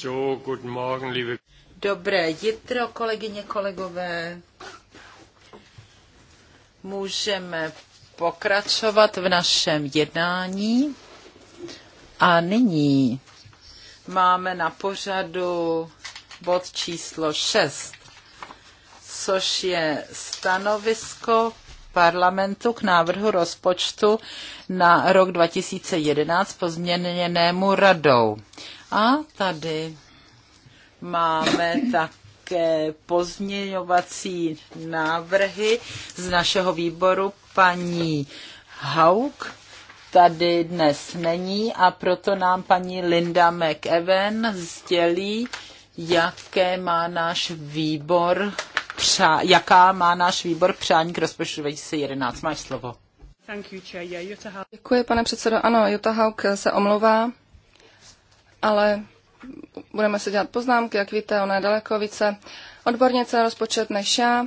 So, liebe... Dobré jitro, kolegyně, kolegové. Můžeme pokračovat v našem jednání. A nyní máme na pořadu bod číslo 6, což je stanovisko parlamentu k návrhu rozpočtu na rok 2011 pozměněnému radou. A tady máme tak nějaké pozměňovací návrhy z našeho výboru paní Hauk. Tady dnes není a proto nám paní Linda McEwen sdělí, jaké má náš výbor jaká má náš výbor přání k rozpočtu 2011. Máš slovo. Děkuji, pane předsedo. Ano, Jutta Hauk se omlouvá ale budeme se dělat poznámky, jak víte, ona je daleko více odbornice na rozpočet než já,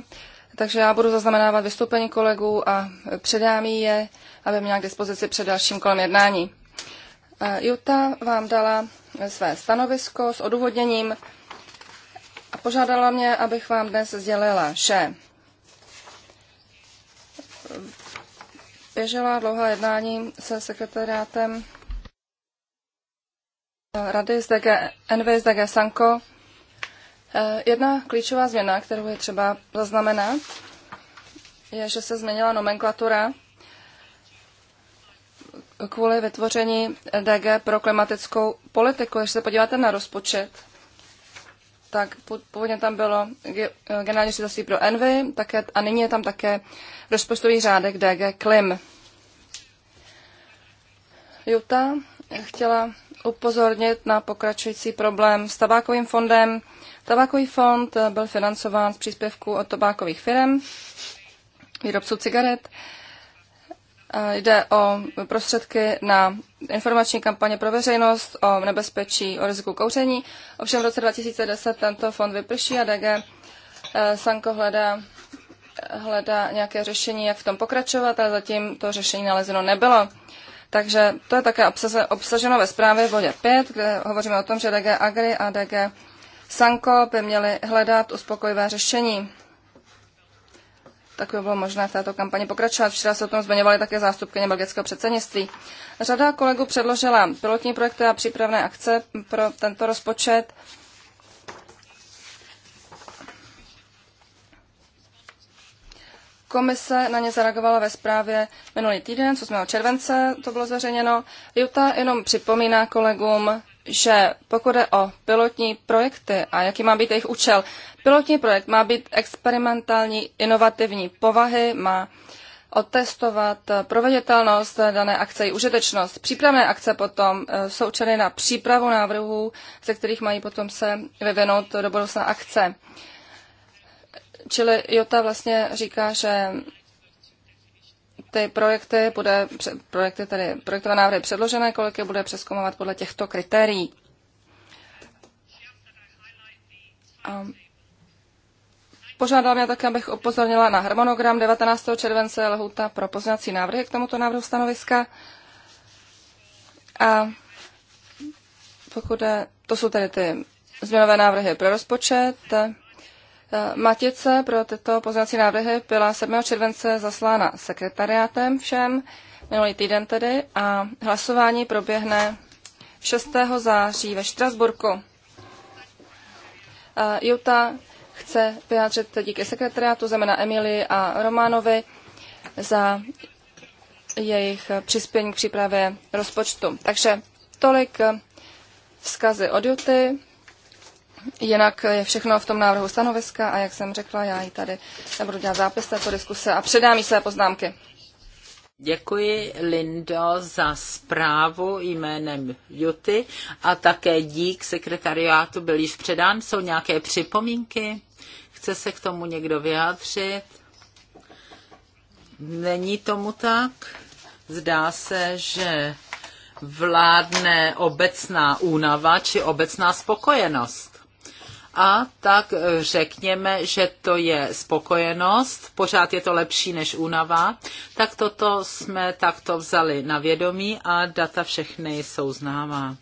takže já budu zaznamenávat vystoupení kolegů a předám jí je, aby měla k dispozici před dalším kolem jednání. Eh, Juta vám dala své stanovisko s odůvodněním a požádala mě, abych vám dnes sdělila, že běžela dlouhá jednání se sekretariátem Rady z DG, NV z DG Sanko. Eh, jedna klíčová změna, kterou je třeba zaznamenat, je, že se změnila nomenklatura kvůli vytvoření DG pro klimatickou politiku. Když se podíváte na rozpočet, tak původně tam bylo generální ředitelství pro Envy také, a nyní je tam také rozpočtový řádek DG Klim. Juta chtěla upozornit na pokračující problém s tabákovým fondem. Tabákový fond eh, byl financován z příspěvků od tabákových firm, výrobců cigaret. Eh, jde o prostředky na informační kampaně pro veřejnost o nebezpečí, o riziku kouření. Ovšem v roce 2010 tento fond vyprší a DG eh, Sanko hledá, hledá nějaké řešení, jak v tom pokračovat, a zatím to řešení nalezeno nebylo. Takže to je také obsaženo ve zprávě v bodě 5, kde hovoříme o tom, že DG Agri a DG Sanko by měli hledat uspokojivé řešení. Tak by bylo možné v této kampani pokračovat. Včera se o tom zmiňovali také zástupkyně belgického předsednictví. Řada kolegů předložila pilotní projekty a přípravné akce pro tento rozpočet. Komise na ně zareagovala ve zprávě minulý týden, 8. července to bylo zveřejněno. Juta jenom připomíná kolegům, že pokud je o pilotní projekty a jaký má být jejich účel, pilotní projekt má být experimentální, inovativní povahy, má otestovat proveditelnost dané akce i užitečnost. Přípravné akce potom eh, jsou na přípravu návrhů, ze kterých mají potom se vyvinout do budoucna akce. Čili Jota vlastně říká, že ty projekty, bude, projekty tedy, projektové návrhy předložené kolik je bude přeskomovat podle těchto kritérií. A požádala mě také, abych upozornila na harmonogram 19. července lhůta pro poznací návrhy k tomuto návrhu stanoviska. A pokud je, to jsou tedy ty změnové návrhy pro rozpočet, Eh, Matice pro tyto poznací návrhy byla 7. července zaslána sekretariátem všem, minulý týden tedy, a hlasování proběhne 6. září ve Štrasburku. Eh, Juta chce vyjádřit díky sekretariátu, znamená Emily a Románovi, za jejich přispění k přípravě rozpočtu. Takže tolik vzkazy od Juty. Jinak je všechno v tom návrhu stanoviska a jak jsem řekla, já ji tady budu dělat zápis této diskuse a předám jí své poznámky. Děkuji, Lindo, za zprávu jménem Juty a také dík sekretariátu byl již předán. Jsou nějaké připomínky? Chce se k tomu někdo vyjádřit? Není tomu tak? Zdá se, že vládne obecná únava či obecná spokojenost a tak eh, řekněme, že to je spokojenost, pořád je to lepší než únava, tak toto jsme takto vzali na vědomí a data všechny jsou známá.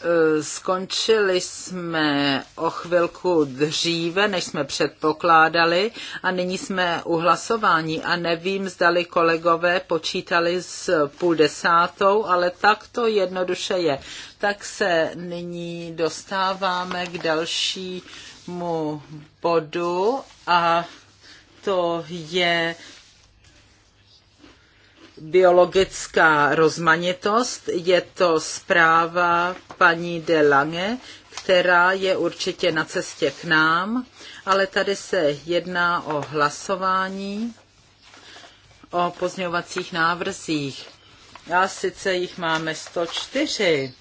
Eh, skončili jsme o chvilku dříve, než jsme předpokládali a nyní jsme u hlasování a nevím, zdali kolegové počítali s půl desátou, ale tak to jednoduše je. Tak se nyní dostáváme k dalšímu bodu a to je biologická rozmanitost. Je to zpráva paní de Lange, která je určitě na cestě k nám, ale tady se jedná o hlasování, o pozměňovacích návrzích. A sice jich máme 104.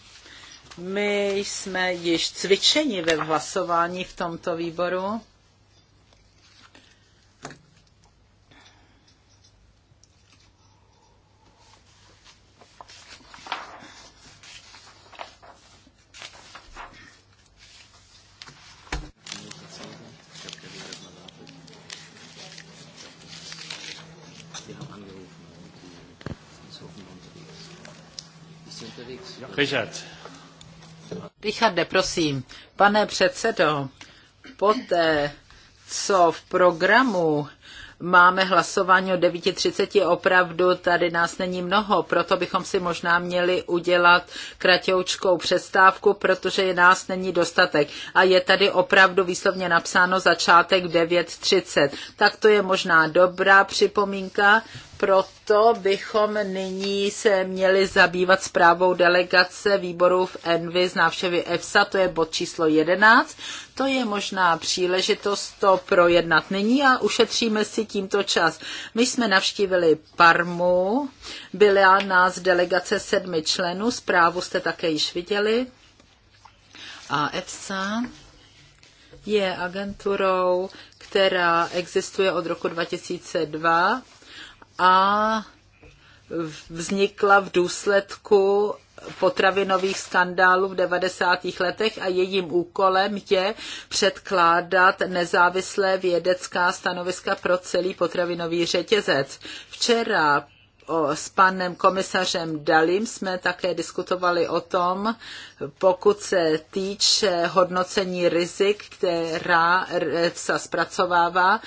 My jsme již cvičeni ve hlasování v tomto výboru Richard. Richarde, prosím. Pane předsedo, poté, co v programu máme hlasování o 9.30, opravdu tady nás není mnoho, proto bychom si možná měli udělat kratoučkou přestávku, protože je nás není dostatek. A je tady opravdu výslovně napsáno začátek 9.30. Tak to je možná dobrá připomínka, proto bychom nyní se měli zabývat zprávou delegace výborů v Envy z návštěvy EFSA, to je bod číslo 11. To je možná příležitost to projednat nyní a ušetříme si tímto čas. My jsme navštívili Parmu, byla nás delegace sedmi členů, zprávu jste také již viděli. A EFSA je agenturou, která existuje od roku 2002 a vznikla v důsledku potravinových skandálů v 90. letech a jejím úkolem je předkládat nezávislé vědecká stanoviska pro celý potravinový řetězec. Včera s panem komisařem Dalím jsme také diskutovali o tom, pokud se týče hodnocení rizik, která e, se zpracovává.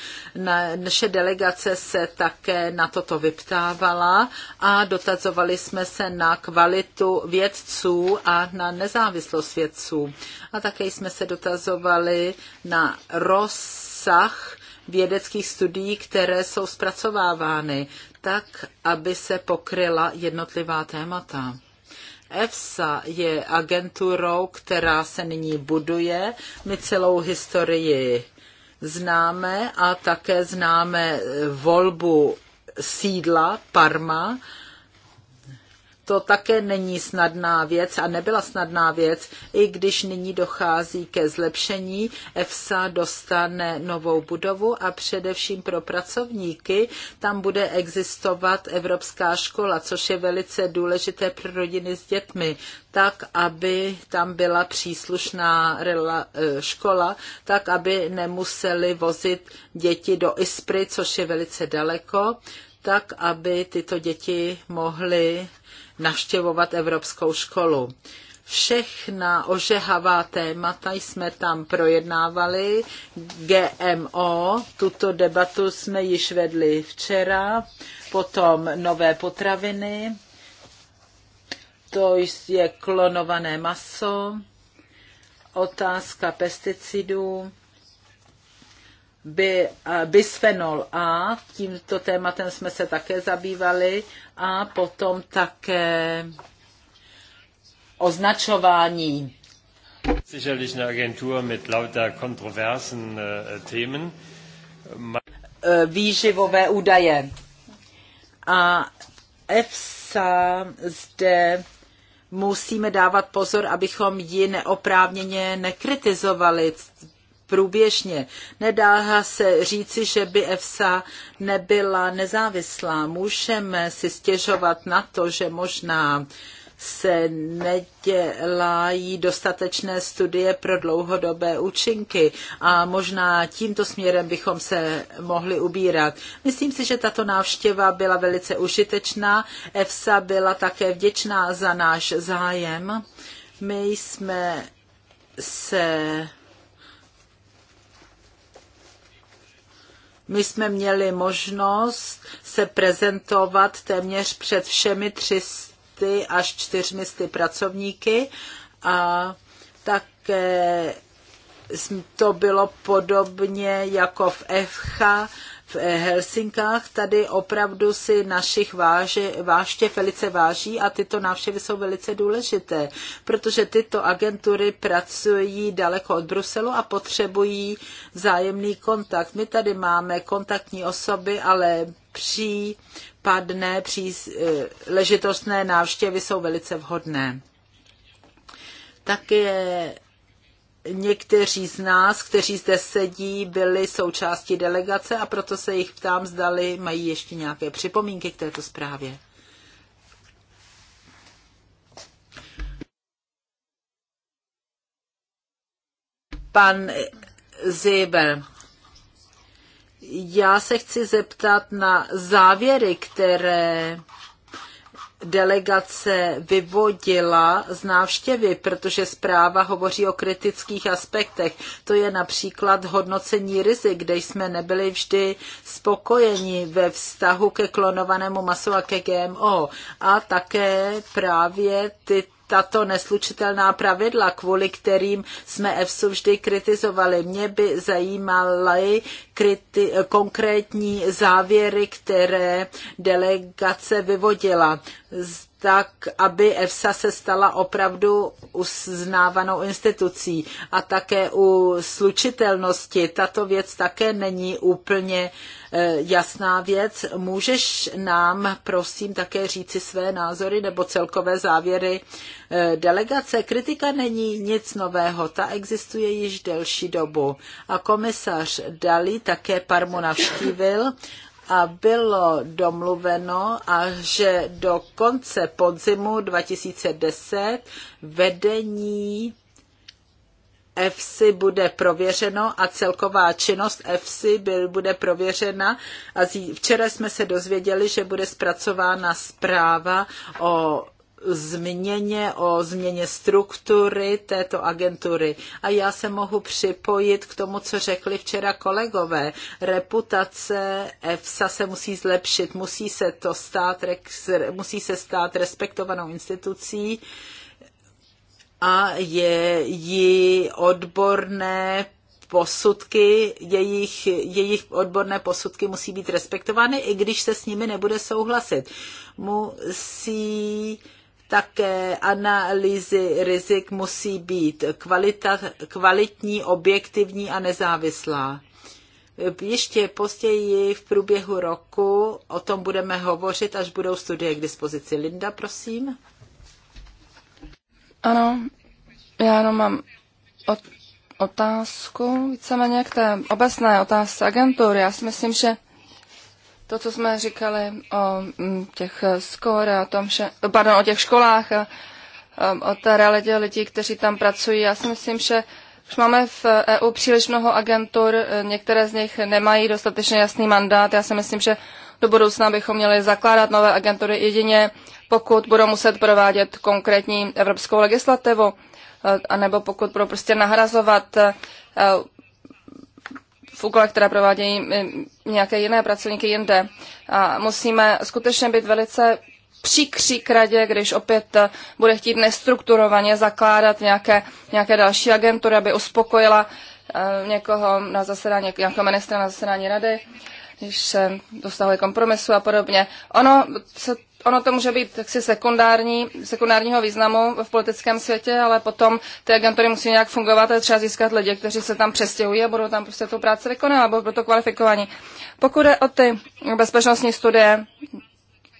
Naše delegace se také na toto vyptávala a dotazovali jsme se na kvalitu vědců a na nezávislost vědců. A také jsme se dotazovali na rozsah vědeckých studií, které jsou zpracovávány, tak, aby se pokryla jednotlivá témata. EFSA je agenturou, která se nyní buduje. My celou historii známe a také známe volbu sídla Parma to také není snadná věc a nebyla snadná věc, i když nyní dochází ke zlepšení. EFSA dostane novou budovu a především pro pracovníky tam bude existovat Evropská škola, což je velice důležité pro rodiny s dětmi, tak aby tam byla příslušná eh, škola, tak aby nemuseli vozit děti do Ispry, což je velice daleko tak, aby tyto děti mohly navštěvovat Evropskou školu. Všechna ožehavá témata jsme tam projednávali. GMO, tuto debatu jsme již vedli včera, potom nové potraviny, to je klonované maso, otázka pesticidů, by, bisfenol A, tímto tématem jsme se také zabývali, a potom také označování. Sicherlich eine Agentur mit lauter kontroversen äh, Themen. Ma äh, Výživové údaje. A EFSA zde musíme dávat pozor, abychom ji neoprávněně nekritizovali, průběžně. Nedá se říci, že by EFSA nebyla nezávislá. Můžeme si stěžovat na to, že možná se nedělají dostatečné studie pro dlouhodobé účinky a možná tímto směrem bychom se mohli ubírat. Myslím si, že tato návštěva byla velice užitečná. EFSA byla také vděčná za náš zájem. My jsme se My jsme měli možnost se prezentovat téměř před všemi 300 až 400 pracovníky a také to bylo podobně jako v EFCHA, v eh, Helsinkách. Tady opravdu si našich váže, váště velice váží a tyto návštěvy jsou velice důležité, protože tyto agentury pracují daleko od Bruselu a potřebují zájemný kontakt. My tady máme kontaktní osoby, ale případné příležitostné návštěvy jsou velice vhodné. Také někteří z nás, kteří zde sedí, byli součástí delegace a proto se jich ptám, zdali mají ještě nějaké připomínky k této zprávě. Pan Zibel, já se chci zeptat na závěry, které delegace vyvodila z návštěvy, protože zpráva hovoří o kritických aspektech. To je například hodnocení rizik, kde jsme nebyli vždy spokojeni ve vztahu ke klonovanému masu a ke GMO. A také právě tyto tato neslučitelná pravidla, kvůli kterým jsme EFSU vždy kritizovali. Mě by zajímaly kriti- konkrétní závěry, které delegace vyvodila. Z tak, aby EFSA se stala opravdu uznávanou institucí. A také u slučitelnosti tato věc také není úplně eh, jasná věc. Můžeš nám, prosím, také říci své názory nebo celkové závěry eh, delegace? Kritika není nic nového, ta existuje již delší dobu. A komisař Dalí také Parmu navštívil a bylo domluveno, a že do konce podzimu 2010 vedení EFSI bude prověřeno a celková činnost EFSI bude prověřena. A včera jsme se dozvěděli, že bude zpracována zpráva o změně, o změně struktury této agentury. A já se mohu připojit k tomu, co řekli včera kolegové. Reputace EFSA se musí zlepšit, musí se, to stát, musí se stát respektovanou institucí a je ji odborné posudky, jejich, jejich odborné posudky musí být respektovány, i když se s nimi nebude souhlasit. Musí také analýzy rizik musí být kvalita, kvalitní, objektivní a nezávislá. Ještě později v průběhu roku o tom budeme hovořit, až budou studie k dispozici. Linda, prosím. Ano, já jenom mám otázku víceméně k té obecné otázce agentury. Já si myslím, že to, co jsme říkali o mm, těch skóre, o, tom, že, pardon, o těch školách, eh, o té realitě lidí, kteří tam pracují, já si myslím, že už máme v EU příliš mnoho agentur, eh, některé z nich nemají dostatečně jasný mandát. Já si myslím, že do budoucna bychom měli zakládat nové agentury jedině, pokud budou muset provádět konkrétní evropskou legislativu, eh, anebo pokud budou prostě nahrazovat v úkolech, které provádějí nějaké jiné pracovníky jinde. A musíme skutečně být velice přikří k radě, když opět eh, bude chtít nestrukturovaně zakládat nějaké, nějaké další agentury, aby uspokojila eh, někoho na zasedání, nějakého ministra na zasedání rady, když se dostahuje kompromisu a podobně. Ono se ono to může být taksi sekundární, sekundárního významu v politickém světě, ale potom ty agentury musí nějak fungovat a třeba získat lidi, kteří se tam přestěhují a budou tam prostě tu práci vykonávat, budou proto kvalifikovaní. Pokud je o ty bezpečnostní studie,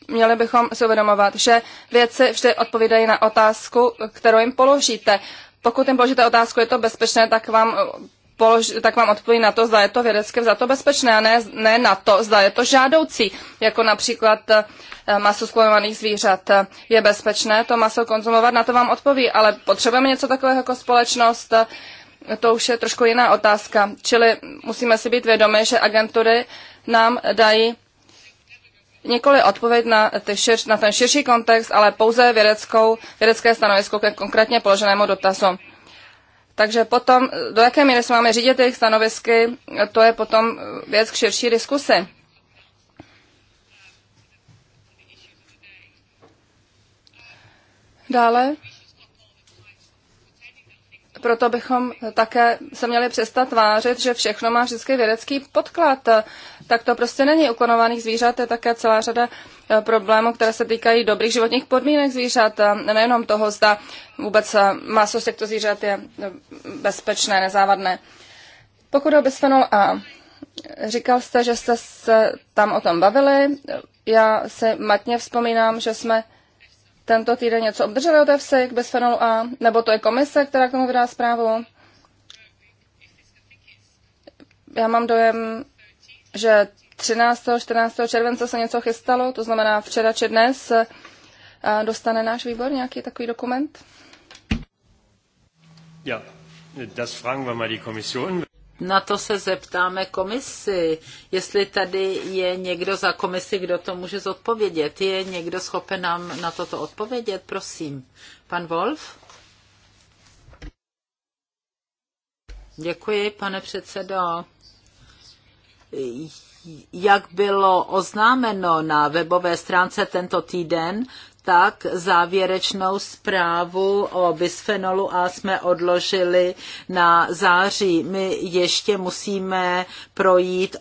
měli bychom si uvědomovat, že věci vždy odpovídají na otázku, kterou jim položíte. Pokud jim položíte otázku, je to bezpečné, tak vám polož, tak vám odpovím na to, zda je to vědecké za to bezpečné, a ne, ne na to, zda je to žádoucí, jako například eh, maso sklonovaných zvířat. Je bezpečné to maso konzumovat, na to vám odpoví, ale potřebujeme něco takového jako společnost, to už je trošku jiná otázka. Čili musíme si být vědomi, že agentury nám dají nikoli odpověď na, ty šir, na ten širší kontext, ale pouze vědeckou, vědecké stanovisko ke konkrétně položenému dotazu. Takže potom, do jaké míry se máme řídit jejich stanovisky, to je potom věc k širší diskusi. Dále proto bychom také se měli přestat tvářit, že všechno má vždycky vědecký podklad. Tak to prostě není. U klonovaných zvířat je také celá řada eh, problémů, které se týkají dobrých životních podmínek zvířat. Nejenom toho, zda vůbec eh, maso z těchto zvířat je eh, bezpečné, nezávadné. Pokud o bisphenol A, říkal jste, že jste se tam o tom bavili. Já se matně vzpomínám, že jsme tento týden něco obdrželi od EFSA k bisfenolu A, nebo to je komise, která k tomu vydá zprávu. Já mám dojem, že 13. 14. července se něco chystalo, to znamená včera či dnes. Dostane náš výbor nějaký takový dokument? Ja, das fragen wir mal die Kommission na to se zeptáme komisi, jestli tady je někdo za komisi, kdo to může zodpovědět. Je někdo schopen nám na toto odpovědět, prosím. Pan Wolf? Děkuji, pane předsedo. Jak bylo oznámeno na webové stránce tento týden, tak závěrečnou zprávu o bisfenolu A jsme odložili na září. My ještě musíme projít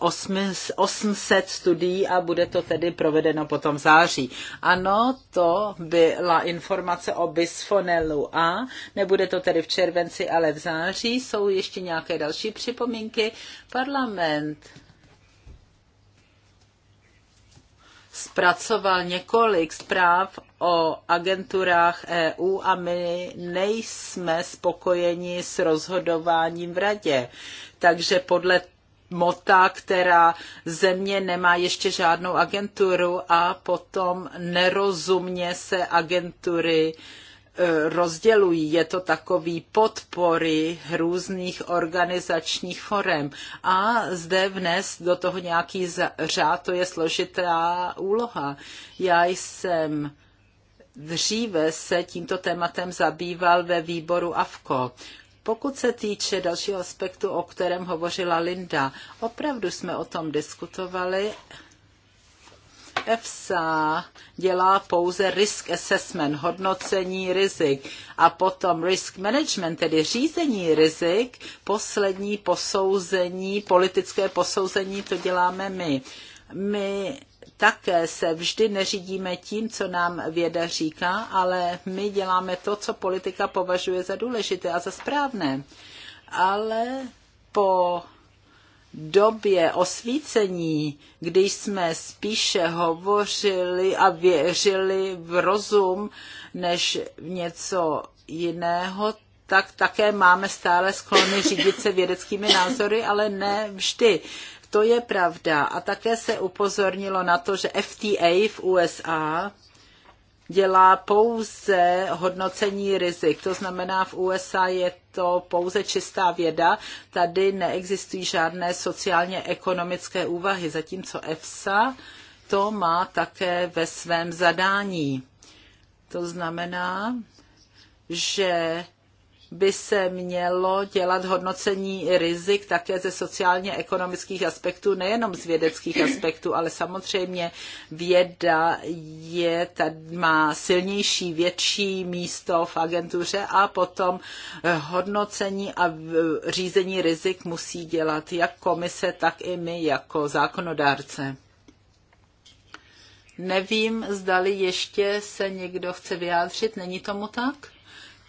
800 studií a bude to tedy provedeno potom v září. Ano, to byla informace o bisfenolu A. Nebude to tedy v červenci, ale v září. Jsou ještě nějaké další připomínky? Parlament zpracoval několik zpráv o agenturách EU a my nejsme spokojeni s rozhodováním v radě. Takže podle mota, která země nemá ještě žádnou agenturu a potom nerozumně se agentury uh, E, rozdělují. Je to takový podpory různých organizačních forem. A zde vnes do toho nějaký řád, to je složitá úloha. Já jsem dříve se tímto tématem zabýval ve výboru AFKO. Pokud se týče dalšího aspektu, o kterém hovořila Linda, opravdu jsme o tom diskutovali EFSA dělá pouze risk assessment, hodnocení rizik a potom risk management, tedy řízení rizik, poslední posouzení, politické posouzení, to děláme my. My také se vždy neřídíme tím, co nám věda říká, ale my děláme to, co politika považuje za důležité a za správné. Ale po době osvícení, když jsme spíše hovořili a věřili v rozum než v něco jiného, tak také máme stále sklony řídit se vědeckými názory, ale ne vždy. To je pravda. A také se upozornilo na to, že FTA v USA dělá pouze hodnocení rizik. To znamená, v USA je to pouze čistá věda, tady neexistují žádné sociálně-ekonomické úvahy, zatímco EFSA to má také ve svém zadání. To znamená, že by se mělo dělat hodnocení rizik také ze sociálně-ekonomických aspektů, nejenom z vědeckých aspektů, ale samozřejmě věda je, tady má silnější, větší místo v agentuře a potom hodnocení a řízení rizik musí dělat jak komise, tak i my jako zákonodárce. Nevím, zdali ještě se někdo chce vyjádřit, není tomu tak?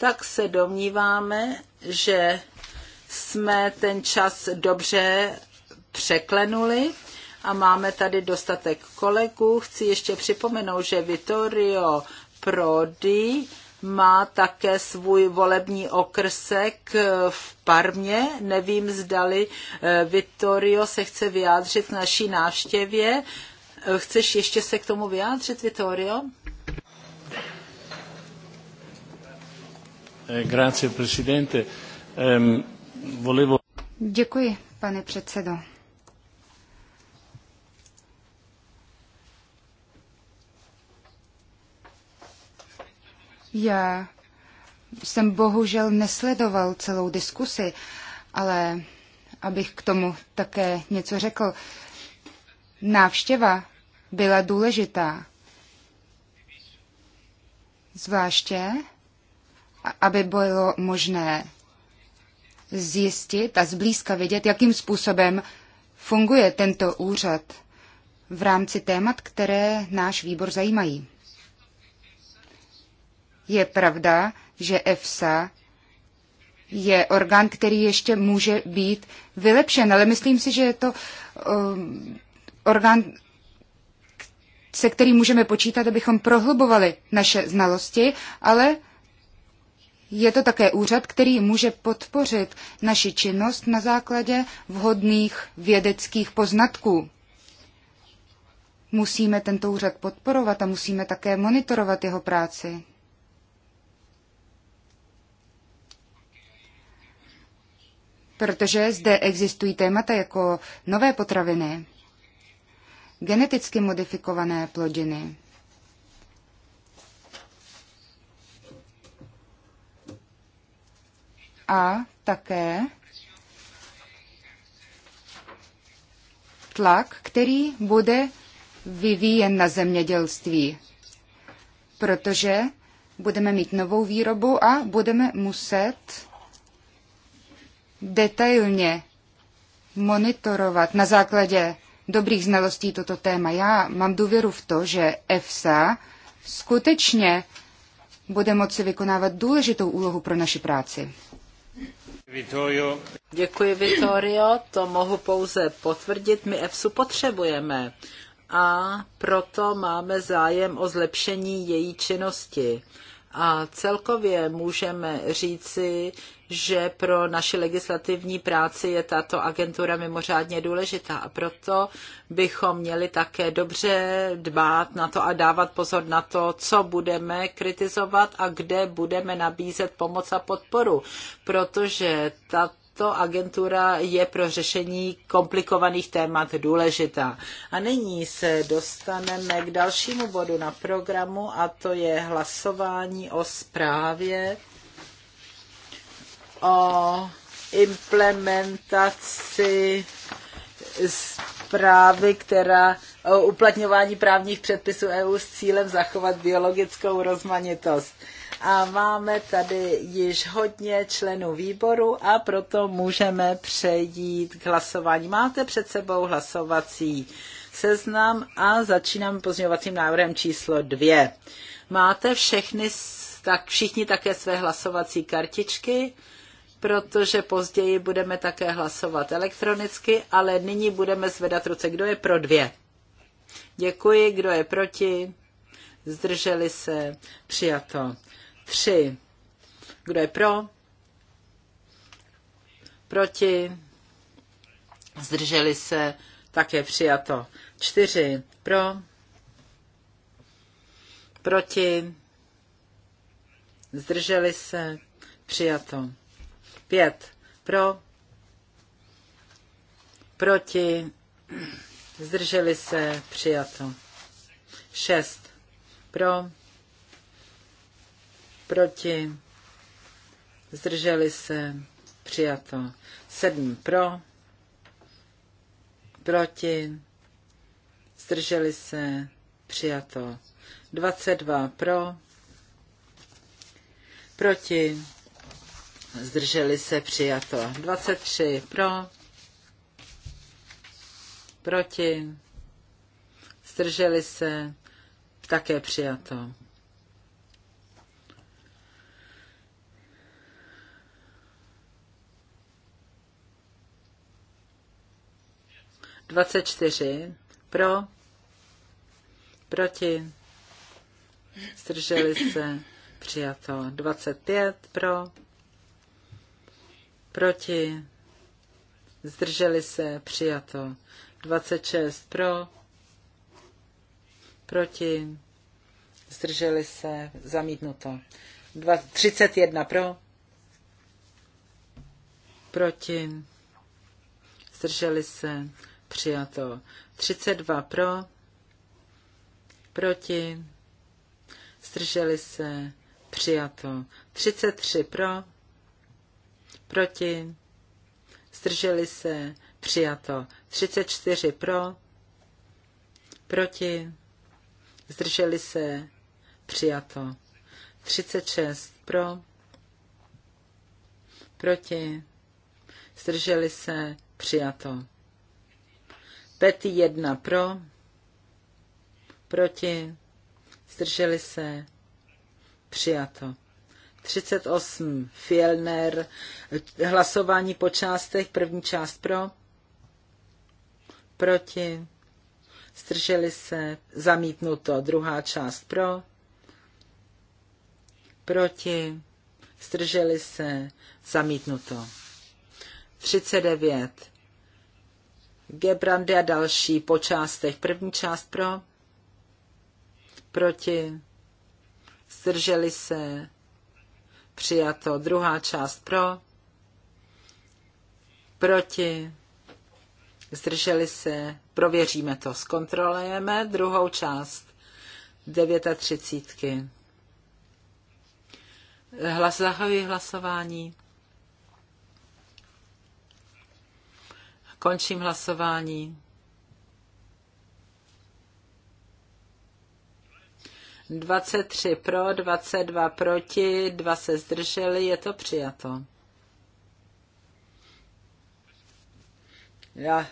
tak se domníváme, že jsme ten čas dobře překlenuli a máme tady dostatek kolegů. Chci ještě připomenout, že Vittorio Prodi má také svůj volební okrsek v Parmě. Nevím, zdali eh, Vittorio se chce vyjádřit k naší návštěvě. Eh, chceš ještě se k tomu vyjádřit, Vittorio? Eh, ehm, Děkuji, pane předsedo. Já jsem bohužel nesledoval celou diskusi, ale abych k tomu také něco řekl. Návštěva byla důležitá. Zvláště aby bylo možné zjistit a zblízka vidět, jakým způsobem funguje tento úřad v rámci témat, které náš výbor zajímají. Je pravda, že EFSA je orgán, který ještě může být vylepšen, ale myslím si, že je to um, orgán, se kterým můžeme počítat, abychom prohlubovali naše znalosti, ale je to také úřad, který může podpořit naši činnost na základě vhodných vědeckých poznatků. Musíme tento úřad podporovat a musíme také monitorovat jeho práci. Protože zde existují témata jako nové potraviny, geneticky modifikované plodiny, a také tlak, který bude vyvíjen na zemědělství, protože budeme mít novou výrobu a budeme muset detailně monitorovat na základě dobrých znalostí toto téma. Já mám důvěru v to, že EFSA skutečně bude moci vykonávat důležitou úlohu pro naši práci. Děkuji, Vittorio. To mohu pouze potvrdit. My EFSU potřebujeme a proto máme zájem o zlepšení její činnosti. A celkově můžeme říci, že pro naši legislativní práci je tato agentura mimořádně důležitá a proto bychom měli také dobře dbát na to a dávat pozor na to, co budeme kritizovat a kde budeme nabízet pomoc a podporu, protože tato tato agentura je pro řešení komplikovaných témat důležitá. A nyní se dostaneme k dalšímu bodu na programu a to je hlasování o zprávě o implementaci zprávy, která o uplatňování právních předpisů EU s cílem zachovat biologickou rozmanitost a máme tady již hodně členů výboru a proto můžeme přejít k hlasování. Máte před sebou hlasovací seznam a začínám pozměňovacím návrhem číslo dvě. Máte všechny, tak všichni také své hlasovací kartičky, protože později budeme také hlasovat elektronicky, ale nyní budeme zvedat ruce. Kdo je pro dvě? Děkuji, kdo je proti? Zdrželi se? Přijato. 3. Kdo je pro? Proti? Zdrželi se? Také přijato. 4. Pro? Proti? Zdrželi se? Přijato. 5. Pro? Proti? Zdrželi se? Přijato. 6. Pro? proti, zdrželi se, přijato. Sedm pro, proti, zdrželi se, přijato. 22 pro, proti, zdrželi se, přijato. 23 pro, proti, zdrželi se, také přijato. 24 pro, proti, zdrželi se, přijato 25 pro, proti, zdrželi se, přijato 26 pro, proti, zdrželi se, zamítnuto 31 pro, proti, zdrželi se, Přijato. 32 pro, proti, zdrželi se, přijato. 33 pro, proti, zdrželi se, přijato. 34 pro, proti, zdrželi se, přijato. 36 pro, proti, zdrželi se, přijato. Pet jedna pro, proti, zdrželi se, přijato. 38 Fielner, hlasování po částech, první část pro, proti, zdrželi se, zamítnuto, druhá část pro, proti, zdrželi se, zamítnuto. 39 Gebrande a další po částech. První část pro, proti, zdrželi se, přijato. Druhá část pro, proti, zdrželi se, prověříme to, zkontrolujeme druhou část 39. Hlas, zahajuji hlasování. Končím hlasování. 23 pro, 22 proti, dva se zdrželi, je to přijato. Já.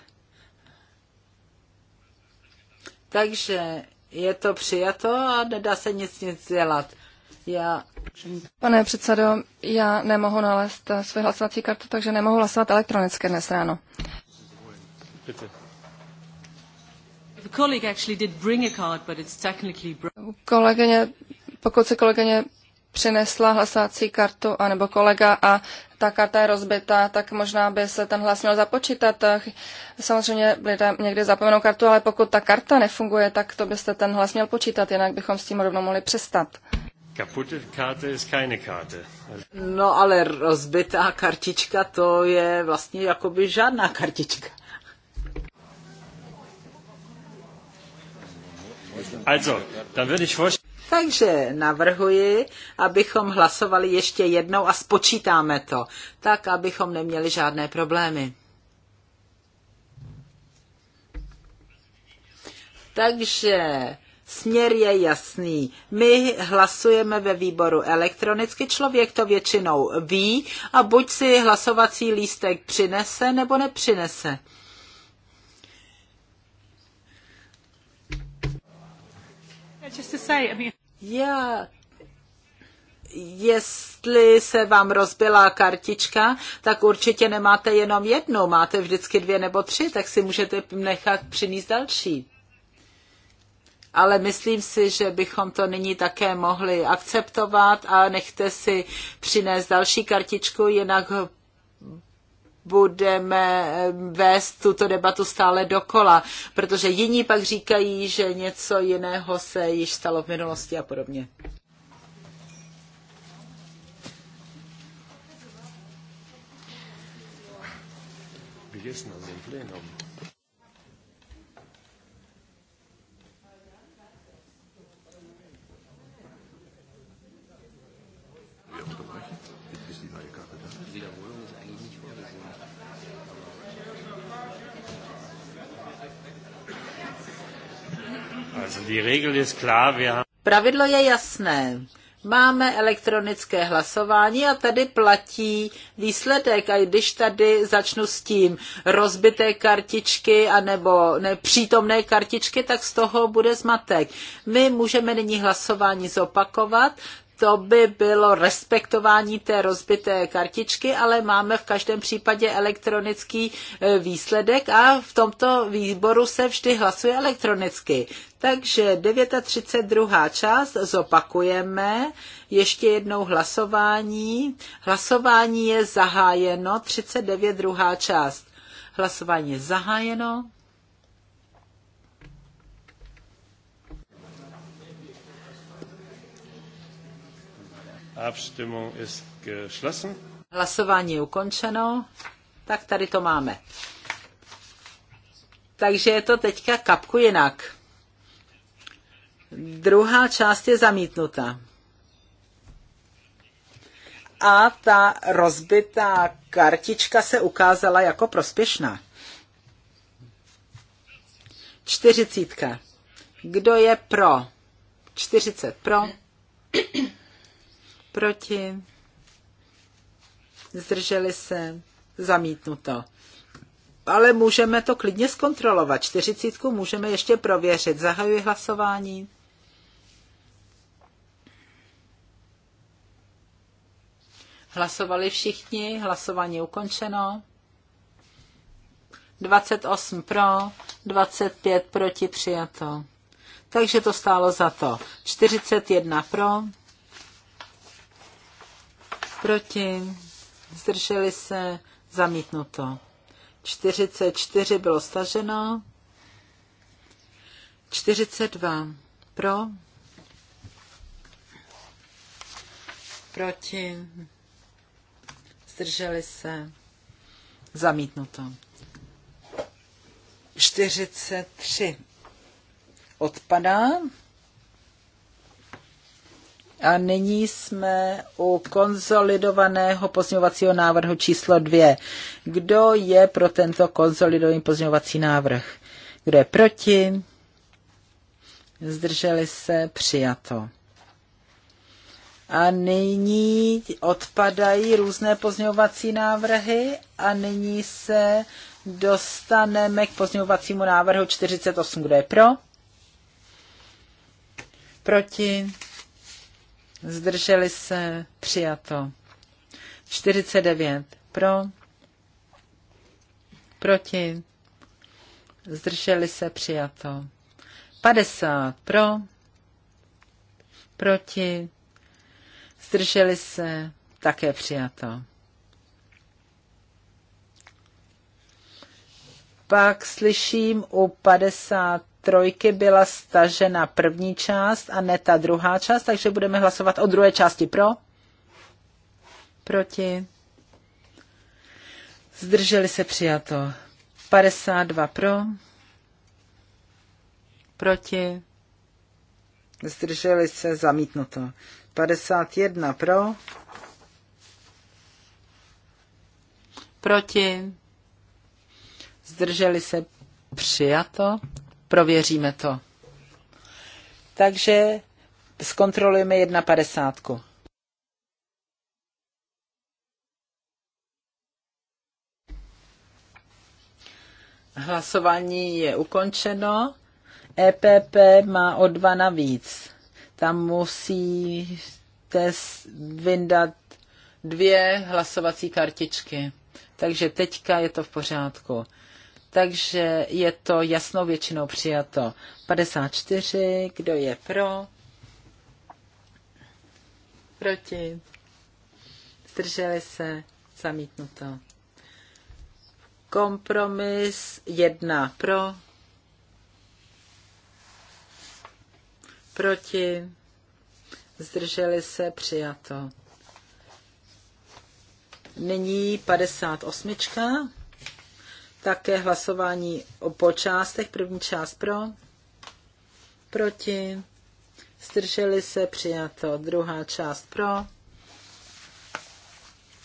Takže je to přijato a nedá se nic nic dělat. Já... Pane předsedo, já nemohu nalézt eh, své hlasovací kartu, takže nemohu hlasovat elektronicky dnes ráno. Bitte. Kolegyně, pokud si kolegyně přinesla hlasácí kartu, anebo kolega a ta karta je rozbitá, tak možná by se ten hlas měl započítat. Samozřejmě lidé někdy zapomenou kartu, ale pokud ta karta nefunguje, tak to byste ten hlas měl počítat, jinak bychom s tím rovnou mohli přestat. Kaputte Karte je keine Karte. No ale rozbitá kartička to je vlastně jakoby žádná kartička. Also, dann würde ich takže navrhuji, abychom hlasovali ještě jednou a spočítáme to, tak abychom neměli žádné problémy. Takže směr je jasný. My hlasujeme ve výboru elektronicky, člověk to většinou ví a buď si hlasovací lístek přinese nebo nepřinese. just to say, I mean... Já jestli se vám rozbila kartička, tak určitě nemáte jenom jednu, máte vždycky dvě nebo tři, tak si můžete nechat přinést další. Ale myslím si, že bychom to nyní také mohli akceptovat a nechte si přinést další kartičku, jinak budeme eh, vést tuto debatu stále dokola, protože jiní pak říkají, že něco jiného se již stalo v minulosti a podobně. Yes, no. Pravidlo je jasné. Máme elektronické hlasování a tady platí výsledek. A když tady začnu s tím rozbité kartičky anebo nepřítomné kartičky, tak z toho bude zmatek. My můžeme nyní hlasování zopakovat, to by bylo respektování té rozbité kartičky, ale máme v každém případě elektronický e, výsledek a v tomto výboru se vždy hlasuje elektronicky. Takže 39. část zopakujeme. Ještě jednou hlasování. Hlasování je zahájeno. 39. druhá část. Hlasování je zahájeno. Abstimmung ist geschlossen. Hlasování je ukončeno. Tak tady to máme. Takže je to teďka kapku jinak. Druhá část je zamítnuta. A ta rozbitá kartička se ukázala jako prospěšná. Čtyřicítka. Kdo je pro? Čtyřicet pro. Proti. Zdrželi se. Zamítnuto ale můžeme to klidně zkontrolovat. Čtyřicítku můžeme ještě prověřit. Zahajuji hlasování. Hlasovali všichni, hlasování ukončeno. 28 pro, 25 proti přijato. Takže to stálo za to. 41 pro, proti, zdrželi se, zamítnuto. 44 bylo staženo, 42 pro, proti, zdrželi se, zamítnuto. 43 odpadá. A nyní jsme u konzolidovaného pozměňovacího návrhu číslo 2. Kdo je pro tento konzolidovaný pozměňovací návrh? Kdo je proti? Zdrželi se? Přijato. A nyní odpadají různé pozměňovací návrhy a nyní se dostaneme k pozměňovacímu návrhu 48. Kdo je pro? Proti? Zdrželi se? Přijato. 49. Pro? Proti? Zdrželi se? Přijato. 50. Pro? Proti? zdrželi se, také přijato. Pak slyším, u 53 byla stažena první část a ne ta druhá část, takže budeme hlasovat o druhé části pro. Proti. Zdrželi se přijato. 52 pro. Proti. Zdrželi se zamítnuto. 51 pro. Proti. Zdrželi se přijato. Prověříme to. Takže zkontrolujeme 1,50. Hlasování je ukončeno. EPP má o dva navíc. Tam musíte vyndat dvě hlasovací kartičky. Takže teďka je to v pořádku. Takže je to jasnou většinou přijato. 54, kdo je pro? Proti. Zdrželi se. Zamítnuto. Kompromis 1 pro proti, zdrželi se, přijato. Nyní 58. Také hlasování o počástech První část pro, proti, zdrželi se, přijato. Druhá část pro,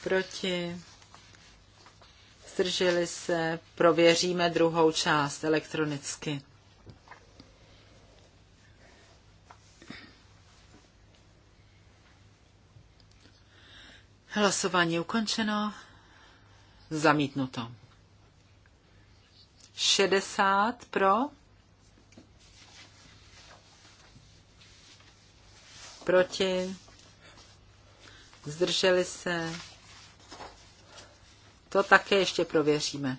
proti, zdrželi se, prověříme druhou část elektronicky. Hlasování ukončeno. Zamítnuto. 60 pro. Proti. Zdrželi se. To také ještě prověříme.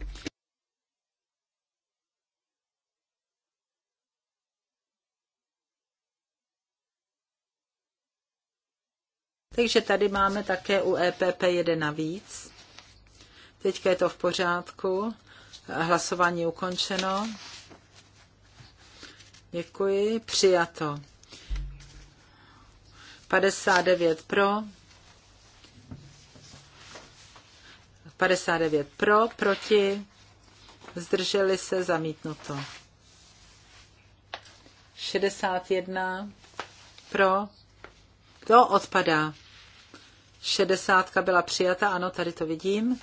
Takže tady máme také u EPP jeden navíc. Teďka je to v pořádku. Hlasování ukončeno. Děkuji. Přijato. 59 pro. 59 pro, proti. Zdrželi se, zamítnuto. 61 pro. To odpadá šedesátka byla přijata, ano, tady to vidím.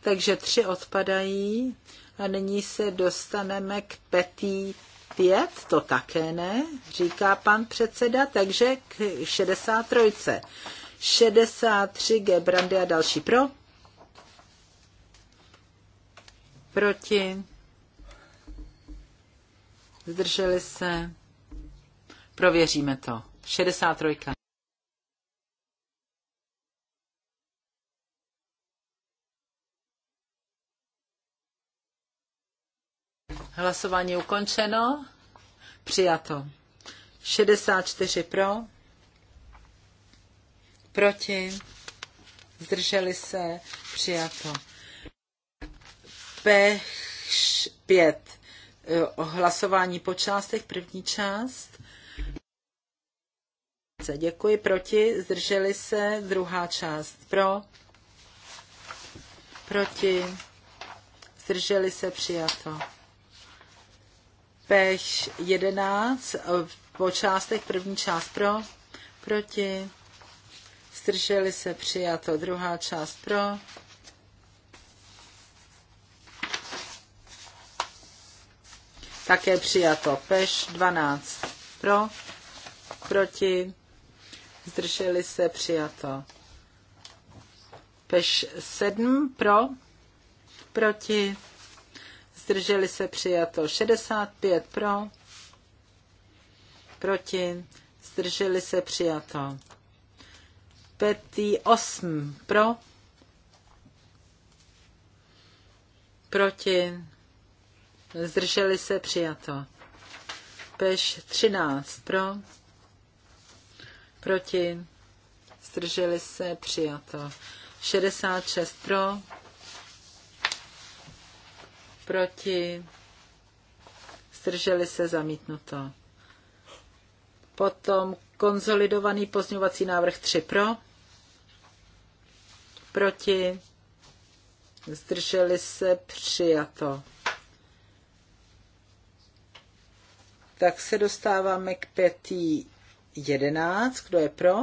Takže tři odpadají a nyní se dostaneme k petý pět, to také ne, říká pan předseda, takže k 63. 63 Gebrandy a další pro. Proti. Zdrželi se. Prověříme to. 63. Hlasování ukončeno. Přijato. 64 pro. Proti. Zdrželi se. Přijato. Pech 5. Eh, hlasování po částech. První část. Děkuji. Proti. Zdrželi se. Druhá část. Pro. Proti. Zdrželi se. Přijato peš 11 eh, po částech. První část pro, proti, strželi se přijato. Druhá část pro, také přijato. Peš 12 pro, proti, zdrželi se přijato. Peš 7 pro, proti, zdrželi se přijato 65 pro, proti, zdrželi se přijato. Petý 8 pro, proti, zdrželi se přijato. Peš 13 pro, proti, zdrželi se přijato. 66 pro, proti, zdrželi se zamítnuto. Potom konzolidovaný pozňovací návrh 3 pro, proti, zdrželi se přijato. Tak se dostáváme k pětý 11. Kdo je pro?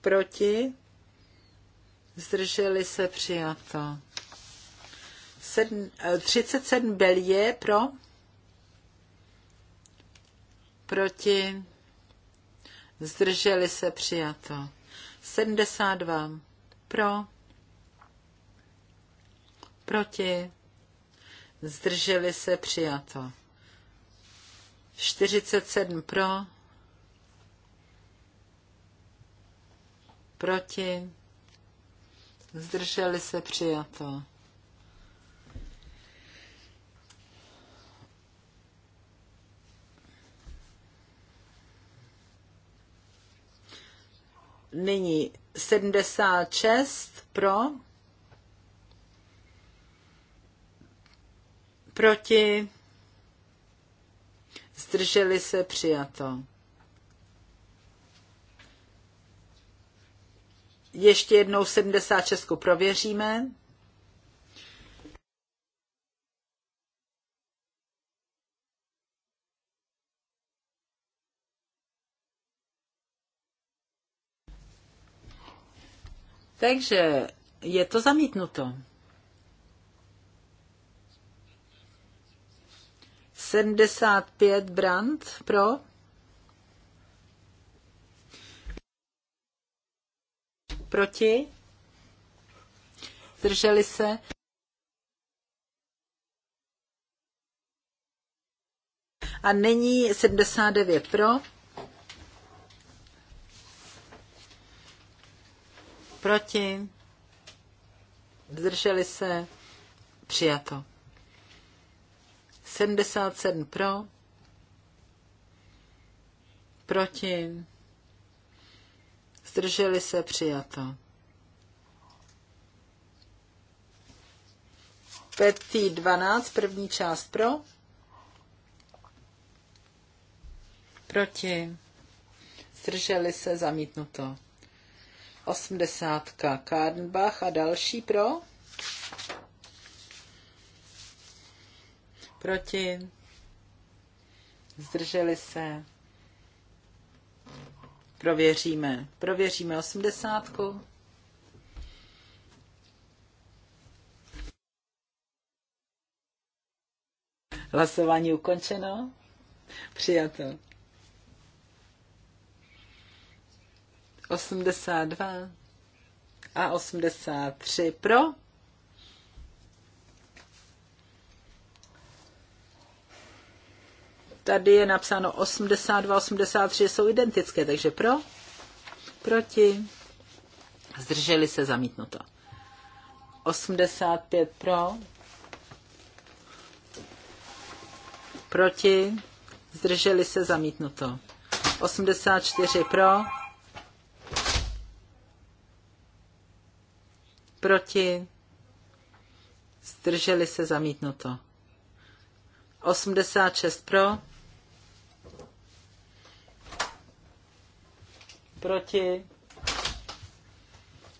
Proti? Zdrželi se přijato. 7, 37 Belie pro, proti, zdrželi se přijato. 72 pro, proti, zdrželi se přijato. 47 pro, proti, zdrželi se přijato. Nyní 76 pro, proti, zdrželi se přijato. Ještě jednou 76 prověříme. Takže je to zamítnuto. 75 brand pro. Proti. Zdrželi se. A není 79 pro. Proti? Zdrželi se? Přijato. 77 pro? Proti? Zdrželi se? Přijato. Petý 12, první část pro? Proti? Zdrželi se? Zamítnuto. 80. Kardenbach a další pro. Proti. Zdrželi se. Prověříme. Prověříme osmdesátku. Hlasování ukončeno. Přijato. 82 a 83 pro. Tady je napsáno 82, 83 jsou identické, takže pro, proti, zdrželi se zamítnuto. 85 pro, proti, zdrželi se zamítnuto. 84 pro, proti, zdrželi se zamítnuto. 86 pro, proti,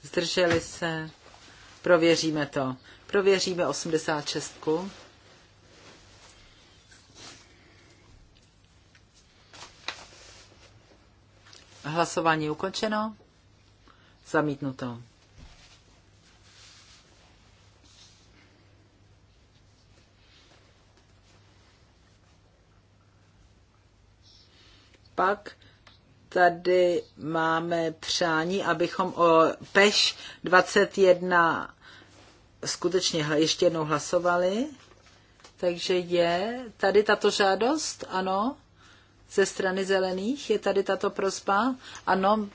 zdrželi se, prověříme to. Prověříme 86. -ku. Hlasování ukončeno. Zamítnuto. pak tady máme přání, abychom o PEŠ 21 skutečně ještě jednou hlasovali. Takže je tady tato žádost, ano, ze strany zelených, je tady tato prosba, ano.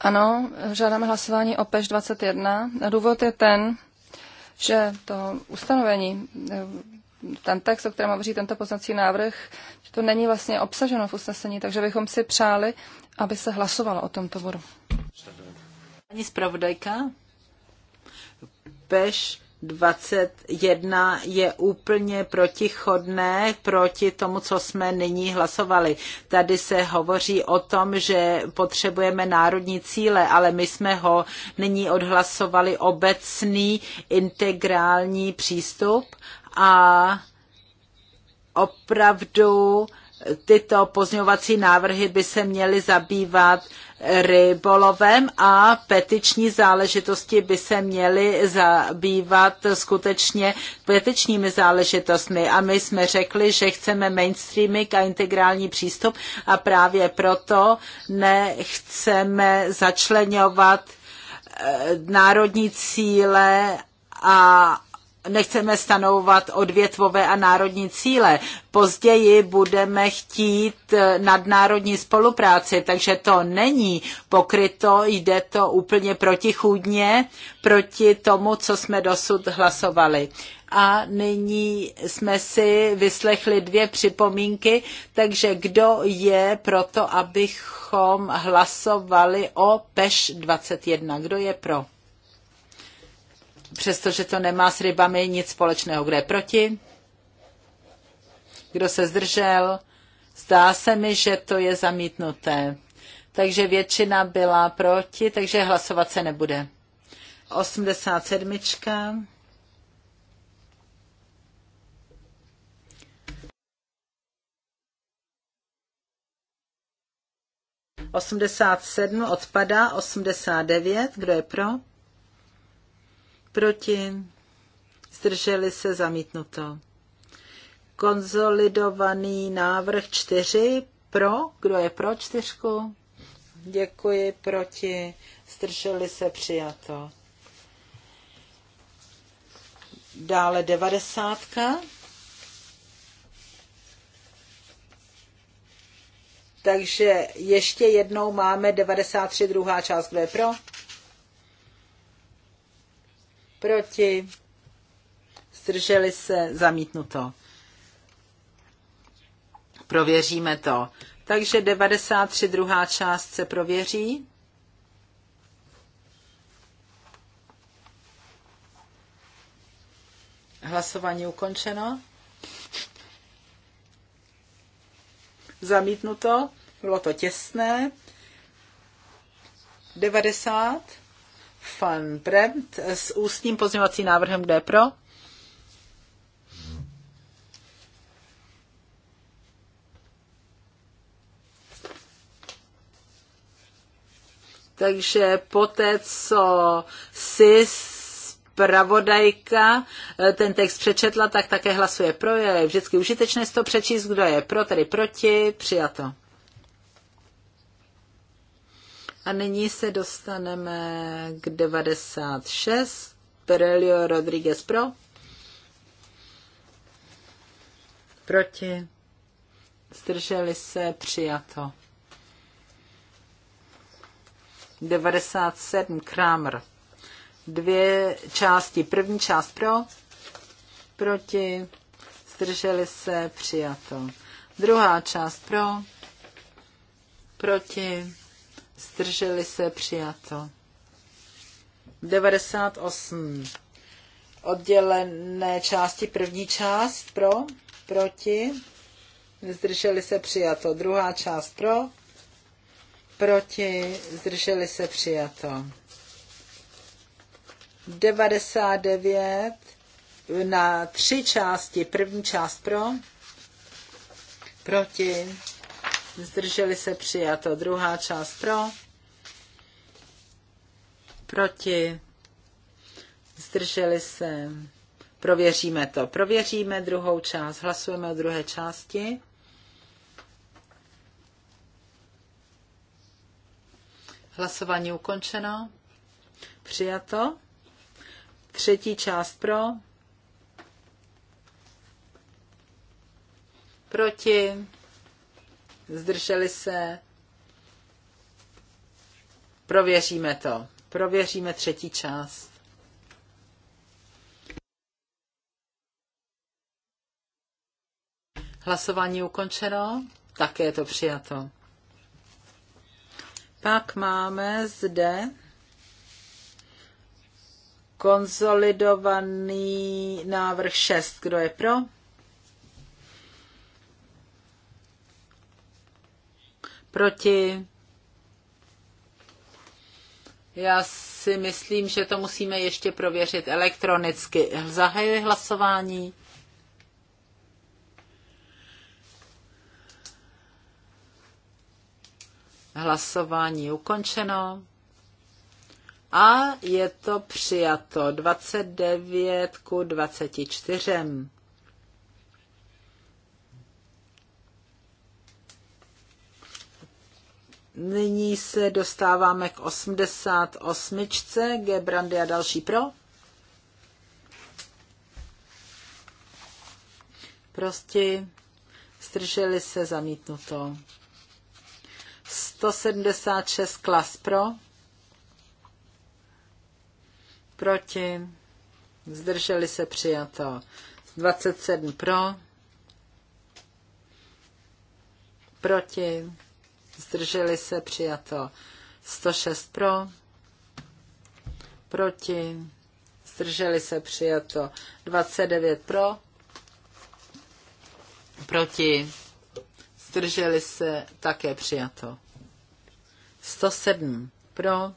Ano, žádáme hlasování o PEŠ 21. Důvod je ten, že to ustanovení ten text, o kterém hovoří tento poznací návrh, že to není vlastně obsaženo v usnesení, takže bychom si přáli, aby se hlasovalo o tomto bodu. Paní zpravodajka, Peš 21 je úplně protichodné proti tomu, co jsme nyní hlasovali. Tady se hovoří o tom, že potřebujeme národní cíle, ale my jsme ho nyní odhlasovali obecný integrální přístup a opravdu tyto pozňovací návrhy by se měly zabývat rybolovem a petiční záležitosti by se měly zabývat skutečně petičními záležitostmi. A my jsme řekli, že chceme mainstreaming a integrální přístup a právě proto nechceme začlenovat eh, národní cíle a nechceme stanovovat odvětvové a národní cíle. Později budeme chtít eh, nadnárodní spolupráci, takže to není pokryto, jde to úplně protichůdně proti tomu, co jsme dosud hlasovali. A nyní jsme si vyslechli dvě připomínky, takže kdo je pro to, abychom hlasovali o PEŠ 21? Kdo je pro? přestože to nemá s rybami nic společného. Kdo je proti? Kdo se zdržel? Zdá se mi, že to je zamítnuté. Takže většina byla proti, takže hlasovat se nebude. 87. Osmdesát sedm odpadá, osmdesát devět, kdo je pro? proti, zdrželi se zamítnuto. Konzolidovaný návrh čtyři. pro, kdo je pro čtyřku? Děkuji, proti, zdrželi se přijato. Dále devadesátka. Takže ještě jednou máme 93 druhá část, kdo je pro, proti, zdrželi se, zamítnuto. Prověříme to. Takže 93. druhá část se prověří. Hlasování ukončeno. Zamítnuto. Bylo to těsné. 90 van Brent s ústním pozměňovacím návrhem, kde je pro? Takže poté, co si zpravodajka eh, ten text přečetla, tak také hlasuje pro. Je vždycky užitečné si to přečíst, kdo je pro, tedy proti, přijato. A nyní se dostaneme k 96. Perelio Rodriguez pro. Proti. Zdrželi se přijato. 97 Kramer. Dvě části. První část pro, proti, zdrželi se, přijato. Druhá část pro, proti, zdrželi se přijato. 98. Oddělené části, první část pro, proti, zdrželi se přijato. Druhá část pro, proti, zdrželi se přijato. 99 na tři části. První část pro, proti, zdrželi se přijato. Druhá část pro, proti, zdrželi se, prověříme to. Prověříme druhou část, hlasujeme o druhé části. Hlasování ukončeno. Přijato. Třetí část pro. Proti zdrželi se. Prověříme to. Prověříme třetí část. Hlasování ukončeno, také je to přijato. Pak máme zde konsolidovaný návrh 6. Kdo je pro? proti. Já si myslím, že to musíme ještě prověřit elektronicky. Zahajuji hlasování. Hlasování ukončeno. A je to přijato 29 ku 24. Nyní se dostáváme k 88. Gebrandy a další pro. Prosti. strželi se zamítnuto. 176 klas pro. Proti. Zdrželi se přijato. 27 pro. Proti zdrželi se, přijato. 106 pro, proti, zdrželi se, přijato. 29 pro, proti, zdrželi se, také přijato. 107 pro,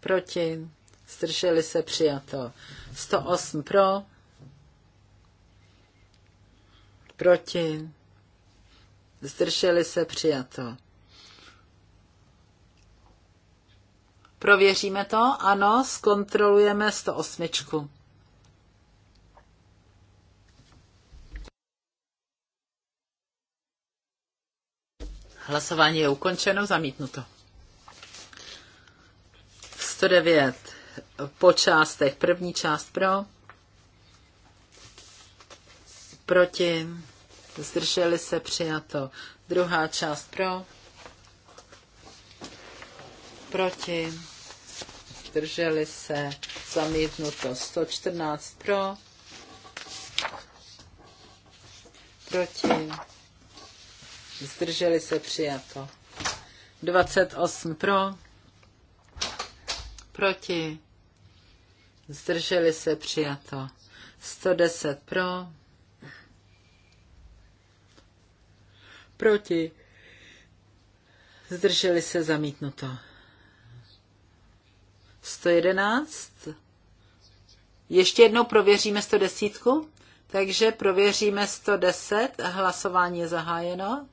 proti, zdrželi se, přijato. 108 pro, proti, zdrželi se přijato. Prověříme to? Ano, zkontrolujeme 108. Hlasování je ukončeno, zamítnuto. 109 po částech. První část pro, proti zdrželi se přijato. Druhá část pro, proti, zdrželi se zamítnuto. 114 pro, proti, zdrželi se přijato. 28 pro, proti, zdrželi se přijato. 110 pro, Proti. Zdrželi se zamítnuto. 111. Ještě jednou prověříme 110. Takže prověříme 110. Hlasování je zahájeno.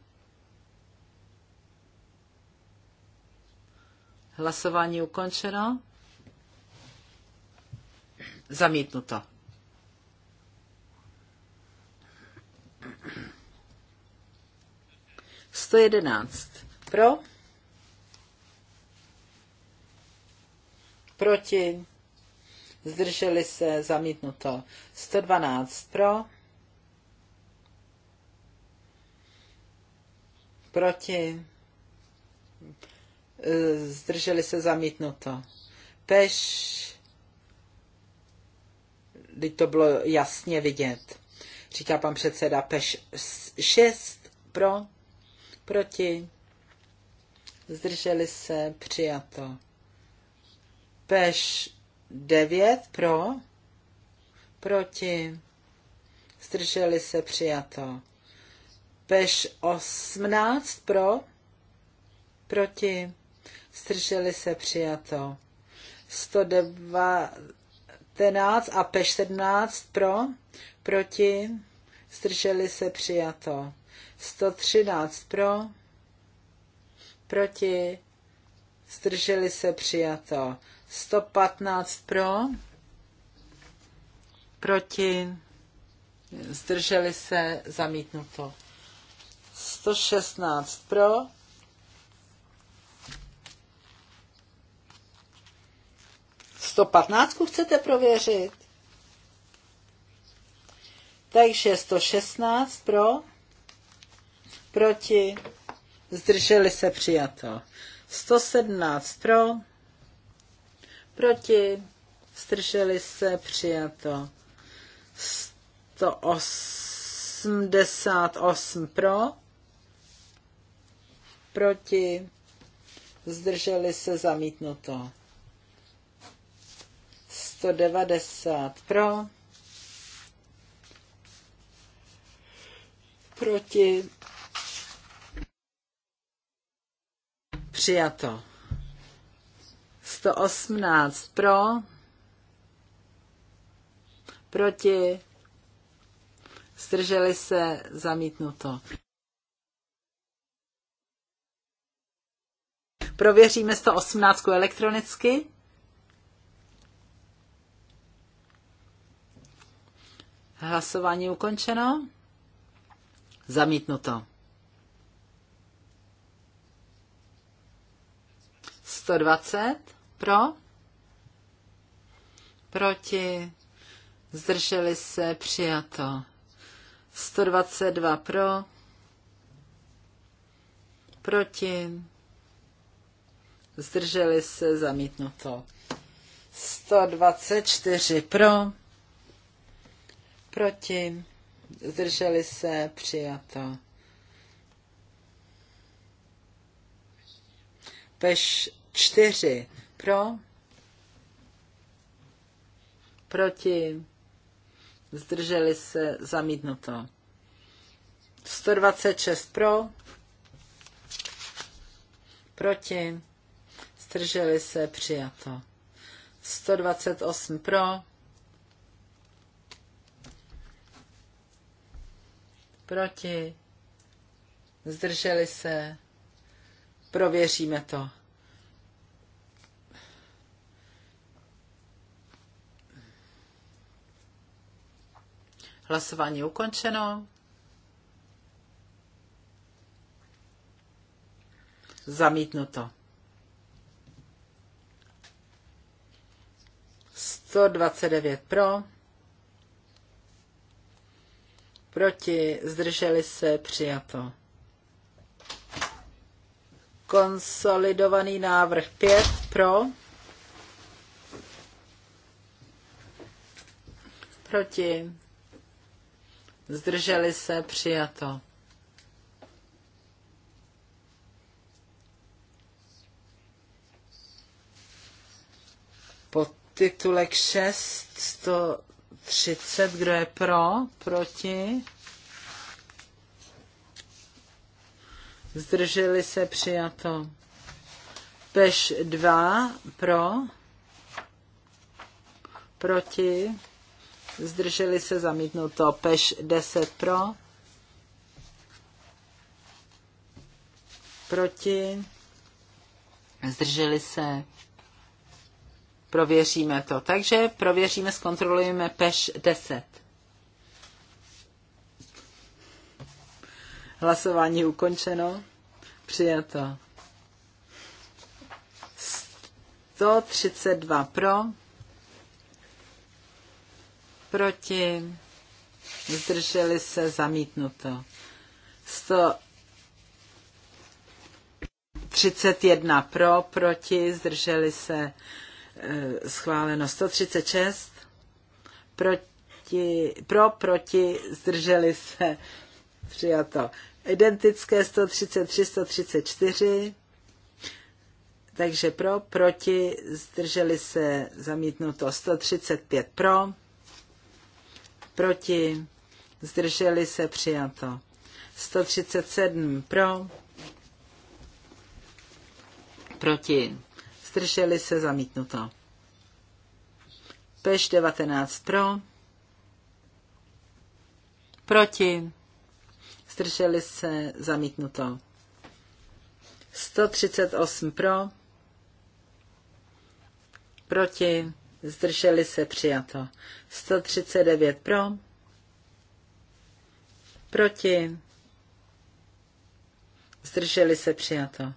Hlasování ukončeno. Zamítnuto. 111. Pro? Proti? Zdrželi se? Zamítnuto. 112. Pro? Proti? E, zdrželi se? Zamítnuto. Peš? Teď to bylo jasně vidět. Říká pan předseda Peš 6 pro proti, zdrželi se, přijato. Peš 9 pro, proti, zdrželi se, přijato. Peš 18 pro, proti, zdrželi se, přijato. 119 a Peš 17 pro, proti, zdrželi se, přijato. 113 pro, proti, zdrželi se přijato. 115 pro, proti, zdrželi se zamítnuto. 116 pro, Sto patnáctku chcete prověřit? Takže 116 pro proti, zdrželi se přijato. 117 pro, proti, zdrželi se přijato. 188 pro, proti, zdrželi se zamítnuto. 190 pro, proti, Přijato. 118 pro, proti, zdrželi se, zamítnuto. Prověříme 118 elektronicky. Hlasování ukončeno. Zamítnuto. 120 pro, proti, zdrželi se, přijato. 122 pro, proti, zdrželi se, zamítnuto. 124 pro, proti, zdrželi se, přijato. Peš čtyři pro, proti, zdrželi se, zamítnuto. 126 pro, proti, zdrželi se, přijato. 128 pro, proti, zdrželi se, prověříme to. Hlasování ukončeno. Zamítnuto. 129 pro. Proti zdrželi se přijato. Konsolidovaný návrh 5 pro. Proti zdrželi se, přijato. Pod titulek 6, 130, kdo je pro, proti, zdrželi se, přijato. Peš 2, pro, proti, zdrželi se zamítnuto, peš 10 pro, proti, zdrželi se, prověříme to. Takže prověříme, zkontrolujeme peš 10. Hlasování ukončeno, přijato. 132 pro, proti, zdrželi se, zamítnuto. 131 pro, proti, zdrželi se, e, schváleno. 136 proti, pro, proti, zdrželi se, přijato. Identické 133, 134. Takže pro, proti, zdrželi se zamítnuto 135 pro, proti, zdrželi se přijato. 137 pro, proti, zdrželi se zamítnuto. Peš 19 pro, proti, zdrželi se zamítnuto. 138 pro, proti, zdrželi se přijato. 139 pro, proti, zdrželi se přijato.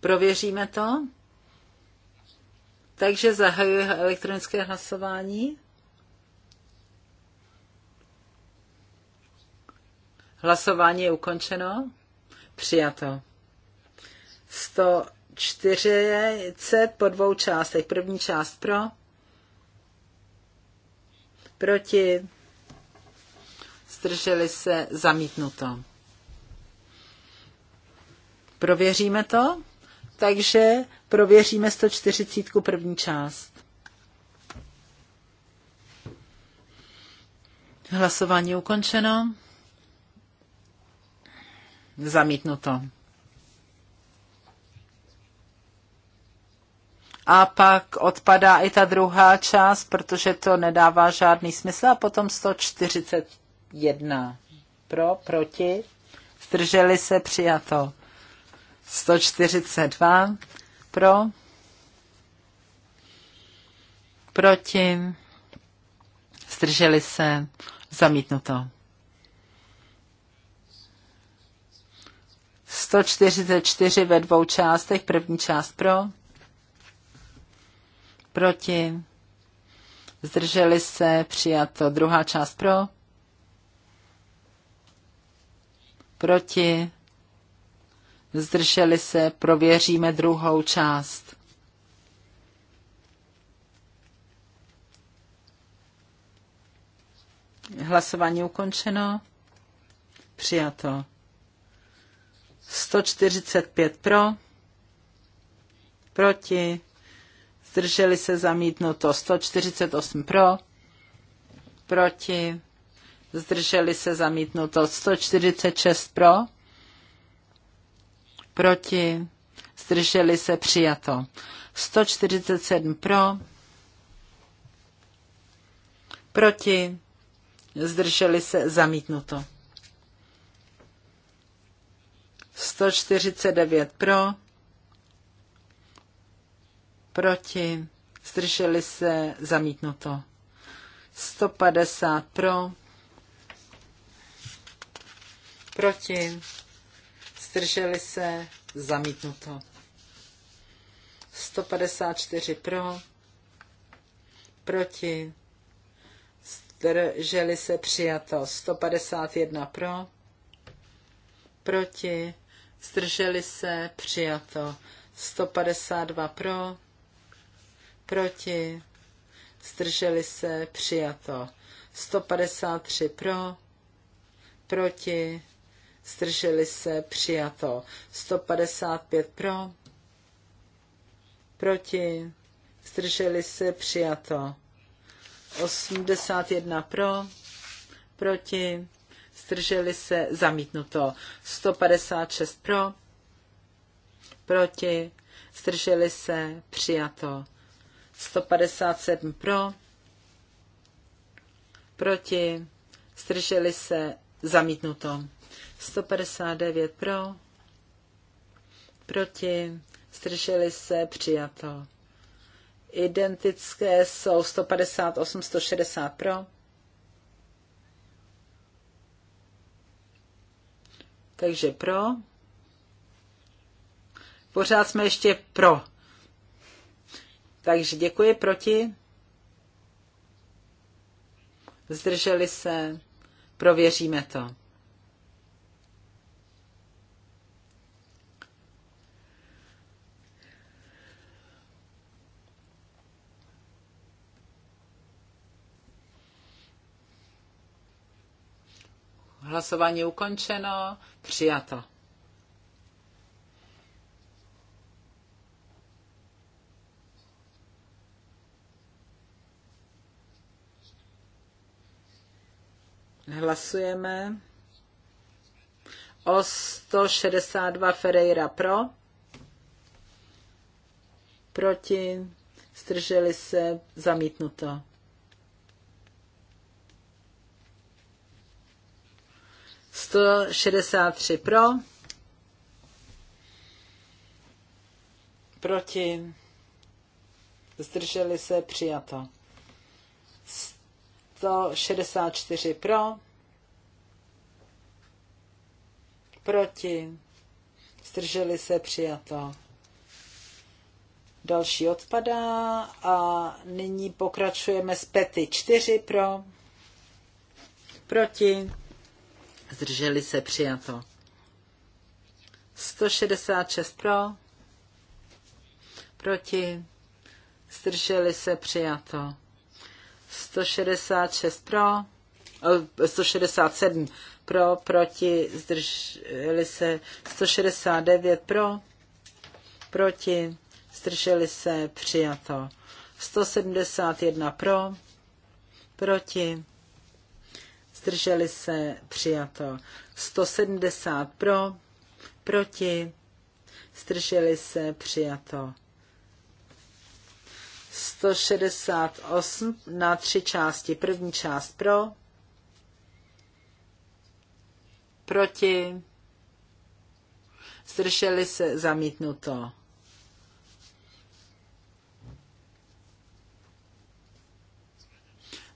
Prověříme to. Takže zahajuji elektronické hlasování. Hlasování je ukončeno. Přijato. 100 40 po dvou částech. První část pro, proti, zdrželi se, zamítnuto. Prověříme to, takže prověříme 140 první část. Hlasování ukončeno. Zamítnuto. a pak odpadá i ta druhá část, protože to nedává žádný smysl a potom 141 pro, proti, zdrželi se přijato. 142 pro, proti, zdrželi se, zamítnuto. 144 ve dvou částech, první část pro, proti, zdrželi se, přijato. Druhá část pro, proti, zdrželi se, prověříme druhou část. Hlasování ukončeno. Přijato. 145 pro, proti, zdrželi se zamítnuto 148 pro, proti, zdrželi se zamítnuto 146 pro, proti, zdrželi se přijato 147 pro, proti, zdrželi se zamítnuto 149 pro, proti, zdrželi se, zamítnuto. 150 pro, proti, zdrželi se, zamítnuto. 154 pro, proti, zdrželi se, přijato. 151 pro, proti, zdrželi se, přijato. 152 pro, proti, zdrželi se, přijato. 153 pro, proti, zdrželi se, přijato. 155 pro, proti, zdrželi se, přijato. 81 pro, proti, zdrželi se, zamítnuto. 156 pro, proti, zdrželi se, přijato. 157 pro, proti, zdrželi se, zamítnuto. 159 pro, proti, zdrželi se, přijato. Identické jsou 158, 160 pro. Takže pro. Pořád jsme ještě pro. Takže děkuji proti. Zdrželi se. Prověříme to. Hlasování ukončeno, přijato. Hlasujeme o 162 Ferreira pro, proti, zdrželi se, zamítnuto. Sto šedesát tři pro, proti, zdrželi se, přijato. 164 pro, proti, zdrželi se přijato. Další odpadá a nyní pokračujeme s pety 4 pro, proti, zdrželi se přijato. 166 pro, proti, zdrželi se přijato. 166 pro, eh, 167 pro, proti, zdrželi se 169 pro, proti, zdrželi se přijato 171 pro, proti, zdrželi se přijato 170 pro, proti, zdrželi se přijato 168 na tři části. První část pro, proti, zdrželi se zamítnuto.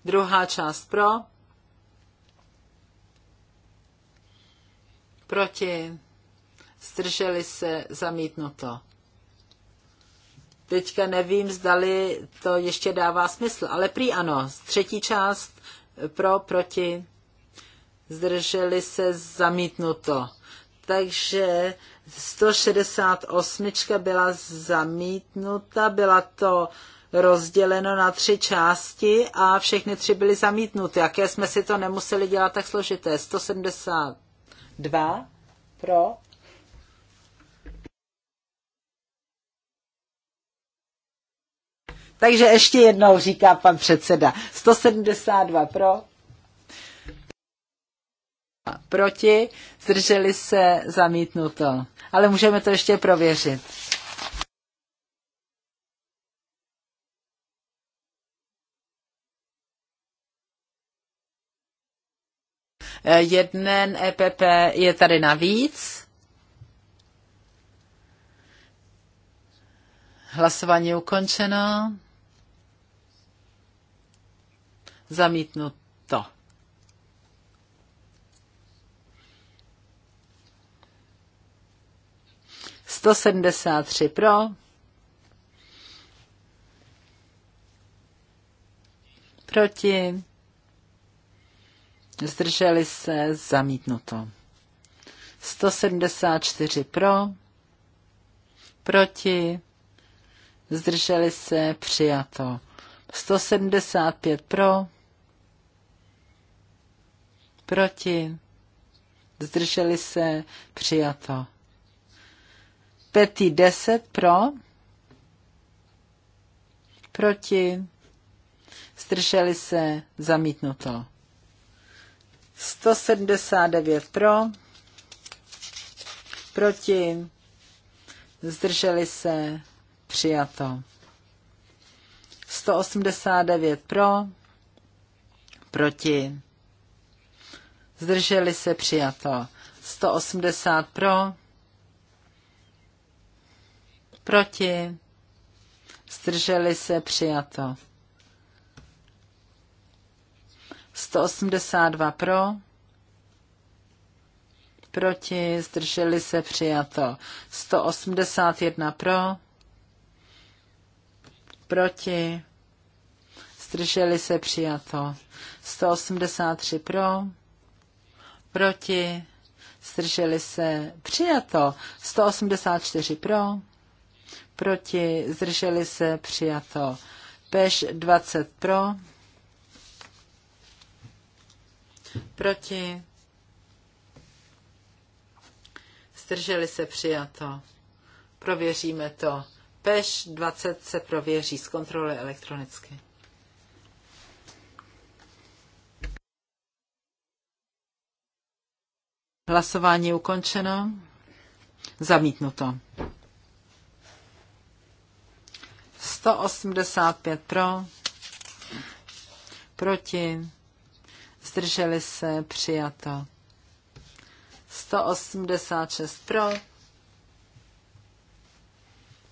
Druhá část pro, proti, zdrželi se zamítnuto. Teďka nevím, zdali to ještě dává smysl, ale prý ano. Třetí část pro, proti, zdrželi se zamítnuto. Takže 168 byla zamítnuta, byla to rozděleno na tři části a všechny tři byly zamítnuty. Jaké jsme si to nemuseli dělat tak složité. 172 pro, Takže ještě jednou říká pan předseda. 172 pro. Proti. Zdrželi se zamítnuto. Ale můžeme to ještě prověřit. jeden EPP je tady navíc. Hlasování ukončeno. Zamítnuto. Sto sedmdesát tři pro. Proti. Zdrželi se. Zamítnuto. 174 pro, proti, zdrželi se, přijato. 175 pro, proti, zdrželi se, přijato. Petý 10 pro, proti, zdrželi se, zamítnuto. 179 pro, proti, zdrželi se, přijato. 189 pro, proti, zdrželi se přijato. 180 pro, proti, zdrželi se přijato. 182 pro, proti, zdrželi se přijato. 181 pro, proti, zdrželi se přijato. 183 pro, proti, zdrželi se, přijato. 184 pro, proti, zdrželi se, přijato. Peš 20 pro, proti, zdrželi se, přijato. Prověříme to. Peš 20 se prověří z kontroly elektronicky. Hlasování je ukončeno. Zamítnuto. 185 pro, proti, zdrželi se, přijato. 186 pro,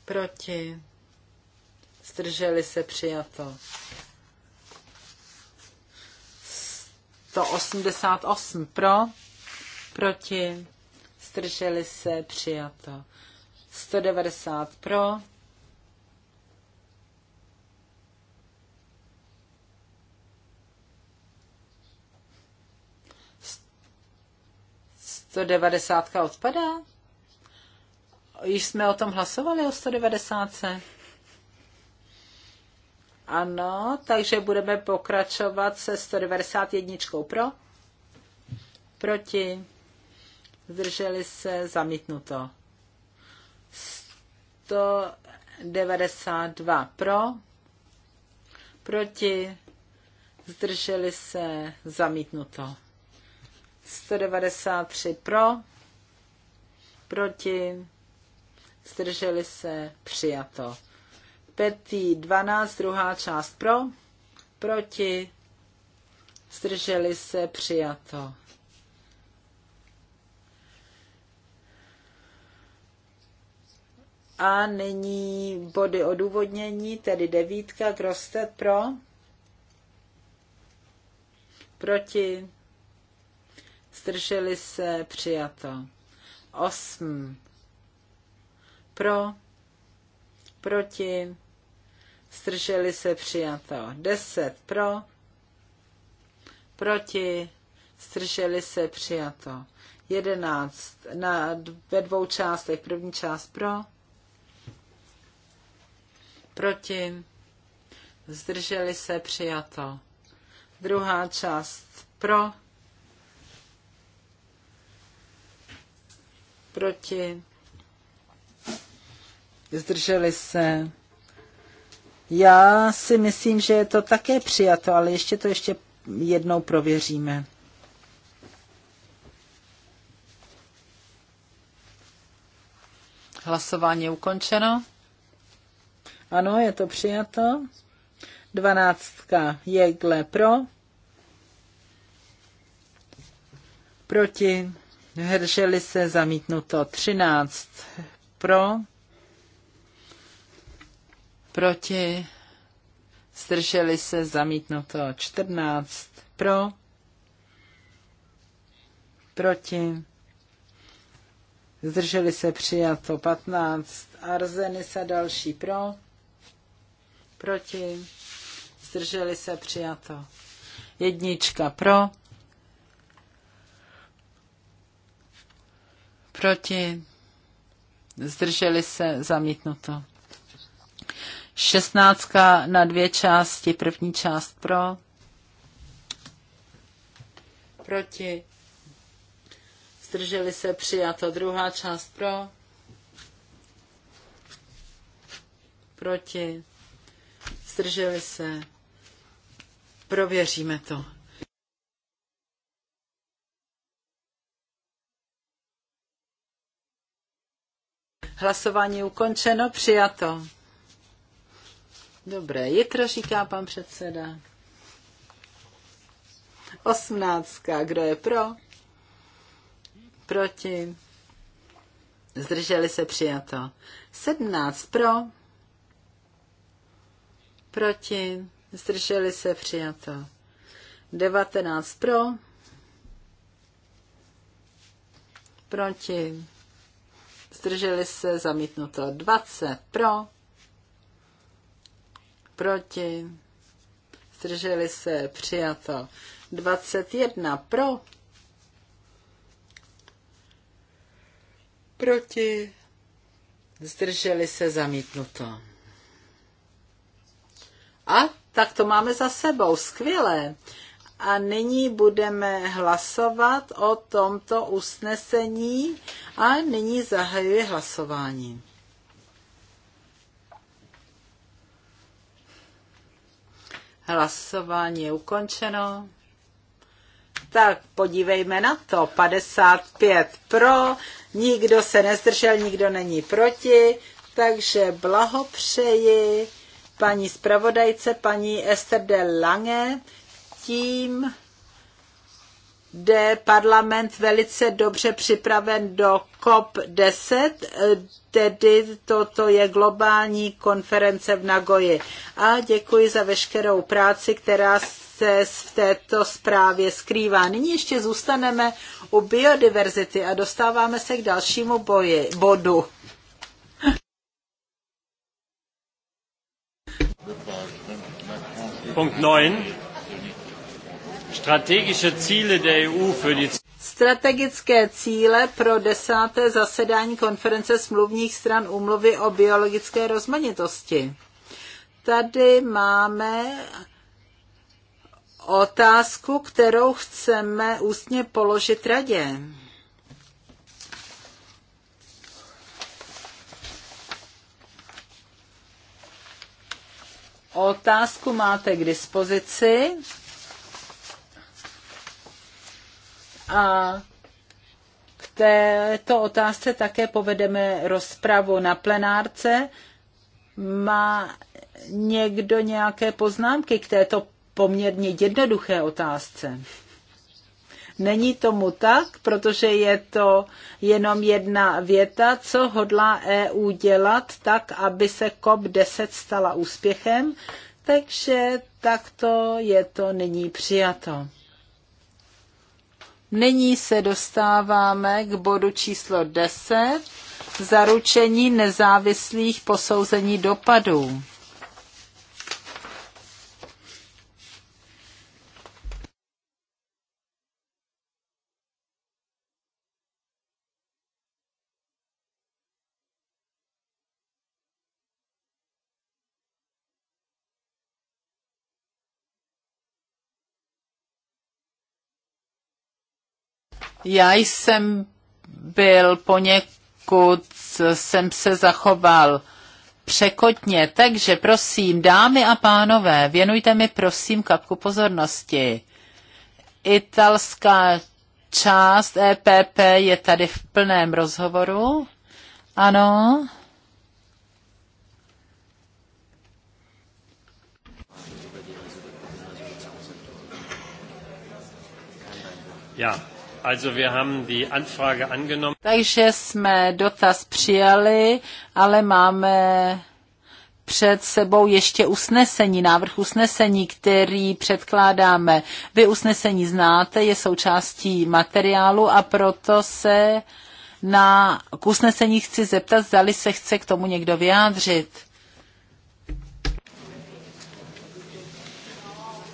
proti, zdrželi se, přijato. 188 pro, proti, strželi se, přijato. 190 pro, 190 devadesátka odpadá? Již jsme o tom hlasovali, o 190. Ano, takže budeme pokračovat se 191 pro. Proti zdrželi se, zamítnuto. 192 pro, proti, zdrželi se, zamítnuto. 193 pro, proti, zdrželi se, přijato. Petý 12, druhá část pro, proti, zdrželi se, přijato. A nyní body odůvodnění, tedy devítka, Grostet pro, proti, zdrželi se, přijato. Osm, pro, proti, zdrželi se, přijato. Deset, pro, proti, zdrželi se, přijato. Jedenáct, na, ve dvou částech, první část pro, proti, zdrželi se, přijato. Druhá část pro, proti, zdrželi se. Já si myslím, že je to také přijato, ale ještě to ještě jednou prověříme. Hlasování je ukončeno. Ano, je to přijato. Dvanáctka Jegle pro. Proti. Hrželi se zamítnuto. Třináct pro. Proti. Zdrželi se zamítnuto. Čtrnáct pro. Proti. Zdrželi se přijato 15. Arzeny se další pro proti, zdrželi se přijato. Jednička pro, proti, zdrželi se zamítnuto. Šestnáctka na dvě části, první část pro, proti, zdrželi se přijato, druhá část pro, proti, zdrželi se, prověříme to. Hlasování ukončeno, přijato. Dobré, jitro říká pan předseda. Osmnáctka, kdo je pro? Proti? Zdrželi se přijato. Sedmnáct pro? proti, zdrželi se přijato. 19 pro, proti, zdrželi se zamítnuto. 20 pro, proti, zdrželi se přijato. 21 pro, proti, zdrželi se zamítnuto. A tak to máme za sebou. Skvělé. A nyní budeme hlasovat o tomto usnesení a nyní zahajuje hlasování. Hlasování je ukončeno. Tak podívejme na to. 55 pro, nikdo se nezdržel, nikdo není proti, takže blahopřeji paní zpravodajce, paní Esther de Lange. Tím jde parlament velice dobře připraven do COP10, tedy toto je globální konference v Nagoji. A děkuji za veškerou práci, která se v této zprávě skrývá. Nyní ještě zůstaneme u biodiverzity a dostáváme se k dalšímu boji, bodu. Punkt 9. Strategische Ziele der EU für die Strategické cíle pro desáté zasedání konference smluvních stran úmluvy o biologické rozmanitosti. Tady máme otázku, kterou chceme ústně položit radě. Otázku máte k dispozici. A k této otázce také povedeme rozpravu na plenárce. Má někdo nějaké poznámky k této poměrně jednoduché otázce? Není tomu tak, protože je to jenom jedna věta, co hodlá EU dělat tak, aby se COP10 stala úspěchem, takže takto je to nyní přijato. Nyní se dostáváme k bodu číslo 10, zaručení nezávislých posouzení dopadů. Já jsem byl poněkud, jsem se zachoval překotně, takže prosím, dámy a pánové, věnujte mi prosím kapku pozornosti. Italská část EPP je tady v plném rozhovoru. Ano. Já. Takže jsme dotaz přijali, ale máme před sebou ještě usnesení, návrh usnesení, který předkládáme. Vy usnesení znáte, je součástí materiálu a proto se na, k usnesení chci zeptat, zdali se chce k tomu někdo vyjádřit.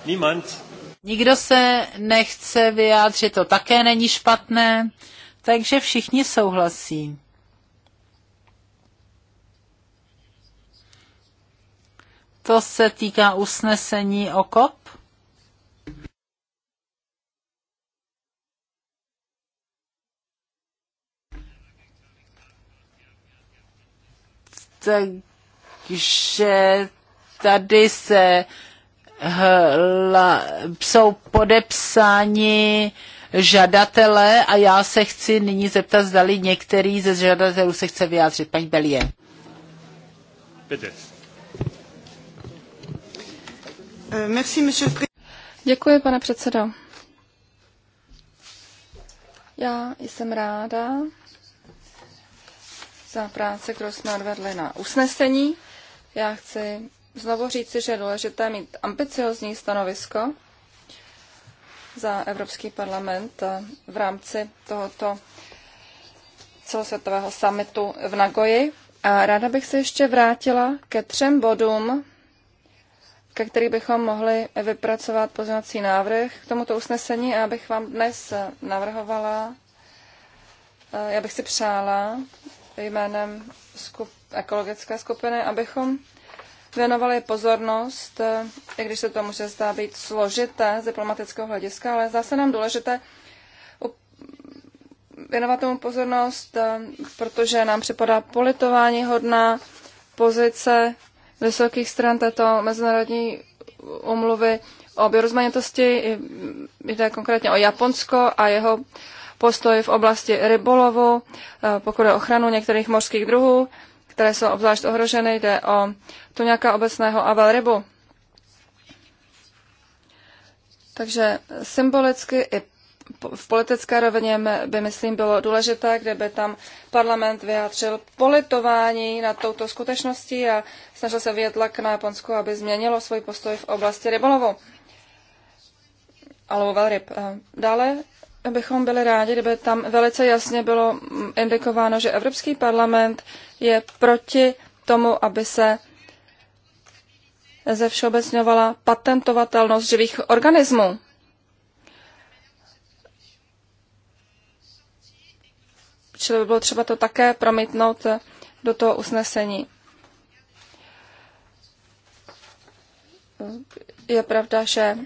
Niemand. Nikdo se nechce vyjádřit, to také není špatné, takže všichni souhlasí. To se týká usnesení o KOP. Takže tady se hla, jsou podepsáni žadatelé a já se chci nyní zeptat, zdali některý ze žadatelů se chce vyjádřit. Paní Belie. Eh, Děkuji, pane předsedo. Já jsem ráda za práci, kterou jsme odvedli na usnesení. Já chci znovu říci, že je důležité mít ambiciozní stanovisko za Evropský parlament v rámci tohoto celosvětového summitu v Nagoji. A ráda bych se ještě vrátila ke třem bodům, ke kterým bychom mohli vypracovat pozměňovací návrh k tomuto usnesení a abych vám dnes navrhovala, já bych si přála jménem skup, ekologické skupiny, abychom věnovali pozornost, e, i když se to může zdá být složité z diplomatického hlediska, ale zase nám důležité věnovat tomu pozornost, e, protože nám připadá politování hodná pozice vysokých stran této mezinárodní omluvy o biorozmanitosti, jde konkrétně o Japonsko a jeho postoj v oblasti rybolovu, e, pokud je ochranu některých mořských druhů které jsou obzvlášť ohroženy. Jde o to nějaká obecného a velrybu. Takže symbolicky i v politické rovině by, myslím, bylo důležité, kdyby tam parlament vyjádřil politování nad touto skutečností a snažil se vyjet tlak na Japonsku, aby změnilo svůj postoj v oblasti rybolovu. Alebo velryb. Dále bychom byli rádi, kdyby tam velice jasně bylo indikováno, že Evropský parlament je proti tomu, aby se zevšeobecňovala patentovatelnost živých organismů. Čili by bylo třeba to také promítnout do toho usnesení. Je pravda, že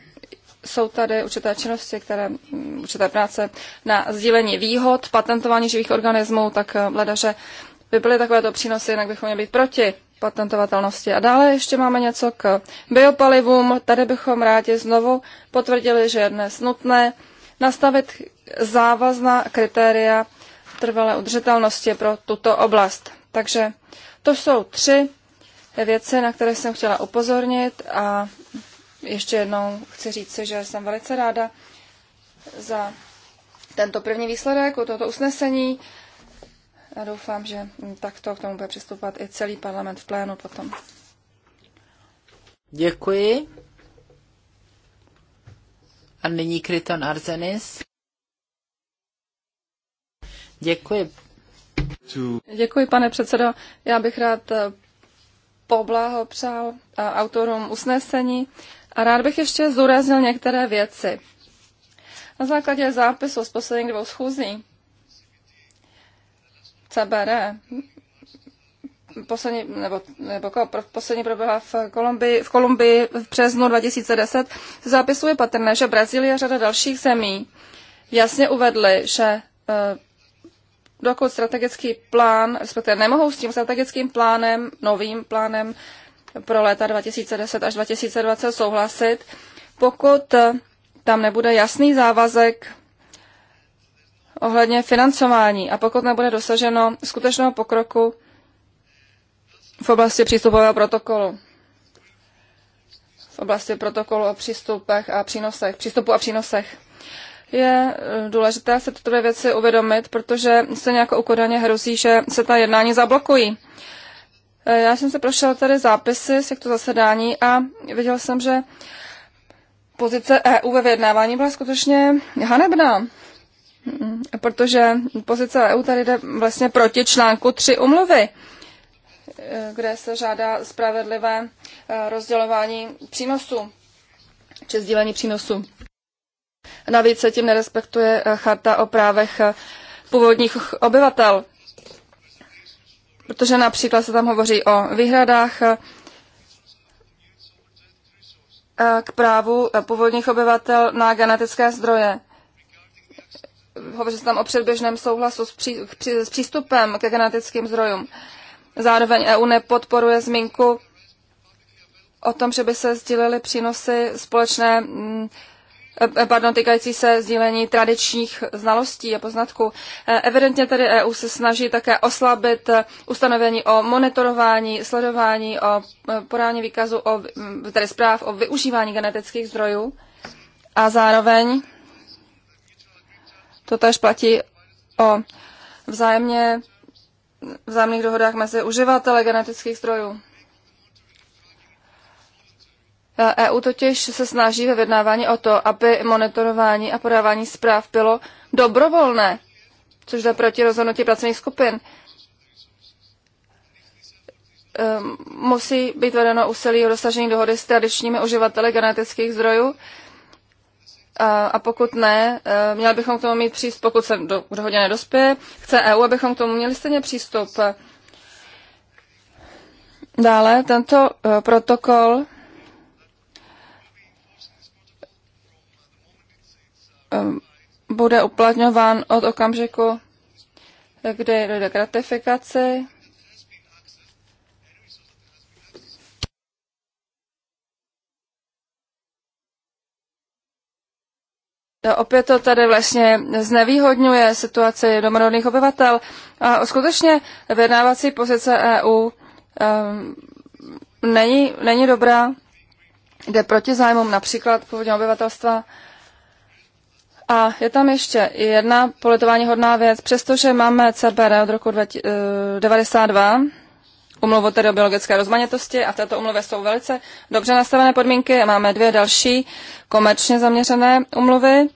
jsou tady určité činnosti, které, mm, určité práce na sdílení výhod, patentování živých organismů, tak hledaže eh, by byly takovéto přínosy, jinak bychom měli být proti patentovatelnosti. A dále ještě máme něco k biopalivům. Tady bychom rádi znovu potvrdili, že je dnes nutné nastavit závazná kritéria trvalé udržitelnosti pro tuto oblast. Takže to jsou tři věci, na které jsem chtěla upozornit a ještě jednou chci říct, že jsem velice ráda za tento první výsledek u tohoto usnesení. A doufám, že takto k tomu bude přistupovat i celý parlament v plénu potom. Děkuji. A nyní Kryton Arzenis. Děkuji. Děkuji, pane předsedo. Já bych rád poblahopřál autorům usnesení. A rád bych ještě zúraznil některé věci. Na základě zápisu z posledních dvou schůzí CBR, poslední, nebo, nebo poslední proběhla v Kolumbii, v Kolumbii v březnu 2010, z zápisu je patrné, že Brazílie a řada dalších zemí jasně uvedly, že eh, dokud strategický plán, respektive nemohou s tím strategickým plánem, novým plánem pro léta 2010 až 2020 souhlasit, pokud eh, tam nebude jasný závazek ohledně financování a pokud nebude dosaženo skutečného pokroku v oblasti přístupového protokolu. V oblasti protokolu o přístupech a přínosech, přístupu a přínosech. Je eh, důležité se tyto věci uvědomit, protože se nějak ukodaně hrozí, že se ta jednání zablokují. Eh, já jsem se prošel tady zápisy z těchto zasedání a viděl jsem, že pozice EU ve vyjednávání byla skutečně hanebná, mm, protože pozice EU tady jde vlastně proti článku 3 umluvy, eh, kde se žádá spravedlivé eh, rozdělování přínosů či sdílení přínosů. Navíc se tím nerespektuje charta o právech původních obyvatel protože například se tam hovoří o výhradách eh, k právu původních obyvatel na genetické zdroje. Hovoří se tam o předběžném souhlasu s, pří, s přístupem ke genetickým zdrojům. Zároveň EU nepodporuje zmínku o tom, že by se sdílely přínosy společné mm, Eh, pardon, týkající se sdílení tradičních znalostí a poznatků. Eh, evidentně tedy EU se snaží také oslabit eh, ustanovení o monitorování, sledování, o podání výkazu, o, hm, tedy zpráv o využívání genetických zdrojů a zároveň to tež platí o vzájemně vzájemných dohodách mezi uživateli genetických zdrojů. EU eh, e totiž se snaží ve vyjednávání o to, aby monitorování a podávání zpráv bylo dobrovolné, což jde proti rozhodnutí pracovních skupin. Ehm, musí být vedeno úsilí o dosažení dohody s tradičními uživateli genetických zdrojů. A, a pokud ne, eh, měli bychom k tomu mít přístup, pokud se do, k dohodě nedospěje, chce EU, abychom k tomu měli stejně přístup. Dále tento eh, protokol bude uplatňován od okamžiku, kdy dojde k ratifikaci. Opět to tady vlastně znevýhodňuje situaci domorodných obyvatel. A skutečně vyjednávací pozice EU um, není, není dobrá, jde proti zájmům například původního obyvatelstva. A je tam ještě jedna politování hodná věc. Přestože máme CBR od roku 1992, eh, umluvu tedy o biologické rozmanitosti a v této umluvě jsou velice dobře nastavené podmínky a máme dvě další komerčně zaměřené umluvy,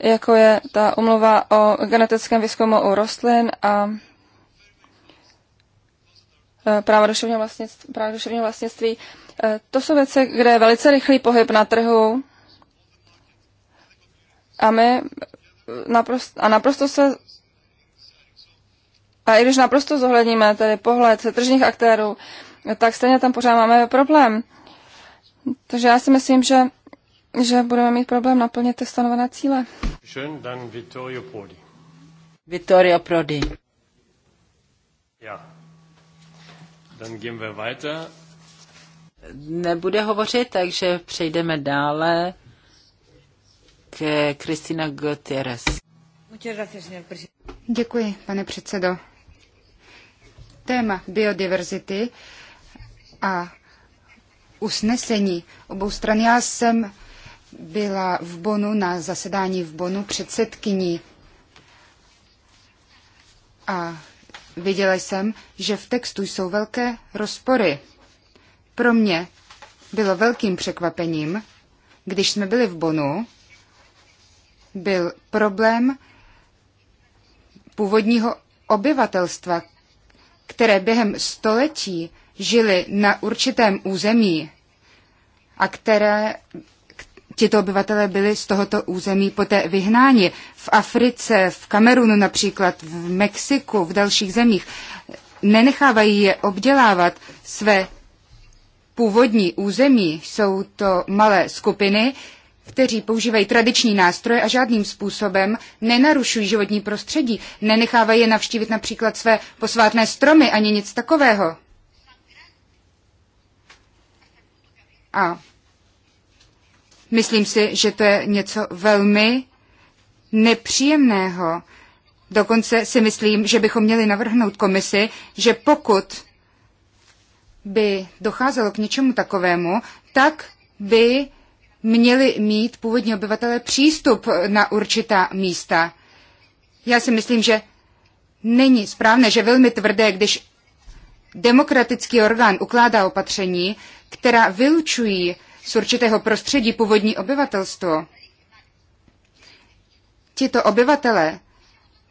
jako je ta umluva o genetickém výzkumu u rostlin a eh, práva duševního vlastnictví. Práva duševního vlastnictví. Eh, to jsou věci, kde je velice rychlý pohyb na trhu a my eh, naprosto, a naprosto se a i když naprosto zohledníme tedy pohled tržních aktérů, tak stejně tam pořád máme problém. Takže já si myslím, že, že budeme mít problém naplnit ty stanovené cíle. Schön, dann Vittorio Prodi. Vittorio Prodi. Ja. Dann gehen wir weiter. Nebude hovořit, takže přejdeme dále. Kristina Gutierrez. Děkuji, pane předsedo. Téma biodiverzity a usnesení obou stran. Já jsem byla v Bonu na zasedání v Bonu předsedkyní a viděla jsem, že v textu jsou velké rozpory. Pro mě bylo velkým překvapením, když jsme byli v Bonu, byl problém původního obyvatelstva, které během století žili na určitém území a které tito obyvatelé byli z tohoto území poté vyhnáni. V Africe, v Kamerunu například, v Mexiku, v dalších zemích nenechávají je obdělávat své původní území. Jsou to malé skupiny, kteří používají tradiční nástroje a žádným způsobem nenarušují životní prostředí, nenechávají je navštívit například své posvátné stromy ani nic takového. A myslím si, že to je něco velmi nepříjemného. Dokonce si myslím, že bychom měli navrhnout komisi, že pokud by docházelo k něčemu takovému, tak by měli mít původní obyvatelé přístup na určitá místa. Já si myslím, že není správné, že velmi tvrdé, když demokratický orgán ukládá opatření, která vylučují z určitého prostředí původní obyvatelstvo. Tito obyvatelé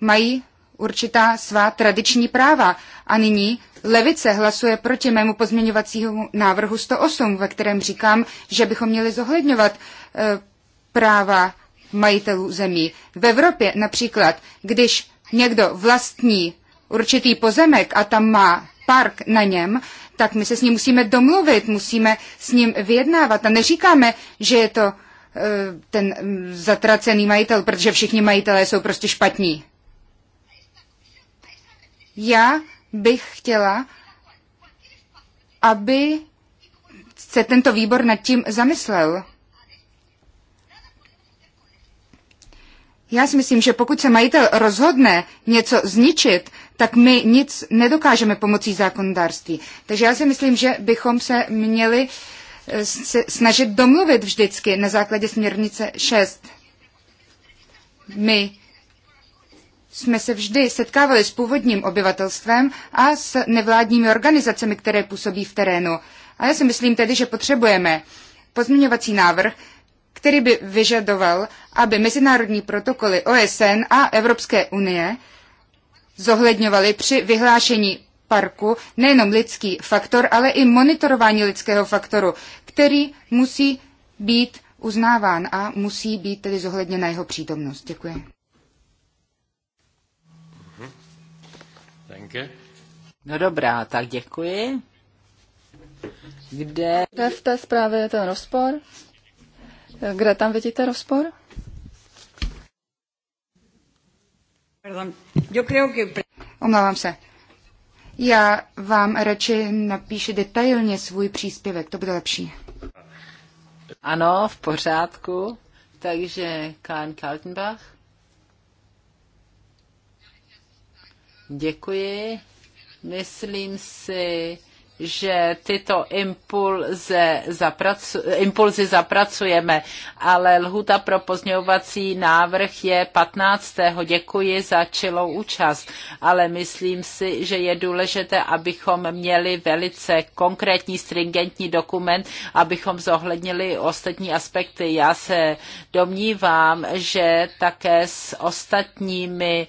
mají určitá svá tradiční práva. A nyní levice hlasuje proti mému pozměňovacímu návrhu 108, ve kterém říkám, že bychom měli zohledňovat e, práva majitelů zemí. V Evropě například, když někdo vlastní určitý pozemek a tam má park na něm, tak my se s ním musíme domluvit, musíme s ním vyjednávat. A neříkáme, že je to e, ten zatracený majitel, protože všichni majitelé jsou prostě špatní. Já bych chtěla, aby se tento výbor nad tím zamyslel. Já si myslím, že pokud se majitel rozhodne něco zničit, tak my nic nedokážeme pomocí zákonodárství. Takže já si myslím, že bychom se měli eh, snažit domluvit vždycky na základě směrnice 6. My jsme se vždy setkávali s původním obyvatelstvem a s nevládními organizacemi, které působí v terénu. A já si myslím tedy, že potřebujeme pozměňovací návrh, který by vyžadoval, aby mezinárodní protokoly OSN a Evropské unie zohledňovaly při vyhlášení parku nejenom lidský faktor, ale i monitorování lidského faktoru, který musí být uznáván a musí být tedy zohledněna jeho přítomnost. Děkuji. Danke. No dobrá, tak děkuji. Kde... Kde v té zprávě je ten rozpor? Kde tam vidíte rozpor? Omlouvám se. Já vám radši napíšu detailně svůj příspěvek, to bude lepší. Ano, v pořádku. Takže Kahn Kaltenbach. Děkuji. Myslím si, že tyto impulze zapracu, impulzy zapracujeme, ale lhuta pro pozměňovací návrh je 15. Děkuji za čilou účast, ale myslím si, že je důležité, abychom měli velice konkrétní, stringentní dokument, abychom zohlednili ostatní aspekty. Já se domnívám, že také s ostatními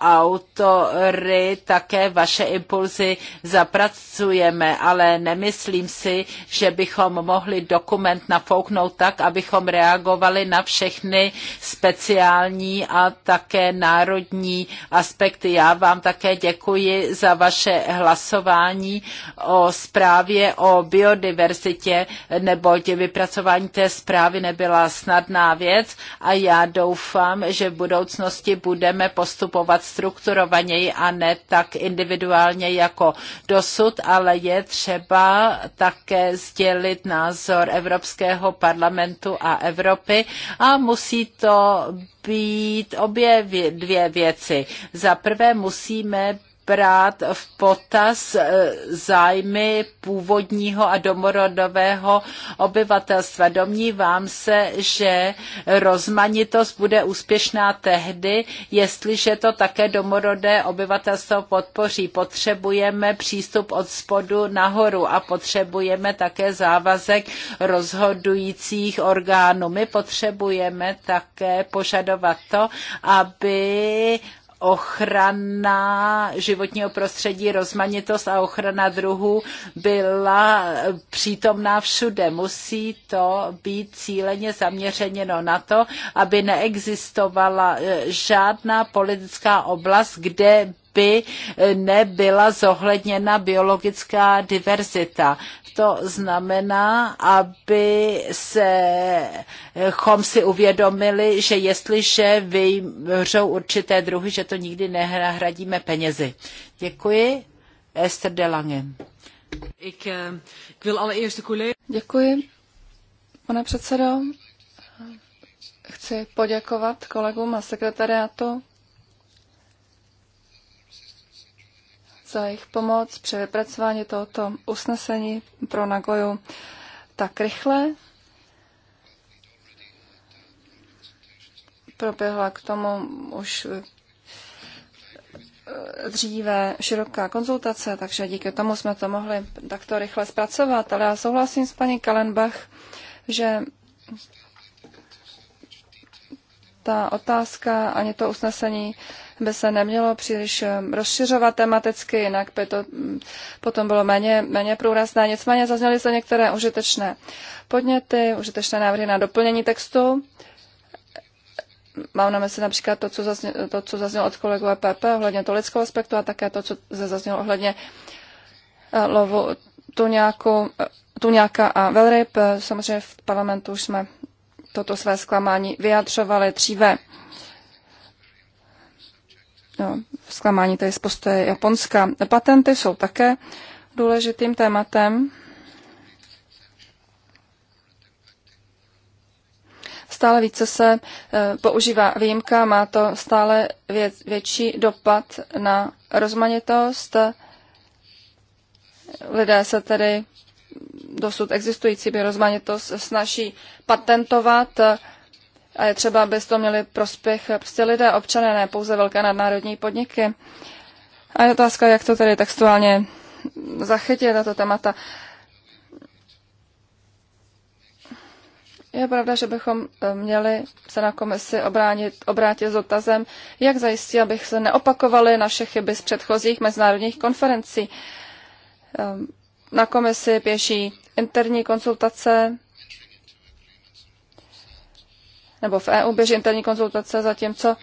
autory také vaše impulzy zapracujeme, ale nemyslím si, že bychom mohli dokument nafouknout tak, abychom reagovali na všechny speciální a také národní aspekty. Já vám také děkuji za vaše hlasování o zprávě o biodiverzitě, neboť vypracování té zprávy nebyla snadná věc a já doufám, že v budoucnosti budeme postupovat strukturovaněji a ne tak individuálně jako dosud, ale je třeba také sdělit názor Evropského parlamentu a Evropy a musí to být obě dvě věci. Za prvé musíme brát v potaz e, zájmy původního a domorodového obyvatelstva. Domnívám se, že rozmanitost bude úspěšná tehdy, jestliže to také domorodé obyvatelstvo podpoří. Potřebujeme přístup od spodu nahoru a potřebujeme také závazek rozhodujících orgánů. My potřebujeme také požadovat to, aby ochrana životního prostředí, rozmanitost a ochrana druhů byla přítomná všude. Musí to být cíleně zaměřeněno na to, aby neexistovala eh, žádná politická oblast, kde by eh, nebyla zohledněna biologická diverzita to znamená, aby se chom si uvědomili, že jestliže vyhřou určité druhy, že to nikdy nehradíme penězi. Děkuji. Esther de Lange. Eh, Děkuji, pane předsedo. Chci poděkovat kolegům a sekretariátu za jejich pomoc při vypracování tohoto usnesení pro Nagoju tak rychle. Proběhla k tomu už eh, dříve široká konzultace, takže díky tomu jsme to mohli takto rychle zpracovat. Ale já souhlasím s paní Kalenbach, že ta otázka ani to usnesení by se nemělo příliš eh, rozšiřovat tematicky, jinak by to mm, potom bylo méně, méně průrazné. Nicméně zazněly se některé užitečné podněty, užitečné návrhy na doplnění textu. Mám na mysli například to, co, zazně, to, co zaznělo od kolegu EPP ohledně toho lidského aspektu a také to, co se zaznělo ohledně eh, lovu tu nějaká eh, a velryb. Samozřejmě v parlamentu už jsme toto své zklamání vyjadřovali dříve. No, zklamání tedy z postoje Japonska. Patenty jsou také důležitým tématem. Stále více se e, používá výjimka, má to stále větší dopad na rozmanitost. Lidé se tedy dosud existující biorozmanitost snaží patentovat eh, a je třeba, aby z toho měli prospěch prostě lidé, občané, ne pouze velké nadnárodní podniky. A je otázka, jak to tedy textuálně zachytit, tato témata. Je pravda, že bychom eh, měli se na komisi obránit, obrátit s otazem, jak zajistit abych se neopakovaly naše chyby z předchozích mezinárodních konferencí. Ehm, na komisi běží interní konzultace, nebo v EU běží interní konzultace, zatímco um,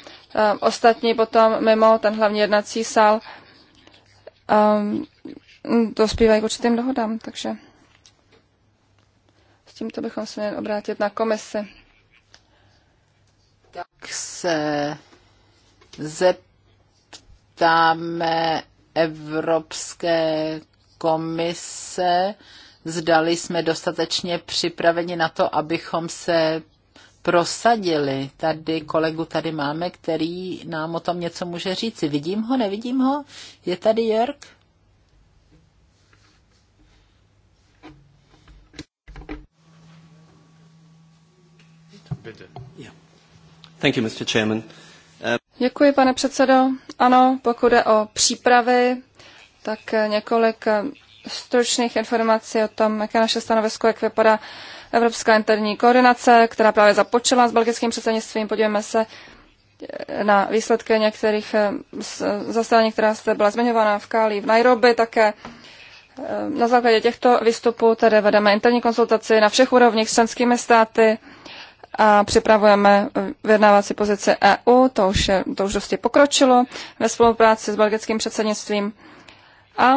ostatní potom mimo ten hlavní jednací sál um, dospívají k určitým dohodám. Takže s tímto bychom se měli obrátit na komisi. Tak se zeptáme Evropské komise, zdali jsme dostatečně připraveni na to, abychom se prosadili. Tady kolegu tady máme, který nám o tom něco může říci. Vidím ho, nevidím ho? Je tady Jörg? Děkuji, pane předsedo. Ano, pokud je o přípravy tak eh, několik eh, stručných informací o tom, jaké naše stanovisko, jak vypadá Evropská interní koordinace, která právě započala s belgickým předsednictvím. Podívejme se eh, na výsledky některých zasedání, která se byla zmiňována v Kálí, v Nairobi také. Na základě těchto výstupů tedy vedeme interní konzultaci na všech úrovních s členskými státy a připravujeme vyjednávací pozici EU, to už, je, to už dosti pokročilo ve spolupráci s belgickým předsednictvím a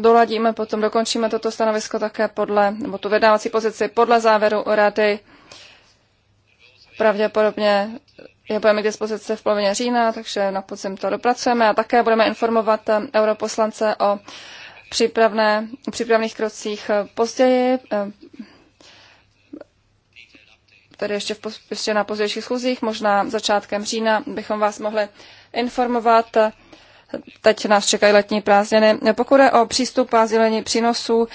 doladíme potom, dokončíme toto stanovisko také podle, nebo tu vydávací pozici podle závěru rady. Pravděpodobně je budeme k dispozici v polovině října, takže na podzim to dopracujeme a také budeme informovat europoslance o přípravné, přípravných krocích později tedy ještě, v, ještě na pozdějších schůzích, možná začátkem října bychom vás mohli informovat. Teď nás čekají letní prázdniny. Pokud je o přístup a sdělení přínosů,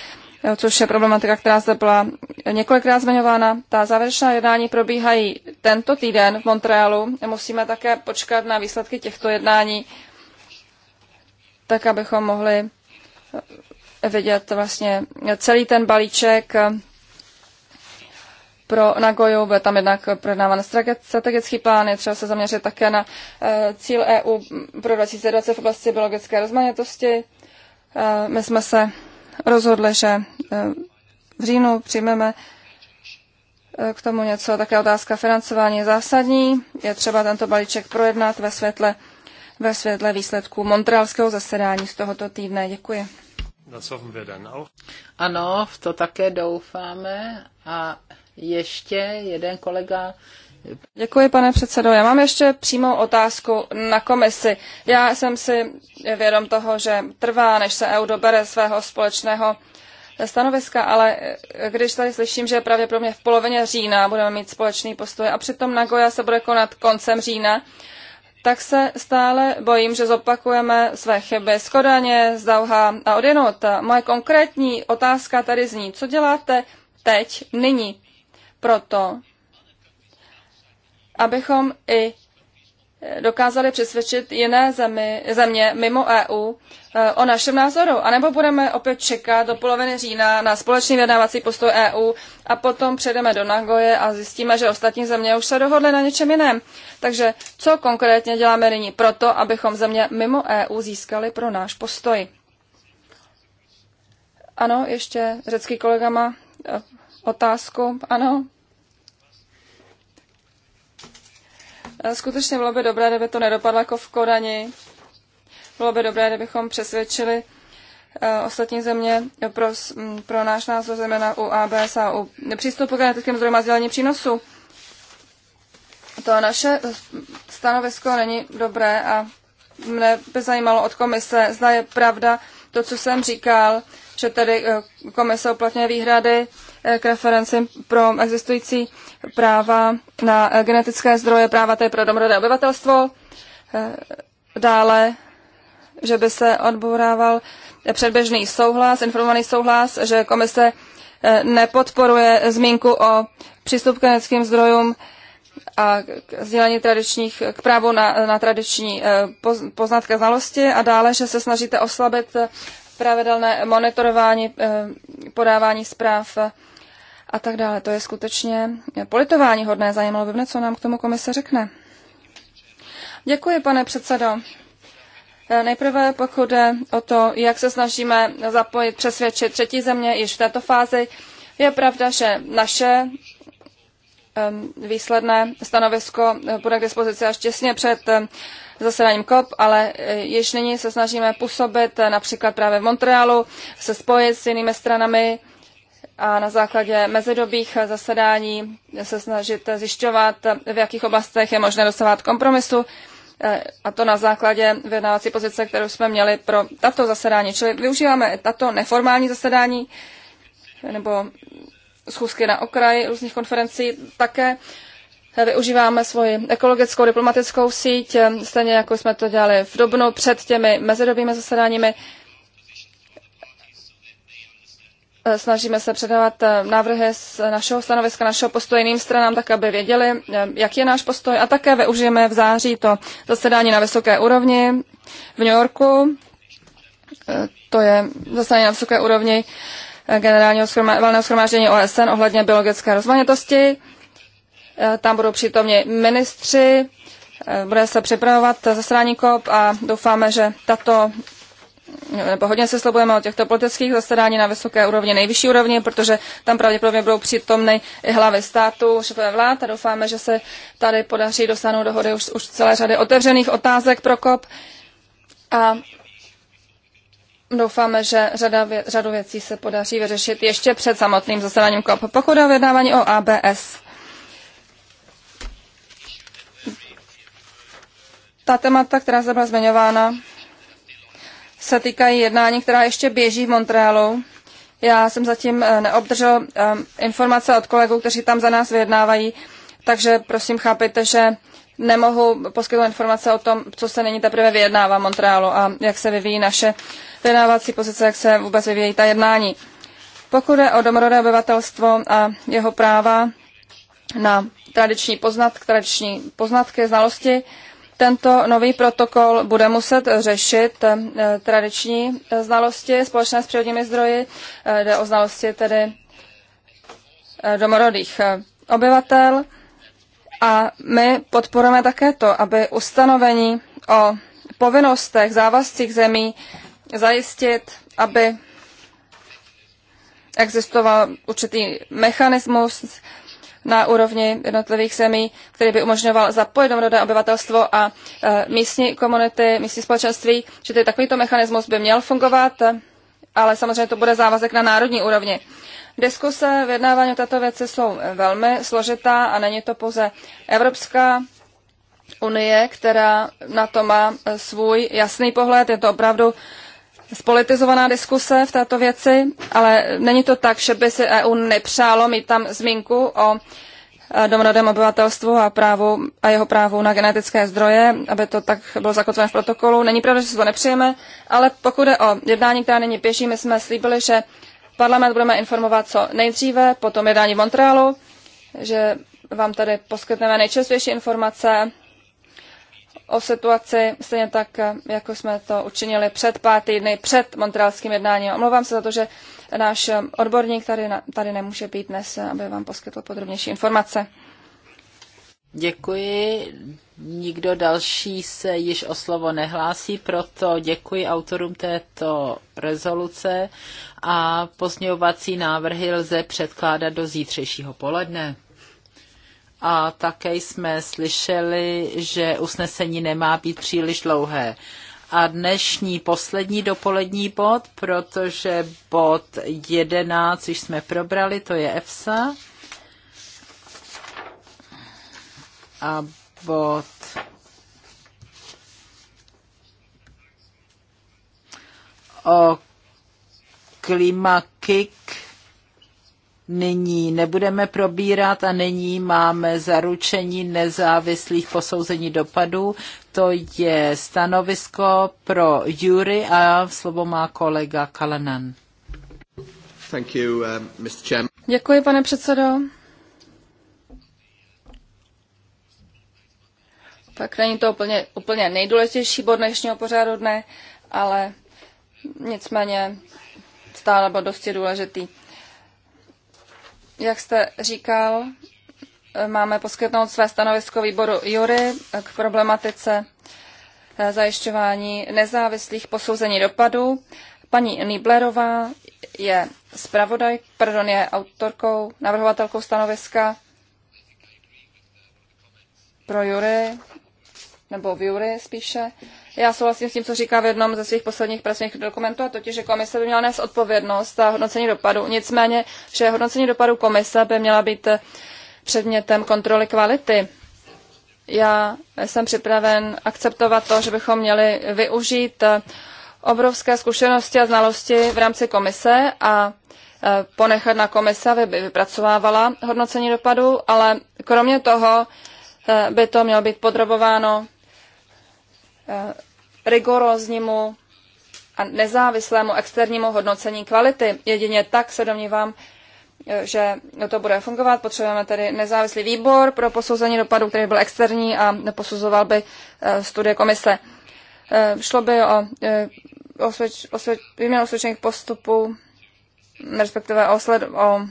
což je problematika, která zde byla několikrát zmiňována. Ta závěrečná jednání probíhají tento týden v Montrealu. Musíme také počkat na výsledky těchto jednání, tak abychom mohli vidět vlastně celý ten balíček pro Nagoju, bude tam jednak projednáván strategický plán, je třeba se zaměřit také na eh, cíl EU pro 2020 v oblasti biologické rozmanitosti. Eh, my jsme se rozhodli, že eh, v říjnu přijmeme k tomu něco, také otázka financování je zásadní. Je třeba tento balíček projednat ve světle, ve světle výsledků montrealského zasedání z tohoto týdne. Děkuji. Ano, v to také doufáme a ještě jeden kolega. Děkuji, pane předsedo. Já mám ještě přímou otázku na komisi. Já jsem si vědom toho, že trvá, než se EU dobere svého společného stanoviska, ale když tady slyším, že právě pro mě v polovině října budeme mít společný postoj a přitom Nagoya se bude konat koncem října, tak se stále bojím, že zopakujeme své chyby z Kodaně, z Dauha a odinut. Moje konkrétní otázka tady zní, co děláte teď, nyní, proto, abychom i dokázali přesvědčit jiné zemi, země mimo EU eh, o našem názoru. A nebo budeme opět čekat do poloviny října na společný vyjednávací postoj EU a potom přejdeme do Nagoje a zjistíme, že ostatní země už se dohodly na něčem jiném. Takže co konkrétně děláme nyní proto, abychom země mimo EU získali pro náš postoj? Ano, ještě řecký kolega má eh, otázku. Ano. E, skutečně bylo by dobré, kdyby to nedopadlo jako v Kodani. Bylo by dobré, kdybychom přesvědčili e, ostatní země pro, pro náš názor, zejména u ABS a u přístupu k genetickým zdrojům a sdělení přínosu. To naše stanovisko není dobré a mne by zajímalo od komise, zda je pravda to, co jsem říkal, že tedy e, komise uplatňuje výhrady Eh, k referenci pro existující práva na eh, genetické zdroje, práva tedy pro domorodé obyvatelstvo. Eh, dále, že by se odbourával předběžný souhlas, informovaný souhlas, že komise nepodporuje zmínku o přístup k genetickým zdrojům a k sdílení tradičních, k právu na, na tradiční poznatky znalosti a dále, že se snažíte oslabit pravidelné monitorování podávání zpráv a tak dále. To je skutečně politování hodné. Zajímalo by mne, co nám k tomu komise řekne. Děkuji, pane předsedo. Eh, nejprve pokud jde o to, jak se snažíme zapojit, přesvědčit třetí země již v této fázi, je pravda, že naše ehm, výsledné stanovisko eh, bude k dispozici až těsně před ehm, zasedáním COP, ale eh, již nyní se snažíme působit například právě v Montrealu, se spojit s jinými stranami, a na základě mezidobých zasedání se snažit zjišťovat, v jakých oblastech je možné dosahovat kompromisu, eh, a to na základě vyjednávací pozice, kterou jsme měli pro tato zasedání. Čili využíváme tato neformální zasedání nebo schůzky na okraji různých konferencí také. Eh, využíváme svoji ekologickou diplomatickou síť, eh, stejně jako jsme to dělali v Dobnu před těmi mezidobými zasedáními. Eh, snažíme se předávat eh, návrhy z našeho stanoviska, našeho postoje jiným stranám, tak aby věděli, eh, jak je náš postoj. A také využijeme v září to zasedání na vysoké úrovni v New Yorku. To je zasedání na vysoké úrovni generálního schromá, valného schromáždění OSN ohledně biologické rozmanitosti. Tam budou přítomni ministři, bude se připravovat zasedání COP a doufáme, že tato nebo hodně se slobujeme o těchto politických zasedání na vysoké úrovni, nejvyšší úrovni, protože tam pravděpodobně budou přítomny i hlavy státu, šefové vlád a doufáme, že se tady podaří dosáhnout dohody už, už celé řady otevřených otázek pro KOP. A doufáme, že řada vě, řadu věcí se podaří vyřešit ještě před samotným zasedáním KOP. Pokud o vyjednávání o ABS, ta témata, která zde byla zmiňována, se týkají jednání, která ještě běží v Montrealu. Já jsem zatím eh, neobdržel eh, informace od kolegů, kteří tam za nás vyjednávají, takže prosím chápejte, že nemohu poskytnout informace o tom, co se nyní teprve vyjednává v Montrealu a jak se vyvíjí naše vyjednávací pozice, jak se vůbec vyvíjí ta jednání. Pokud je o domorodé obyvatelstvo a jeho práva na tradiční, poznat, tradiční poznatky, znalosti, tento nový protokol bude muset řešit eh, tradiční eh, znalosti společné s přírodními zdroji, eh, jde o znalosti tedy domorodých obyvatel. A my podporujeme také to, aby ustanovení o povinnostech, závazcích zemí zajistit, aby existoval určitý mechanismus, na úrovni jednotlivých zemí, který by umožňoval zapojit domorodé obyvatelstvo a e, místní komunity, místní společenství, že tedy takovýto mechanismus by měl fungovat, ale samozřejmě to bude závazek na národní úrovni. Diskuse, vyjednávání o této věci jsou velmi složitá a není to pouze Evropská unie, která na to má svůj jasný pohled. Je to opravdu spolitizovaná diskuse v této věci, ale není to tak, že by si EU nepřálo mít tam zmínku o eh, domorodém obyvatelstvu a, právu, a jeho právu na genetické zdroje, aby to tak bylo zakotveno v protokolu. Není pravda, že si to nepřijeme, ale pokud je o jednání, která není pěší, my jsme slíbili, že parlament budeme informovat co nejdříve, potom jednání v Montrealu, že vám tady poskytneme nejčerstvější informace o situaci, stejně tak, jako jsme to učinili před pár týdny, před montrealským jednáním. Omlouvám se za to, že náš odborník tady, tady nemůže být dnes, aby vám poskytl podrobnější informace. Děkuji. Nikdo další se již o slovo nehlásí, proto děkuji autorům této rezoluce a pozměňovací návrhy lze předkládat do zítřejšího poledne a také jsme slyšeli, že usnesení nemá být příliš dlouhé. A dnešní poslední dopolední bod, protože bod 11 již jsme probrali, to je EFSA. A bod o klimakik nyní nebudeme probírat a nyní máme zaručení nezávislých posouzení dopadů. To je stanovisko pro jury a slovo má kolega Kalenan. Thank you, uh, Mr. Děkuji, pane předsedo. Tak není to úplně, úplně nejdůležitější bod dnešního pořádu dne, ale nicméně stále byl dosti důležitý. Jak jste říkal, máme poskytnout své stanovisko výboru Jury k problematice eh, zajišťování nezávislých posouzení dopadů. Paní Niblerová je zpravodaj, pardon, je autorkou, navrhovatelkou stanoviska pro Jury, nebo v Jury spíše. Já souhlasím s tím, co říká v jednom ze svých posledních pracovních dokumentů, a totiž, že komise by měla nést odpovědnost za hodnocení dopadu. Nicméně, že hodnocení dopadu komise by měla být předmětem kontroly kvality. Já jsem připraven akceptovat to, že bychom měli využít obrovské zkušenosti a znalosti v rámci komise a e, ponechat na komise, aby vypracovávala hodnocení dopadu, ale kromě toho e, by to mělo být podrobováno Eh, rigoróznímu a nezávislému externímu hodnocení kvality. Jedině tak se domnívám, eh, že to bude fungovat. Potřebujeme tedy nezávislý výbor pro posouzení dopadu, který byl externí a neposuzoval by eh, studie komise. Šlo by o výměnu osvědčených postupů, respektive o, sled, o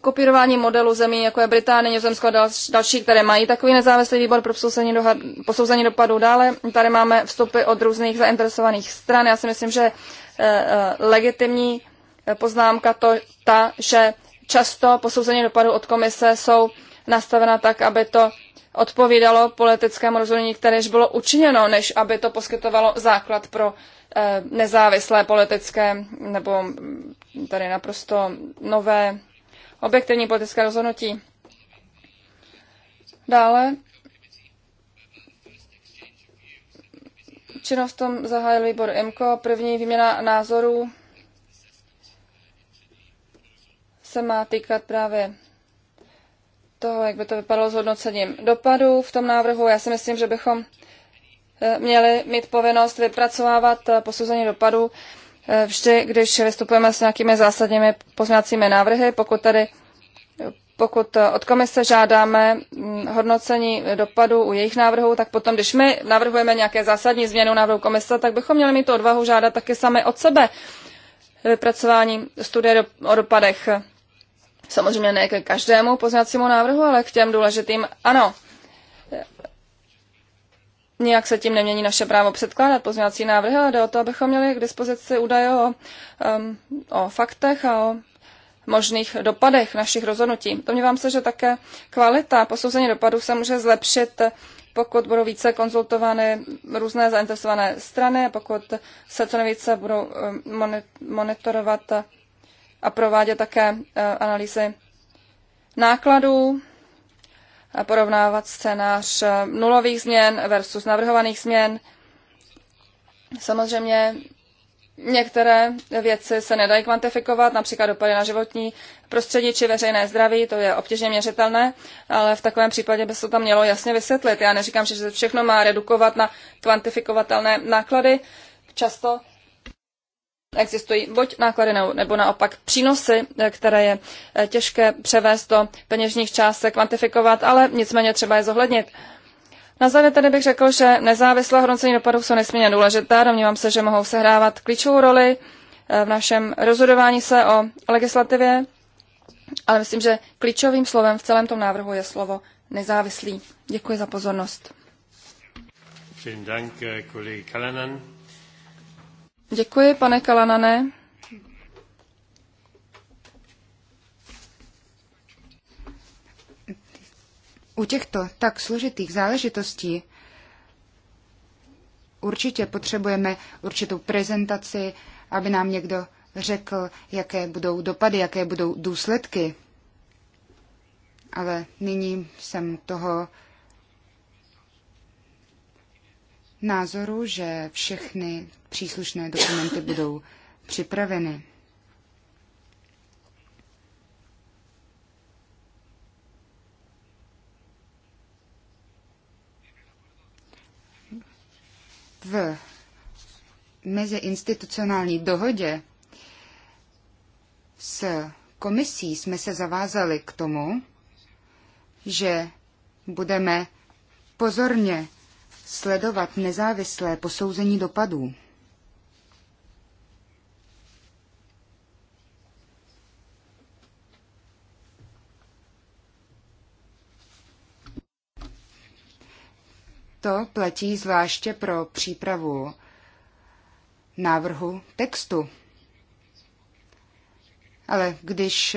kopírování modelu zemí, jako je Británie, Nizozemsko a další, které mají takový nezávislý výbor pro posouzení, dohad, posouzení dopadů. Dále tady máme vstupy od různých zainteresovaných stran. Já si myslím, že eh, eh, legitimní eh, poznámka to ta, že často posouzení dopadů od komise jsou nastavena tak, aby to odpovídalo politickému rozhodnutí, kteréž bylo učiněno, než aby to poskytovalo základ pro nezávislé politické nebo tady naprosto nové objektivní politické rozhodnutí. Dále činnost v tom zahájil výbor IMCO. První výměna názorů se má týkat právě toho, jak by to vypadalo s hodnocením dopadů v tom návrhu. Já si myslím, že bychom eh, měli mít povinnost vypracovávat eh, posouzení dopadů vždy, když vystupujeme s nějakými zásadními pozměňovacími návrhy, pokud tady pokud eh, od komise žádáme mm, hodnocení dopadu u jejich návrhů, tak potom, když my navrhujeme nějaké zásadní změnu návrhu komise, tak bychom měli mít tu odvahu žádat taky sami od sebe vypracování studie o dopadech. Samozřejmě ne ke každému pozněcímu návrhu, ale k těm důležitým ano. Nijak se tím nemění naše právo předkládat pozměňovací návrhy, ale jde o to, abychom měli k dispozici údaje o, um, o faktech a o možných dopadech našich rozhodnutí. To vám se, že také kvalita posouzení dopadů se může zlepšit, pokud budou více konzultovány různé zainteresované strany, pokud se co nejvíce budou um, monitorovat a provádět také uh, analýzy nákladů porovnávat scénář eh, nulových změn versus navrhovaných změn. Samozřejmě některé věci se nedají kvantifikovat, například dopady na životní prostředí či veřejné zdraví, to je obtížně měřitelné, ale v takovém případě by se to mělo jasně vysvětlit. Já neříkám, že se všechno má redukovat na kvantifikovatelné náklady. Často existují buď náklady nebo naopak přínosy, eh, které je eh, těžké převést do peněžních částek, kvantifikovat, ale nicméně třeba je zohlednit. Na závěr tedy bych řekl, že nezávislá hodnocení dopadů jsou nesmírně důležitá. Domnívám se, že mohou sehrávat klíčovou roli eh, v našem rozhodování se o legislativě, ale myslím, že klíčovým slovem v celém tom návrhu je slovo nezávislý. Děkuji za pozornost. Vielen Dank, Kollege Děkuji, pane Kalanane. U těchto tak složitých záležitostí určitě potřebujeme určitou prezentaci, aby nám někdo řekl, jaké budou dopady, jaké budou důsledky. Ale nyní jsem toho názoru, že všechny příslušné dokumenty budou připraveny. V meziinstitucionální dohodě s komisí jsme se zavázali k tomu, že budeme pozorně sledovat nezávislé posouzení dopadů. To platí zvláště pro přípravu návrhu textu. Ale když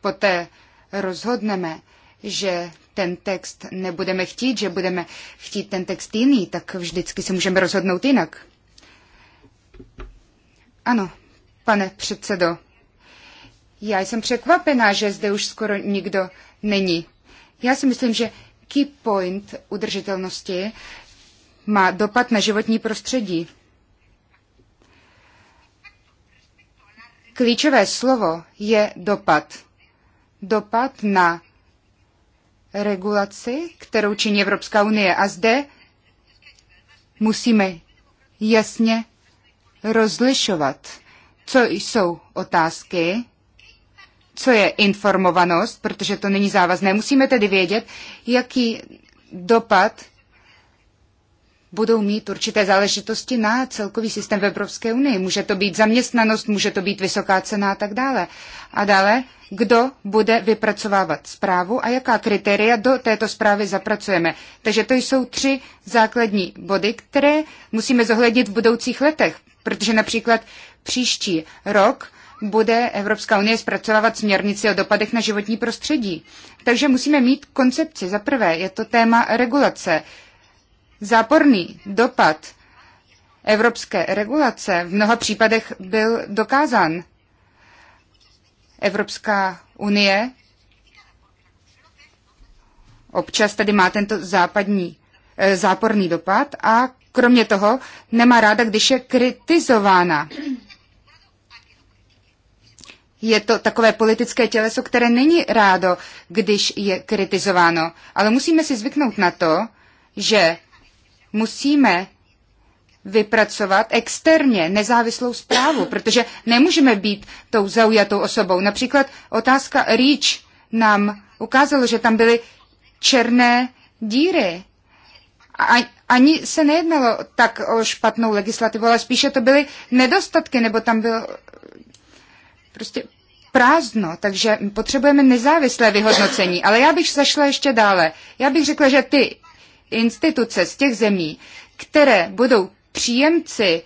poté rozhodneme, že ten text nebudeme chtít, že budeme chtít ten text jiný, tak vždycky se můžeme rozhodnout jinak. Ano, pane předsedo, já jsem překvapená, že zde už skoro nikdo není. Já si myslím, že key point udržitelnosti má dopad na životní prostředí. Klíčové slovo je dopad. Dopad na regulaci, kterou činí Evropská unie. A zde musíme jasně rozlišovat, co jsou otázky, co je informovanost, protože to není závazné. Musíme tedy vědět, jaký dopad budou mít určité záležitosti na celkový systém v Evropské unii. Může to být zaměstnanost, může to být vysoká cena a tak dále. A dále, kdo bude vypracovávat zprávu a jaká kritéria do této zprávy zapracujeme. Takže to jsou tři základní body, které musíme zohlednit v budoucích letech, protože například příští rok bude Evropská unie zpracovávat směrnici o dopadech na životní prostředí. Takže musíme mít koncepci. Za prvé je to téma regulace. Záporný dopad evropské regulace v mnoha případech byl dokázán. Evropská unie občas tady má tento západní eh, záporný dopad a kromě toho nemá ráda, když je kritizována je to takové politické těleso, které není rádo, když je kritizováno. Ale musíme si zvyknout na to, že musíme vypracovat externě nezávislou zprávu, protože nemůžeme být tou zaujatou osobou. Například otázka REACH nám ukázalo, že tam byly černé díry. A ani se nejednalo tak o špatnou legislativu, ale spíše to byly nedostatky, nebo tam bylo prostě prázdno, takže potřebujeme nezávislé vyhodnocení. Ale já bych zašla ještě dále. Já bych řekla, že ty instituce z těch zemí, které budou příjemci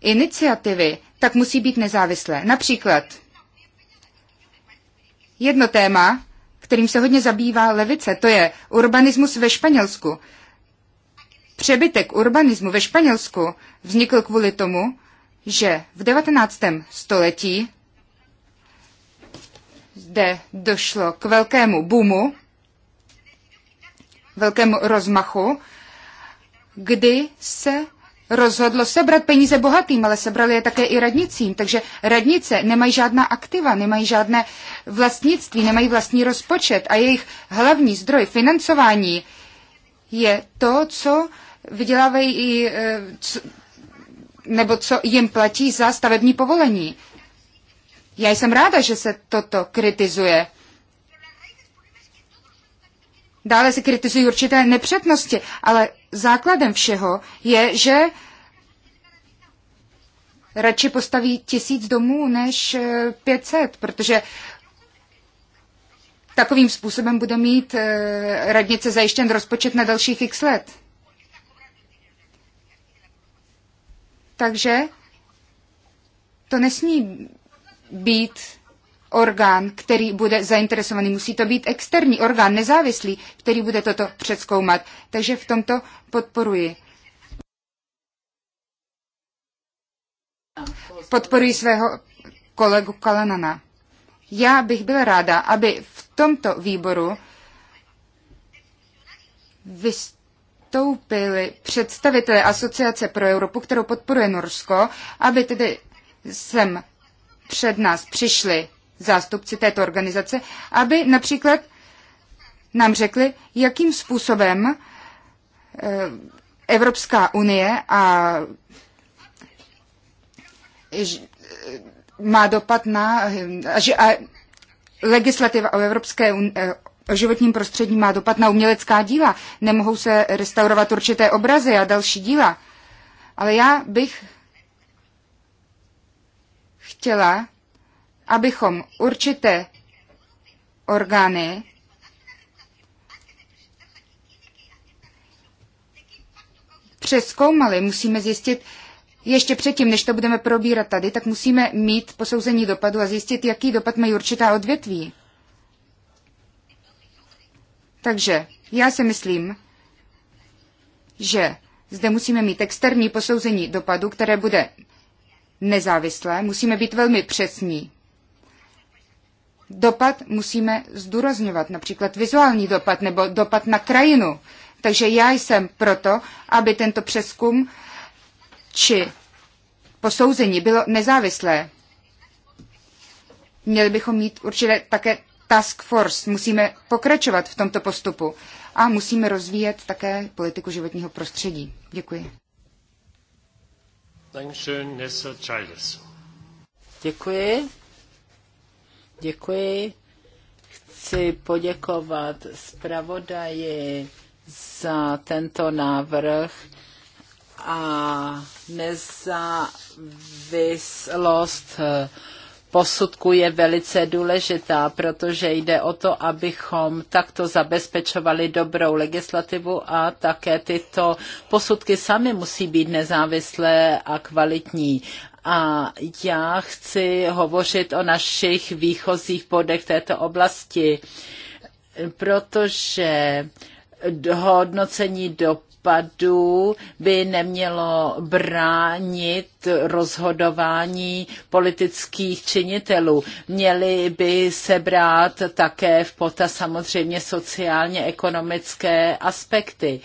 iniciativy, tak musí být nezávislé. Například jedno téma, kterým se hodně zabývá levice, to je urbanismus ve Španělsku. Přebytek urbanismu ve Španělsku vznikl kvůli tomu, že v 19. století zde došlo k velkému boomu, velkému rozmachu, kdy se rozhodlo sebrat peníze bohatým, ale sebrali je také i radnicím. Takže radnice nemají žádná aktiva, nemají žádné vlastnictví, nemají vlastní rozpočet a jejich hlavní zdroj financování je to, co vydělávají, eh, nebo co jim platí za stavební povolení. Já jsem ráda, že se toto kritizuje. Dále se kritizují určité nepřetnosti, ale základem všeho je, že radši postaví tisíc domů než 500, eh, protože takovým způsobem bude mít eh, radnice zajištěn rozpočet na dalších x let. Takže to nesmí být orgán, který bude zainteresovaný. Musí to být externí orgán, nezávislý, který bude toto předzkoumat. Takže v tomto podporuji. Podporuji svého kolegu Kalanana. Já bych byla ráda, aby v tomto výboru vystoupili představitelé Asociace pro Evropu, kterou podporuje Norsko, aby tedy sem před nás přišli zástupci této organizace, aby například nám řekli, jakým způsobem eh, Evropská unie a eh, má dopad na, eh, a legislativa o Evropské o životním prostředí má dopad na umělecká díla. Nemohou se restaurovat určité obrazy a další díla. Ale já bych chtěla, abychom určité orgány přeskoumali. Musíme zjistit, ještě předtím, než to budeme probírat tady, tak musíme mít posouzení dopadu a zjistit, jaký dopad mají určitá odvětví. Takže já si myslím, že zde musíme mít externí posouzení dopadu, které bude nezávislé, musíme být velmi přesní. Dopad musíme zdůrazňovat, například vizuální dopad nebo dopad na krajinu. Takže já jsem proto, aby tento přeskum či posouzení bylo nezávislé. Měli bychom mít určitě také task force. Musíme pokračovat v tomto postupu a musíme rozvíjet také politiku životního prostředí. Děkuji. Dankeschön, Nessa Childs. Děkuji. Děkuji. Chci poděkovat zpravodaji za tento návrh a nezávislost uh, posudku je velice důležitá, protože jde o to, abychom takto zabezpečovali dobrou legislativu a také tyto posudky sami musí být nezávislé a kvalitní a já chci hovořit o našich výchozích bodech této oblasti, protože hodnocení dopadu případů by nemělo bránit rozhodování politických činitelů. Měly by se brát také v pota samozřejmě sociálně ekonomické aspekty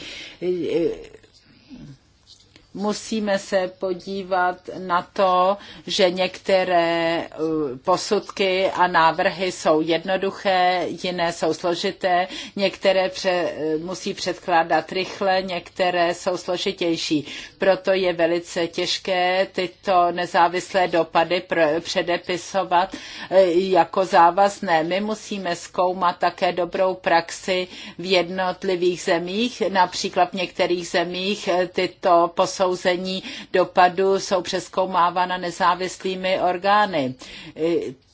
musíme se podívat na to, že některé uh, posudky a návrhy jsou jednoduché, jiné jsou složité, některé pře- uh, musí předkládat rychle, některé jsou složitější. Proto je velice těžké tyto nezávislé dopady předepisovat uh, jako závazné. My musíme zkoumat také dobrou praxi v jednotlivých zemích, například v některých zemích tyto posudky posouzení dopadu jsou přeskoumávána nezávislými orgány.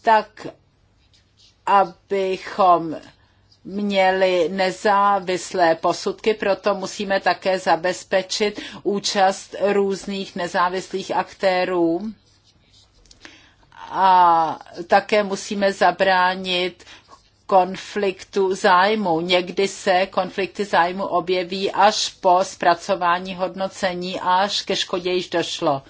Tak, abychom měli nezávislé posudky, proto musíme také zabezpečit účast různých nezávislých aktérů a také musíme zabránit konfliktu zájmu. Někdy se konflikty zájmu objeví až po zpracování hodnocení, až ke škodě již došlo.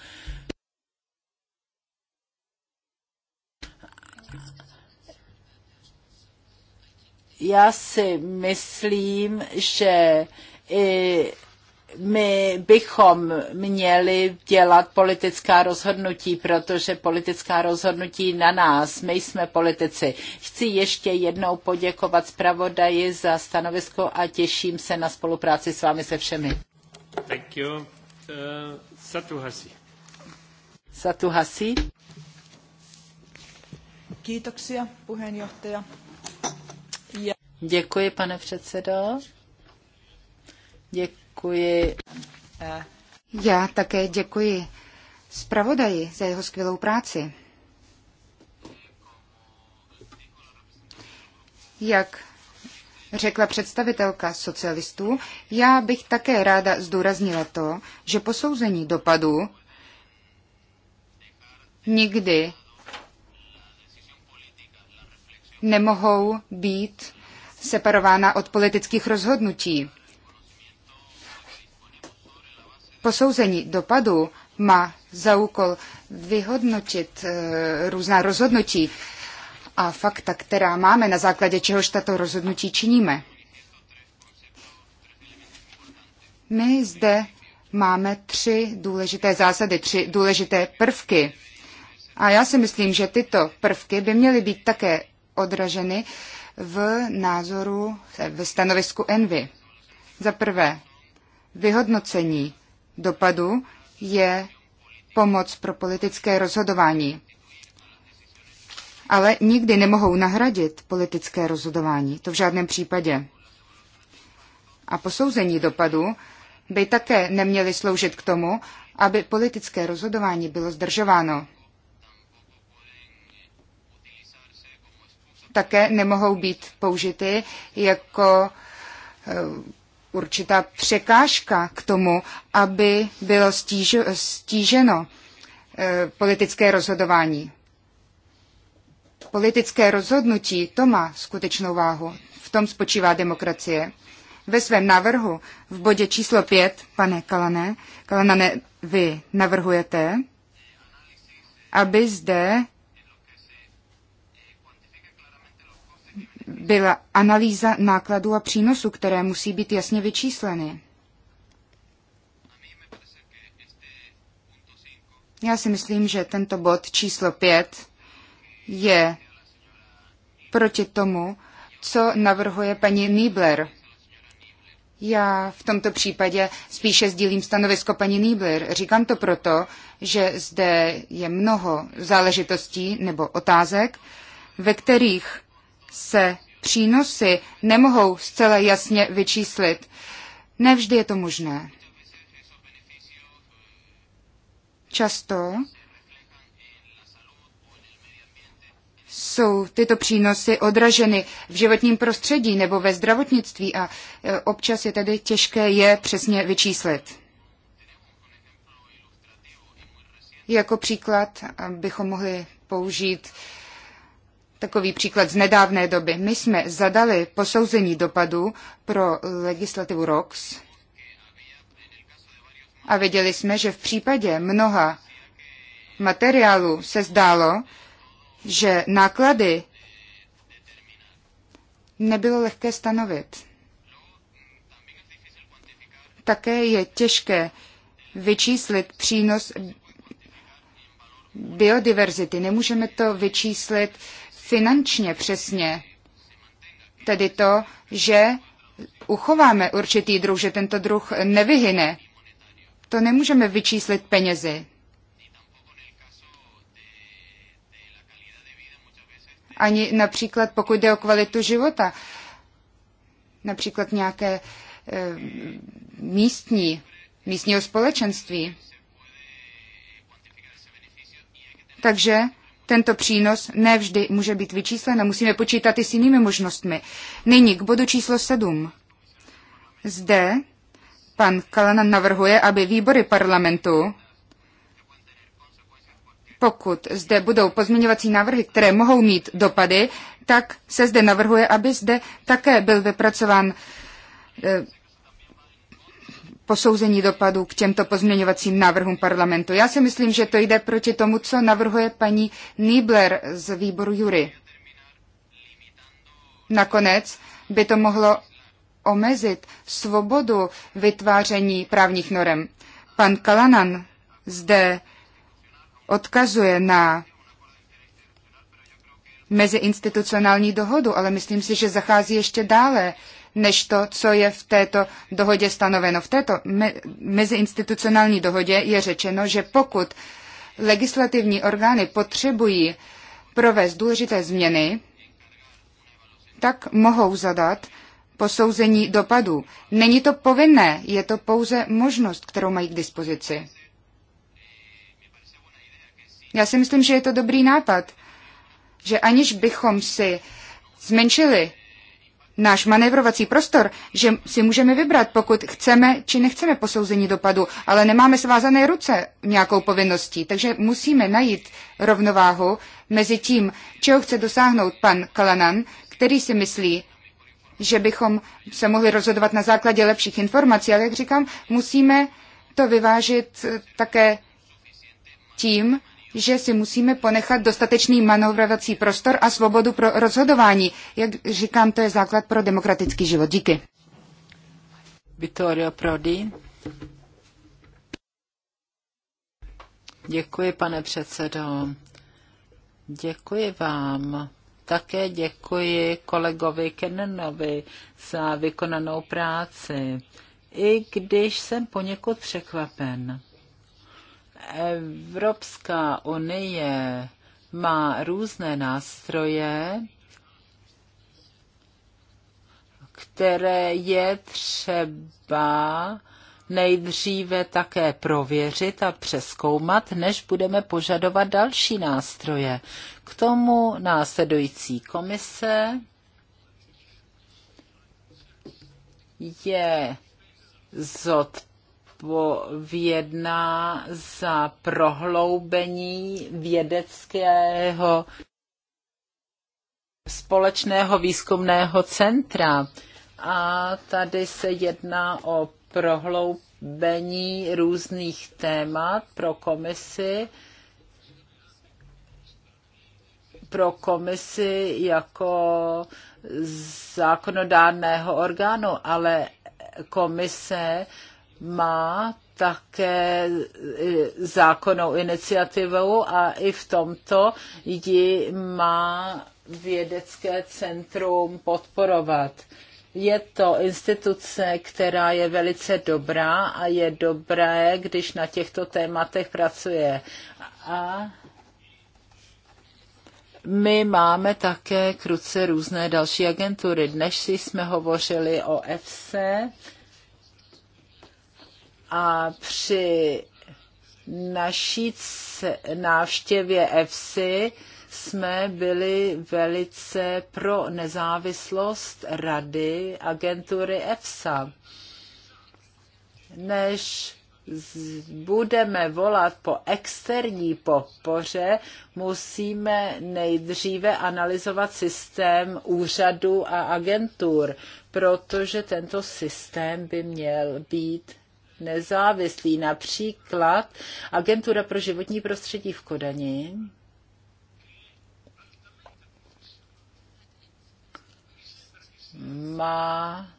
Já si myslím, že i my bychom měli dělat politická rozhodnutí, protože politická rozhodnutí na nás, my jsme politici. Chci ještě jednou poděkovat zpravodaji za stanovisko a těším se na spolupráci s vámi se všemi. Thank you. Uh, Satuhasi. Satuhasi. Kiitoksia, puheenjohtaja. Děkuji, pane předsedo. Děkuji děkuji. Já také děkuji zpravodaji za jeho skvělou práci. Jak řekla představitelka socialistů, já bych také ráda zdůraznila to, že posouzení dopadů nikdy nemohou být separována od politických rozhodnutí posouzení dopadu má za úkol vyhodnotit eh, různá rozhodnutí a fakta, která máme, na základě čehož tato rozhodnutí činíme. My zde máme tři důležité zásady, tři důležité prvky. A já si myslím, že tyto prvky by měly být také odraženy v názoru, eh, ve stanovisku Envy. Za prvé, vyhodnocení dopadu je pomoc pro politické rozhodování. Ale nikdy nemohou nahradit politické rozhodování, to v žádném případě. A posouzení dopadu by také neměly sloužit k tomu, aby politické rozhodování bylo zdržováno. Také nemohou být použity jako eh, určitá překážka k tomu, aby bylo stíž, stíženo e, politické rozhodování. Politické rozhodnutí, to má skutečnou váhu. V tom spočívá demokracie. Ve svém návrhu v bodě číslo 5, pane Kalane, Kalané, vy navrhujete, aby zde byla analýza nákladů a přínosů, které musí být jasně vyčísleny. Já si myslím, že tento bod číslo 5 je proti tomu, co navrhuje paní Niebler. Já v tomto případě spíše sdílím stanovisko paní Niebler. Říkám to proto, že zde je mnoho záležitostí nebo otázek, ve kterých se přínosy nemohou zcela jasně vyčíslit. Nevždy je to možné. Často jsou tyto přínosy odraženy v životním prostředí nebo ve zdravotnictví a e, občas je tedy těžké je přesně vyčíslit. Jako příklad bychom mohli použít Takový příklad z nedávné doby. My jsme zadali posouzení dopadů pro legislativu ROX a věděli jsme, že v případě mnoha materiálů se zdálo, že náklady nebylo lehké stanovit. Také je těžké vyčíslit přínos biodiverzity. Nemůžeme to vyčíslit finančně přesně. Tedy to, že uchováme určitý druh, že tento druh nevyhyne. To nemůžeme vyčíslit penězi. Ani například pokud jde o kvalitu života, například nějaké e, místní, místního společenství. Takže tento přínos nevždy může být vyčíslen a musíme počítat i s jinými možnostmi. Nyní k bodu číslo 7. Zde pan Kalana navrhuje, aby výbory parlamentu, pokud zde budou pozměňovací návrhy, které mohou mít dopady, tak se zde navrhuje, aby zde také byl vypracován eh, posouzení dopadů k těmto pozměňovacím návrhům parlamentu. Já si myslím, že to jde proti tomu, co navrhuje paní Niebler z výboru Jury. Nakonec by to mohlo omezit svobodu vytváření právních norem. Pan Kalanan zde odkazuje na meziinstitucionální dohodu, ale myslím si, že zachází ještě dále než to, co je v této dohodě stanoveno. V této me- meziinstitucionální dohodě je řečeno, že pokud legislativní orgány potřebují provést důležité změny, tak mohou zadat posouzení dopadů. Není to povinné, je to pouze možnost, kterou mají k dispozici. Já si myslím, že je to dobrý nápad, že aniž bychom si zmenšili náš manévrovací prostor, že si můžeme vybrat, pokud chceme či nechceme posouzení dopadu, ale nemáme svázané ruce nějakou povinností, takže musíme najít rovnováhu mezi tím, čeho chce dosáhnout pan Kalanan, který si myslí, že bychom se mohli rozhodovat na základě lepších informací, ale jak říkám, musíme to vyvážit také tím, že si musíme ponechat dostatečný manovrovací prostor a svobodu pro rozhodování. Jak říkám, to je základ pro demokratický život. Díky. Vittorio Prodi. Děkuji, pane předsedo. Děkuji vám. Také děkuji kolegovi Kennanovi za vykonanou práci, i když jsem poněkud překvapen. Evropská unie má různé nástroje, které je třeba nejdříve také prověřit a přeskoumat, než budeme požadovat další nástroje. K tomu následující komise je zodpovědná zodpovědná za prohloubení vědeckého společného výzkumného centra. A tady se jedná o prohloubení různých témat pro komisi, pro komisi jako zákonodárného orgánu, ale komise má také e, zákonnou iniciativou a i v tomto ji má vědecké centrum podporovat. Je to instituce, která je velice dobrá a je dobré, když na těchto tématech pracuje. A my máme také kruce různé další agentury. Dnes jsme hovořili o EFSE, a při naší návštěvě EFSI jsme byli velice pro nezávislost rady agentury EFSA. Než budeme volat po externí podpoře, musíme nejdříve analyzovat systém úřadů a agentur, protože tento systém by měl být nezávislý. Například Agentura pro životní prostředí v Kodani má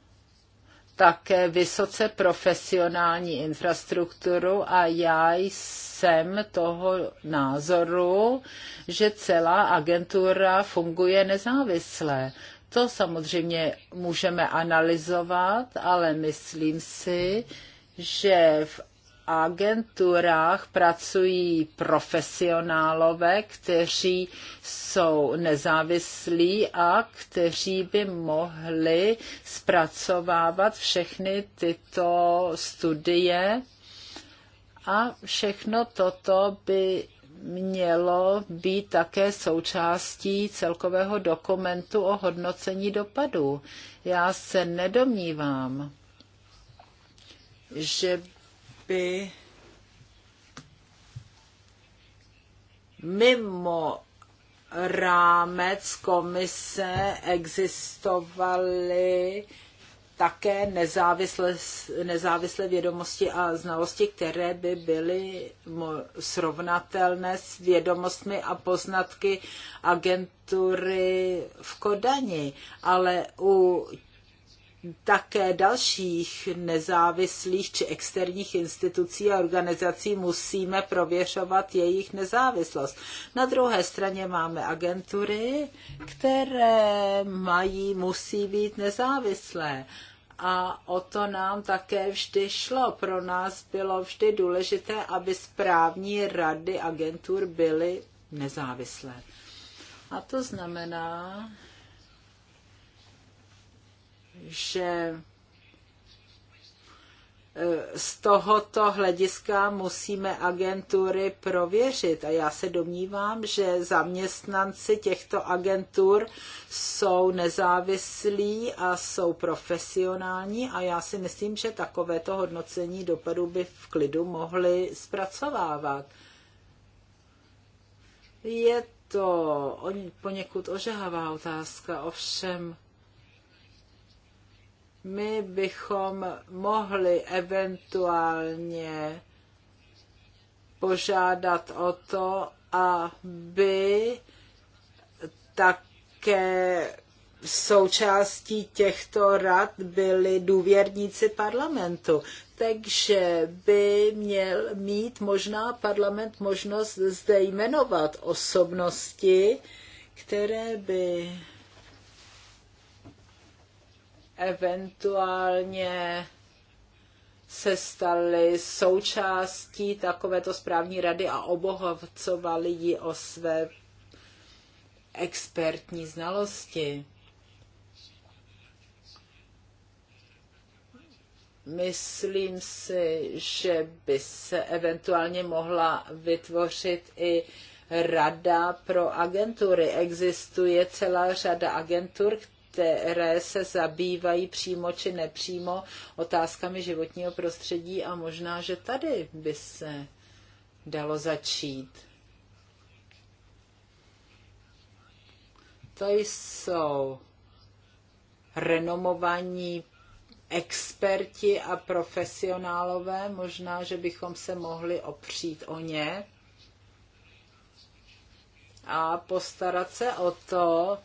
také vysoce profesionální infrastrukturu a já jsem toho názoru, že celá agentura funguje nezávisle. To samozřejmě můžeme analyzovat, ale myslím si, že v agenturách pracují profesionálové, kteří jsou nezávislí a kteří by mohli zpracovávat všechny tyto studie a všechno toto by mělo být také součástí celkového dokumentu o hodnocení dopadů. Já se nedomnívám, že by mimo rámec komise existovaly také nezávislé, nezávislé vědomosti a znalosti, které by byly srovnatelné s vědomostmi a poznatky agentury v Kodani. Ale u také dalších nezávislých či externích institucí a organizací musíme prověřovat jejich nezávislost. Na druhé straně máme agentury, které mají, musí být nezávislé. A o to nám také vždy šlo. Pro nás bylo vždy důležité, aby správní rady agentur byly nezávislé. A to znamená, že eh, z tohoto hlediska musíme agentury prověřit. A já se domnívám, že zaměstnanci těchto agentur jsou nezávislí a jsou profesionální a já si myslím, že takovéto hodnocení dopadu by v klidu mohli zpracovávat. Je to poněkud ožehavá otázka, ovšem my bychom mohli eventuálně požádat o to, aby také součástí těchto rad byli důvěrníci parlamentu. Takže by měl mít možná parlament možnost zde jmenovat osobnosti, které by eventuálně se staly součástí takovéto správní rady a obohacovali ji o své expertní znalosti. Myslím si, že by se eventuálně mohla vytvořit i rada pro agentury. Existuje celá řada agentur, které se zabývají přímo či nepřímo otázkami životního prostředí a možná, že tady by se dalo začít. To jsou renomovaní experti a profesionálové, možná, že bychom se mohli opřít o ně a postarat se o to,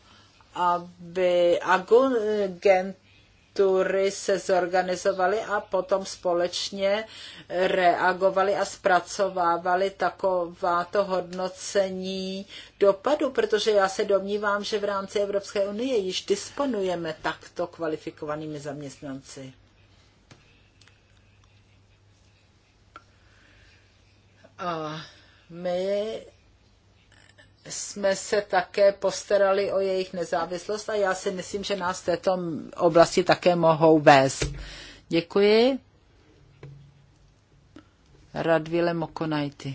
aby agentury se zorganizovaly a potom společně reagovaly a zpracovávaly takováto hodnocení dopadu, protože já se domnívám, že v rámci Evropské unie již disponujeme takto kvalifikovanými zaměstnanci. A my jsme se také postarali o jejich nezávislost a já si myslím, že nás v této oblasti také mohou vést. Děkuji. Radvile Mokonajty.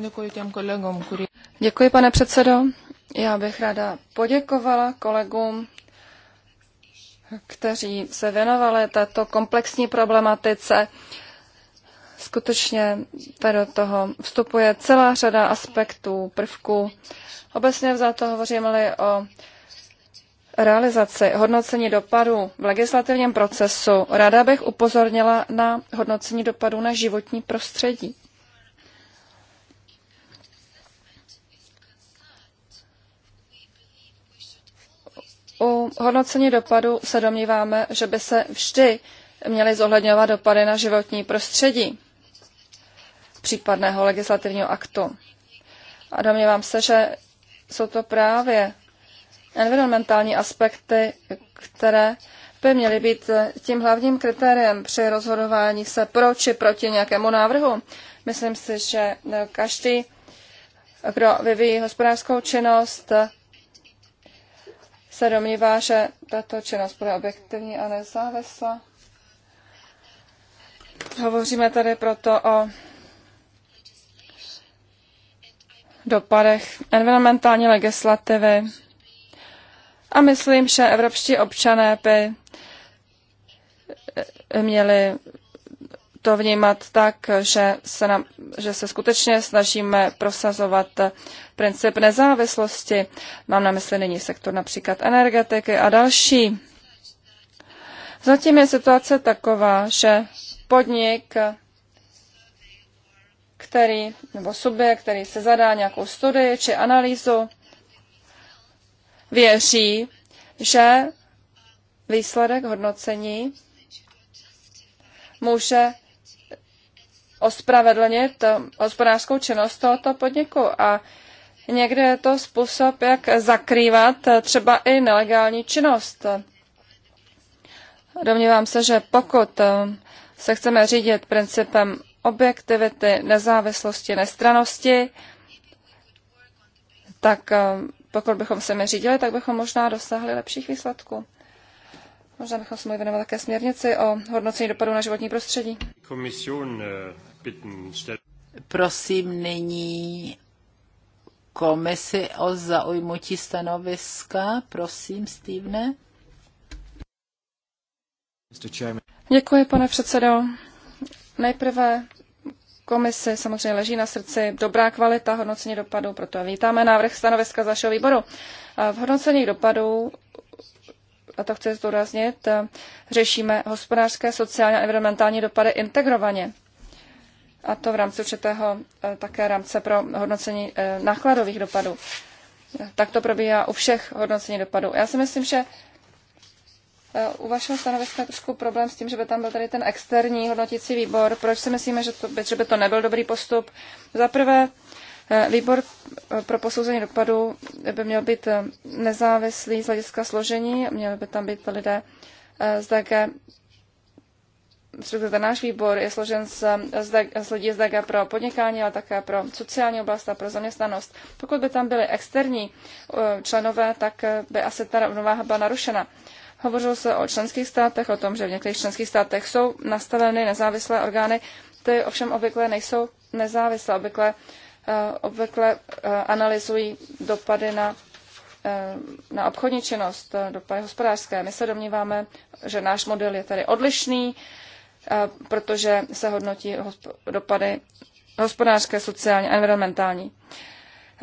Děkuji kolegům, Děkuji, pane předsedo. Já bych ráda poděkovala kolegům, kteří se věnovali této komplexní problematice skutečně tady do toho vstupuje celá řada aspektů, prvků. Obecně za to hovoříme-li o realizaci hodnocení dopadů v legislativním procesu, ráda bych upozornila na hodnocení dopadů na životní prostředí. U hodnocení dopadu se domníváme, že by se vždy měly zohledňovat dopady na životní prostředí případného legislativního aktu. A domnívám se, že jsou to právě environmentální aspekty, které by měly být tím hlavním kritériem při rozhodování se pro či proti nějakému návrhu. Myslím si, že každý, kdo vyvíjí hospodářskou činnost, se domnívá, že tato činnost bude objektivní a nezávislá. Hovoříme tady proto o dopadech environmentální legislativy. A myslím, že evropští občané by eh, měli to vnímat tak, že se, nám, že se skutečně snažíme prosazovat princip nezávislosti. Mám na mysli nyní sektor například energetiky a další. Zatím je situace taková, že podnik který, nebo subjekt, který se zadá nějakou studii či analýzu, věří, že výsledek hodnocení může ospravedlnit eh, hospodářskou činnost tohoto podniku. A někde je to způsob, jak zakrývat eh, třeba i nelegální činnost. Domnívám se, že pokud eh, se chceme řídit principem objektivity, nezávislosti, nestranosti, tak eh, pokud bychom se mi řídili, tak bychom možná dosáhli lepších výsledků. Možná bychom se mohli věnovat také směrnici o hodnocení dopadu na životní prostředí. Eh, Prosím nyní komisi o zaujmutí stanoviska. Prosím, Stevene. Děkuji, pane předsedo. Nejprve komisi samozřejmě leží na srdci dobrá kvalita hodnocení dopadů, proto vítáme návrh stanoviska z vašeho výboru. V hodnocení dopadů, a to chci zdůraznit, řešíme hospodářské, sociální a environmentální dopady integrovaně. A to v rámci určitého eh, také rámce pro hodnocení eh, nákladových dopadů. Tak to probíhá u všech hodnocení dopadů. Já si myslím, že u vašeho stanoviska je trošku problém s tím, že by tam byl tady ten externí hodnotící výbor. Proč si myslíme, že, to, že by to nebyl dobrý postup? Za prvé, eh, výbor eh, pro posouzení dopadu by měl být eh, nezávislý z hlediska složení, měli by tam být lidé z DG ten náš výbor je složen z, z, z lidí z DG pro podnikání, ale také pro sociální oblast a pro zaměstnanost. Pokud by tam byly externí členové, tak by asi ta rovnováha byla narušena. Hovořilo se o členských státech, o tom, že v některých členských státech jsou nastaveny nezávislé orgány, ty ovšem obvykle nejsou nezávislé, obvykle, eh, obvykle eh, analyzují dopady na, eh, na obchodní činnost, dopady hospodářské. My se domníváme, že náš model je tady odlišný, protože se hodnotí dopady hospodářské, sociální, environmentální.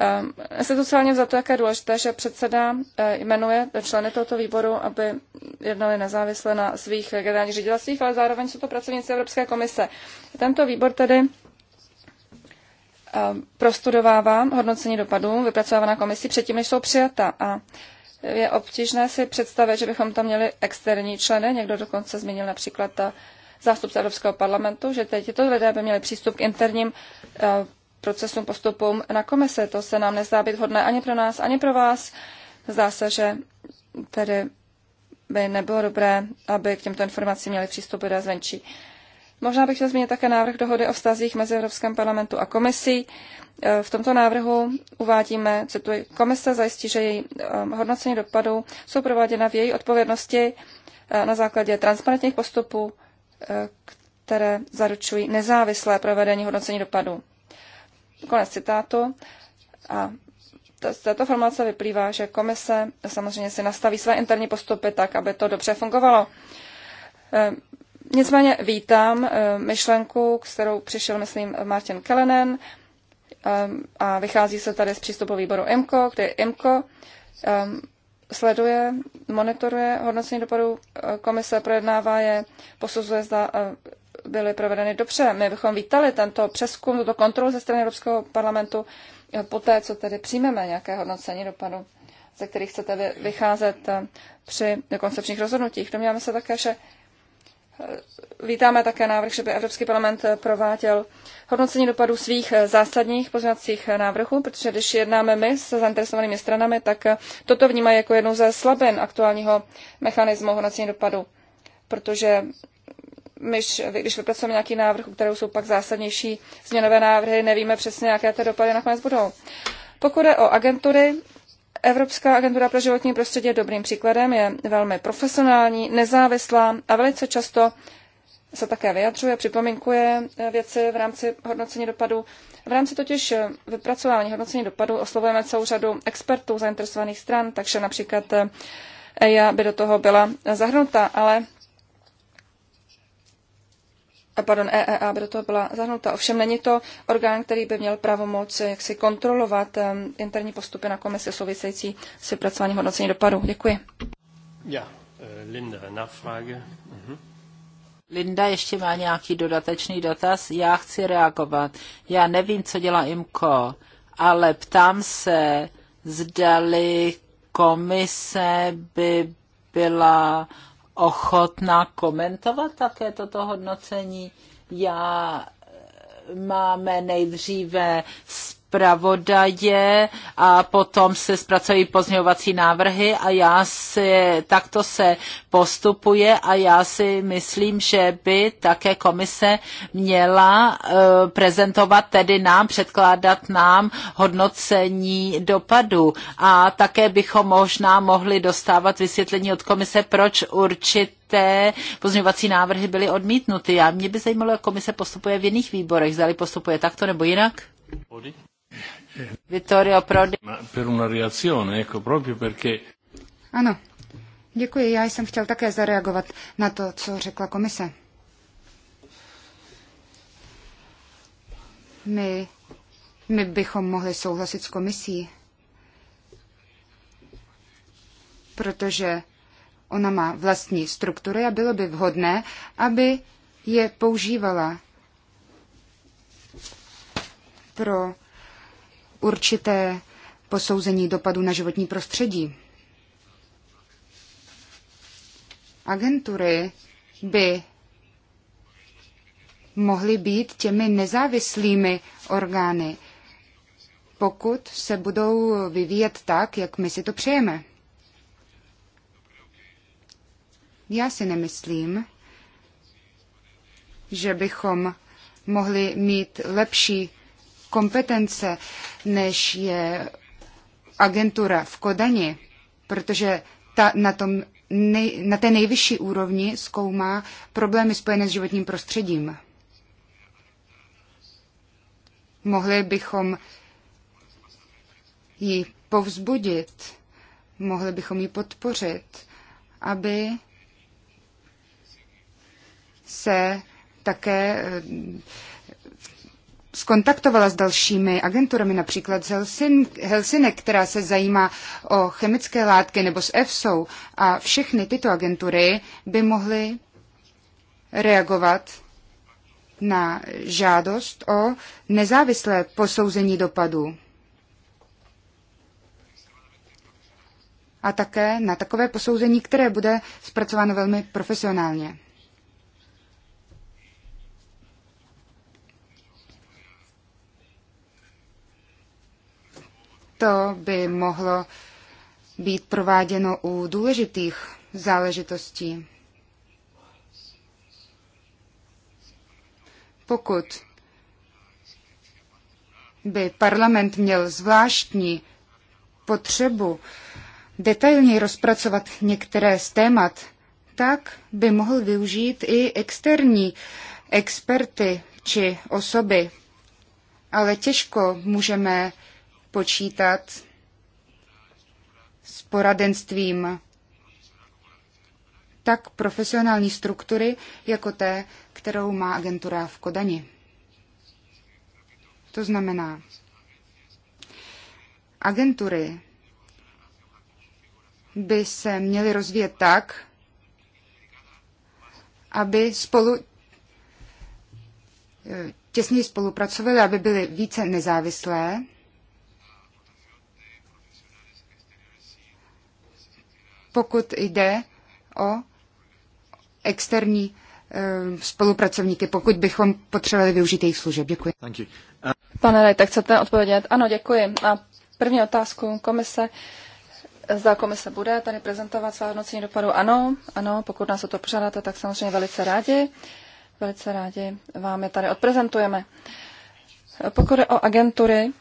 Ehm, institucionálně za to, jak je důležité, že předseda eh, jmenuje členy tohoto výboru, aby jednali nezávisle na svých generálních ředitelstvích, ale zároveň jsou to pracovníci Evropské komise. Tento výbor tedy ehm, prostudovává hodnocení dopadů vypracovává na komisi předtím, než jsou přijata. A je obtížné si představit, že bychom tam měli externí členy. Někdo dokonce zmínil například ta eh, zástupce Evropského parlamentu, že teď tyto lidé by měli přístup k interním eh, procesům, postupům na komise. To se nám nezdá být hodné ani pro nás, ani pro vás. Zdá se, že tedy by nebylo dobré, aby k těmto informacím měli přístup lidé zvenčí. Možná bych chtěl zmínit také návrh dohody o vztazích mezi Evropským parlamentu a komisí. E, v tomto návrhu uvádíme, cituji, komise zajistí, že její e, hodnocení dopadů jsou prováděna v její odpovědnosti e, na základě transparentních postupů, které zaručují nezávislé provedení hodnocení dopadů. Konec citátu. A z této formulace vyplývá, že komise samozřejmě si nastaví své interní postupy tak, aby to dobře fungovalo. E, nicméně vítám e, myšlenku, kterou přišel, myslím, Martin Kellenen e, a vychází se tady z přístupu výboru IMCO, kde IMCO sleduje, monitoruje hodnocení dopadů komise, projednává je, posuzuje, zda byly provedeny dobře. My bychom vítali tento přeskum, tuto kontrolu ze strany Evropského parlamentu eh, po té, co tedy přijmeme nějaké hodnocení dopadu, ze kterých chcete vycházet eh, při koncepčních rozhodnutích. Domníváme se také, že eh, Vítáme také návrh, že by Evropský parlament prováděl hodnocení dopadů svých zásadních pozměňovacích návrhů, protože když jednáme my s zainteresovanými stranami, tak toto vnímají jako jednu ze slabin aktuálního mechanismu hodnocení dopadu, protože když vypracujeme nějaký návrh, u kterého jsou pak zásadnější změnové návrhy, nevíme přesně, jaké ty dopady nakonec budou. Pokud je o agentury, Evropská agentura pro životní prostředí je dobrým příkladem, je velmi profesionální, nezávislá a velice často se také vyjadřuje, připomínkuje eh, věci v rámci hodnocení dopadu. V rámci totiž eh, vypracování hodnocení dopadu oslovujeme celou řadu expertů zainteresovaných stran, takže například eh, já by do toho byla zahrnuta, ale Eh, pardon, EEA by do toho byla zahrnuta. Ovšem není to orgán, který by měl pravomoc eh, jak si kontrolovat eh, interní postupy na komise související s vypracováním hodnocení dopadu. Děkuji. Ja, Linda, nachfrage. Mhm. Linda ještě má nějaký dodatečný dotaz. Já chci reagovat. Já nevím, co dělá Imko, ale ptám se, zdali komise by byla ochotná komentovat také toto hodnocení? Já e, máme nejdříve zpravodaje a potom se zpracují pozměňovací návrhy a já si, takto se postupuje a já si myslím, že by také komise měla eh, prezentovat, tedy nám, předkládat nám hodnocení dopadu a také bychom možná mohli dostávat vysvětlení od komise, proč určit té pozměňovací návrhy byly odmítnuty. A mě by zajímalo, jak komise postupuje v jiných výborech. Zdali postupuje takto nebo jinak? Vittorio Prodi. Per una reazione, ecco, proprio perché... Ano, děkuji. Já jsem chtěl také zareagovat na to, co řekla komise. My, my bychom mohli souhlasit s komisí, protože ona má vlastní struktury a bylo by vhodné, aby je používala pro určité posouzení dopadu na životní prostředí. Agentury by mohly být těmi nezávislými orgány, pokud se budou vyvíjet tak, jak my si to přejeme. Já si nemyslím, že bychom mohli mít lepší kompetence, než je agentura v Kodani, protože ta na, tom nej, na té nejvyšší úrovni zkoumá problémy spojené s životním prostředím. Mohli bychom ji povzbudit, mohli bychom ji podpořit, aby se také eh, skontaktovala s dalšími agenturami, například z Helsin- Helsinek, která se zajímá o chemické látky, nebo s EFSOU. A všechny tyto agentury by mohly reagovat na žádost o nezávislé posouzení dopadů. A také na takové posouzení, které bude zpracováno velmi profesionálně. To by mohlo být prováděno u důležitých záležitostí. Pokud by parlament měl zvláštní potřebu detailně rozpracovat některé z témat, tak by mohl využít i externí experty či osoby. Ale těžko můžeme počítat s poradenstvím tak profesionální struktury jako té, kterou má agentura v Kodani. To znamená, agentury by se měly rozvíjet tak, aby spolu eh, těsněji spolupracovali, aby byly více nezávislé pokud jde o externí eh, spolupracovníky, pokud bychom potřebovali využít jejich služeb. Děkuji. Pane Rejte, chcete odpovědět? Ano, děkuji. A první otázku komise. Zda komise bude tady prezentovat svá hodnocení dopadu? Ano, ano, pokud nás o to požádáte, tak samozřejmě velice rádi. Velice rádi vám je tady odprezentujeme. Pokud je o agentury,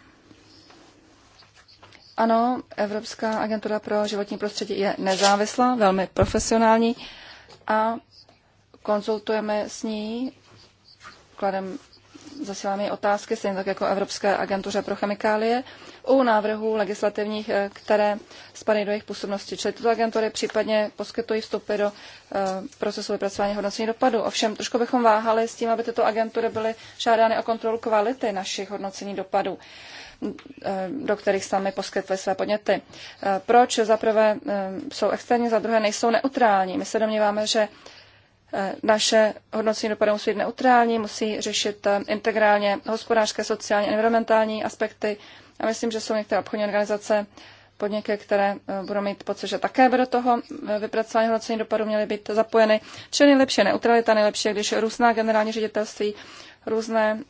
ano, Evropská agentura pro životní prostředí je nezávislá, velmi profesionální a konzultujeme s ní, kladem zasílám její otázky, stejně tak jako Evropské agentuře pro chemikálie, u návrhů legislativních, eh, které spadají do jejich působnosti. Čili tyto agentury případně poskytují vstupy do eh, procesu vypracování hodnocení dopadu. Ovšem, trošku bychom váhali s tím, aby tyto agentury byly žádány o kontrolu kvality našich hodnocení dopadů eh, do kterých sami poskytli své podněty. Proč? Za prvé jsou externí, za druhé nejsou neutrální. My se domníváme, že Eh, naše hodnocení dopadů musí být neutrální, musí řešit eh, integrálně hospodářské, sociální, environmentální aspekty. A myslím, že jsou některé obchodní organizace, podniky, které eh, budou mít pocit, že také by do toho vypracování hodnocení dopadu měly být zapojeny. Čili nejlepší je neutralita, nejlepší je, když různá generální ředitelství, různé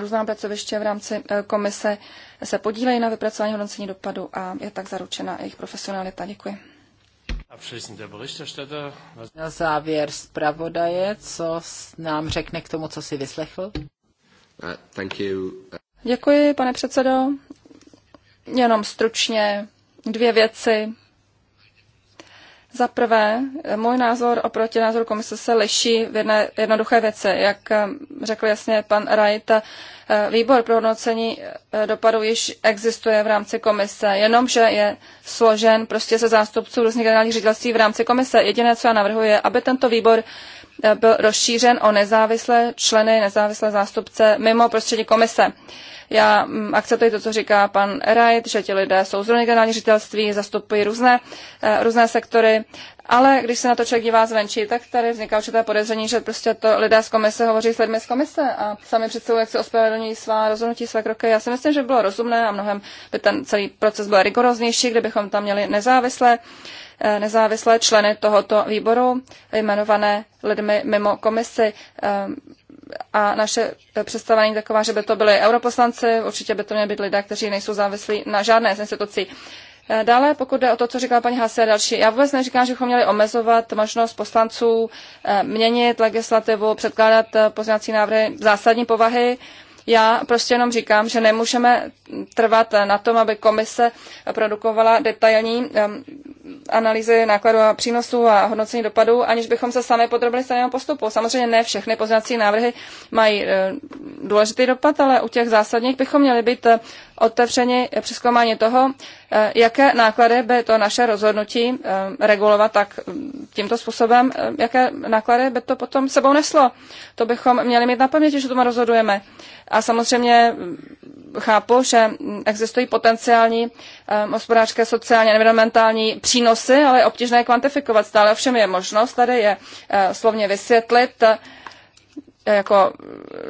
různá pracoviště v rámci komise se podílejí na vypracování hodnocení dopadu a je tak zaručena jejich profesionalita. Děkuji. Na závěr zpravodaje, co nám řekne k tomu, co si vyslechl? Uh, Děkuji, pane předsedo. Jenom stručně dvě věci. Za prvé, můj názor oproti názoru komise se liší v jedné jednoduché věci. Jak eh, řekl jasně pan Wright, eh, výbor pro hodnocení eh, dopadů již existuje v rámci komise, jenomže je složen prostě se zástupců různých generálních ředitelství v rámci komise. Jediné, co já navrhuji, je, aby tento výbor Eh, byl rozšířen o nezávislé členy, nezávislé zástupce mimo prostředí komise. Já mm, akceptuji to, co říká pan Wright, že ti lidé jsou z generální ředitelství, zastupují různé, eh, různé sektory, ale když se na to člověk dívá zvenčí, tak tady vzniká určité podezření, že prostě to lidé z komise hovoří s lidmi z komise a sami před jak se ospravedlňují svá rozhodnutí, své kroky. Já si myslím, že by bylo rozumné a mnohem by ten celý proces byl rigoroznější, kdybychom tam měli nezávislé eh, nezávislé členy tohoto výboru, jmenované lidmi mimo komisi eh, a naše představení taková, že by to byly europoslanci, určitě by to měly být lidé, kteří nejsou závislí na žádné z institucí. Eh, dále, pokud jde o to, co říkala paní Hase a další, já vůbec neříkám, že bychom měli omezovat možnost poslanců eh, měnit legislativu, předkládat eh, pozměňovací návrhy zásadní povahy. Já prostě jenom říkám, že nemůžeme trvat na tom, aby komise produkovala detailní analýzy nákladů a přínosů a hodnocení dopadů, aniž bychom se sami podrobili stejného postupu. Samozřejmě ne všechny pozměňovací návrhy mají důležitý dopad, ale u těch zásadních bychom měli být otevřeni přeskoumání toho, eh, jaké náklady by to naše rozhodnutí eh, regulovat tak mm, tímto způsobem, eh, jaké náklady by to potom sebou neslo. To bychom měli mít na paměti, že tomu rozhodujeme. A samozřejmě mm, chápu, že mm, existují potenciální hospodářské, sociálně, environmentální přínosy, ale je obtížné kvantifikovat. Stále ovšem je možnost, tady je slovně vysvětlit, jako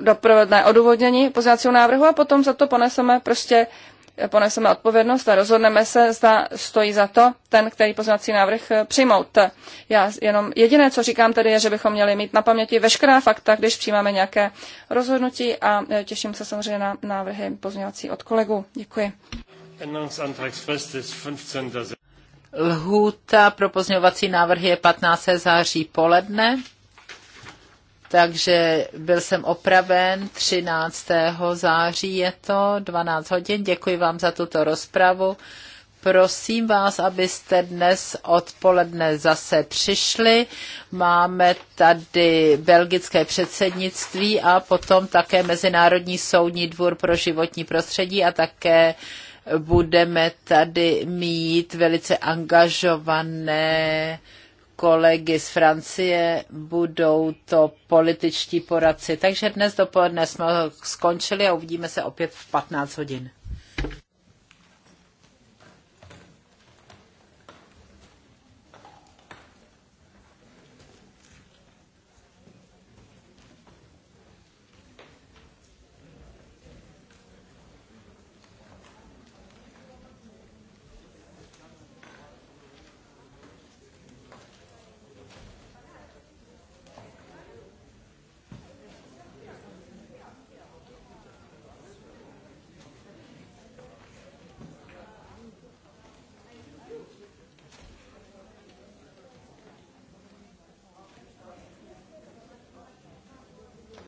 doprovodné odůvodnění pozvacího návrhu a potom za to poneseme prostě poneseme odpovědnost a rozhodneme se, zda stojí za to ten, který pozvací návrh eh, přijmout. Já jenom jediné, co říkám tedy, je, že bychom měli mít na paměti veškerá fakta, když přijímáme nějaké rozhodnutí a eh, těším se samozřejmě na návrhy pozměňovací od kolegů. Děkuji. Lhůta pro pozměňovací návrhy je 15. září poledne. Takže byl jsem opraven 13. září je to, 12 hodin. Děkuji vám za tuto rozpravu. Prosím vás, abyste dnes odpoledne zase přišli. Máme tady belgické předsednictví a potom také Mezinárodní soudní dvůr pro životní prostředí a také budeme tady mít velice angažované kolegy z Francie, budou to političtí poradci. Takže dnes dopoledne jsme skončili a uvidíme se opět v 15 hodin.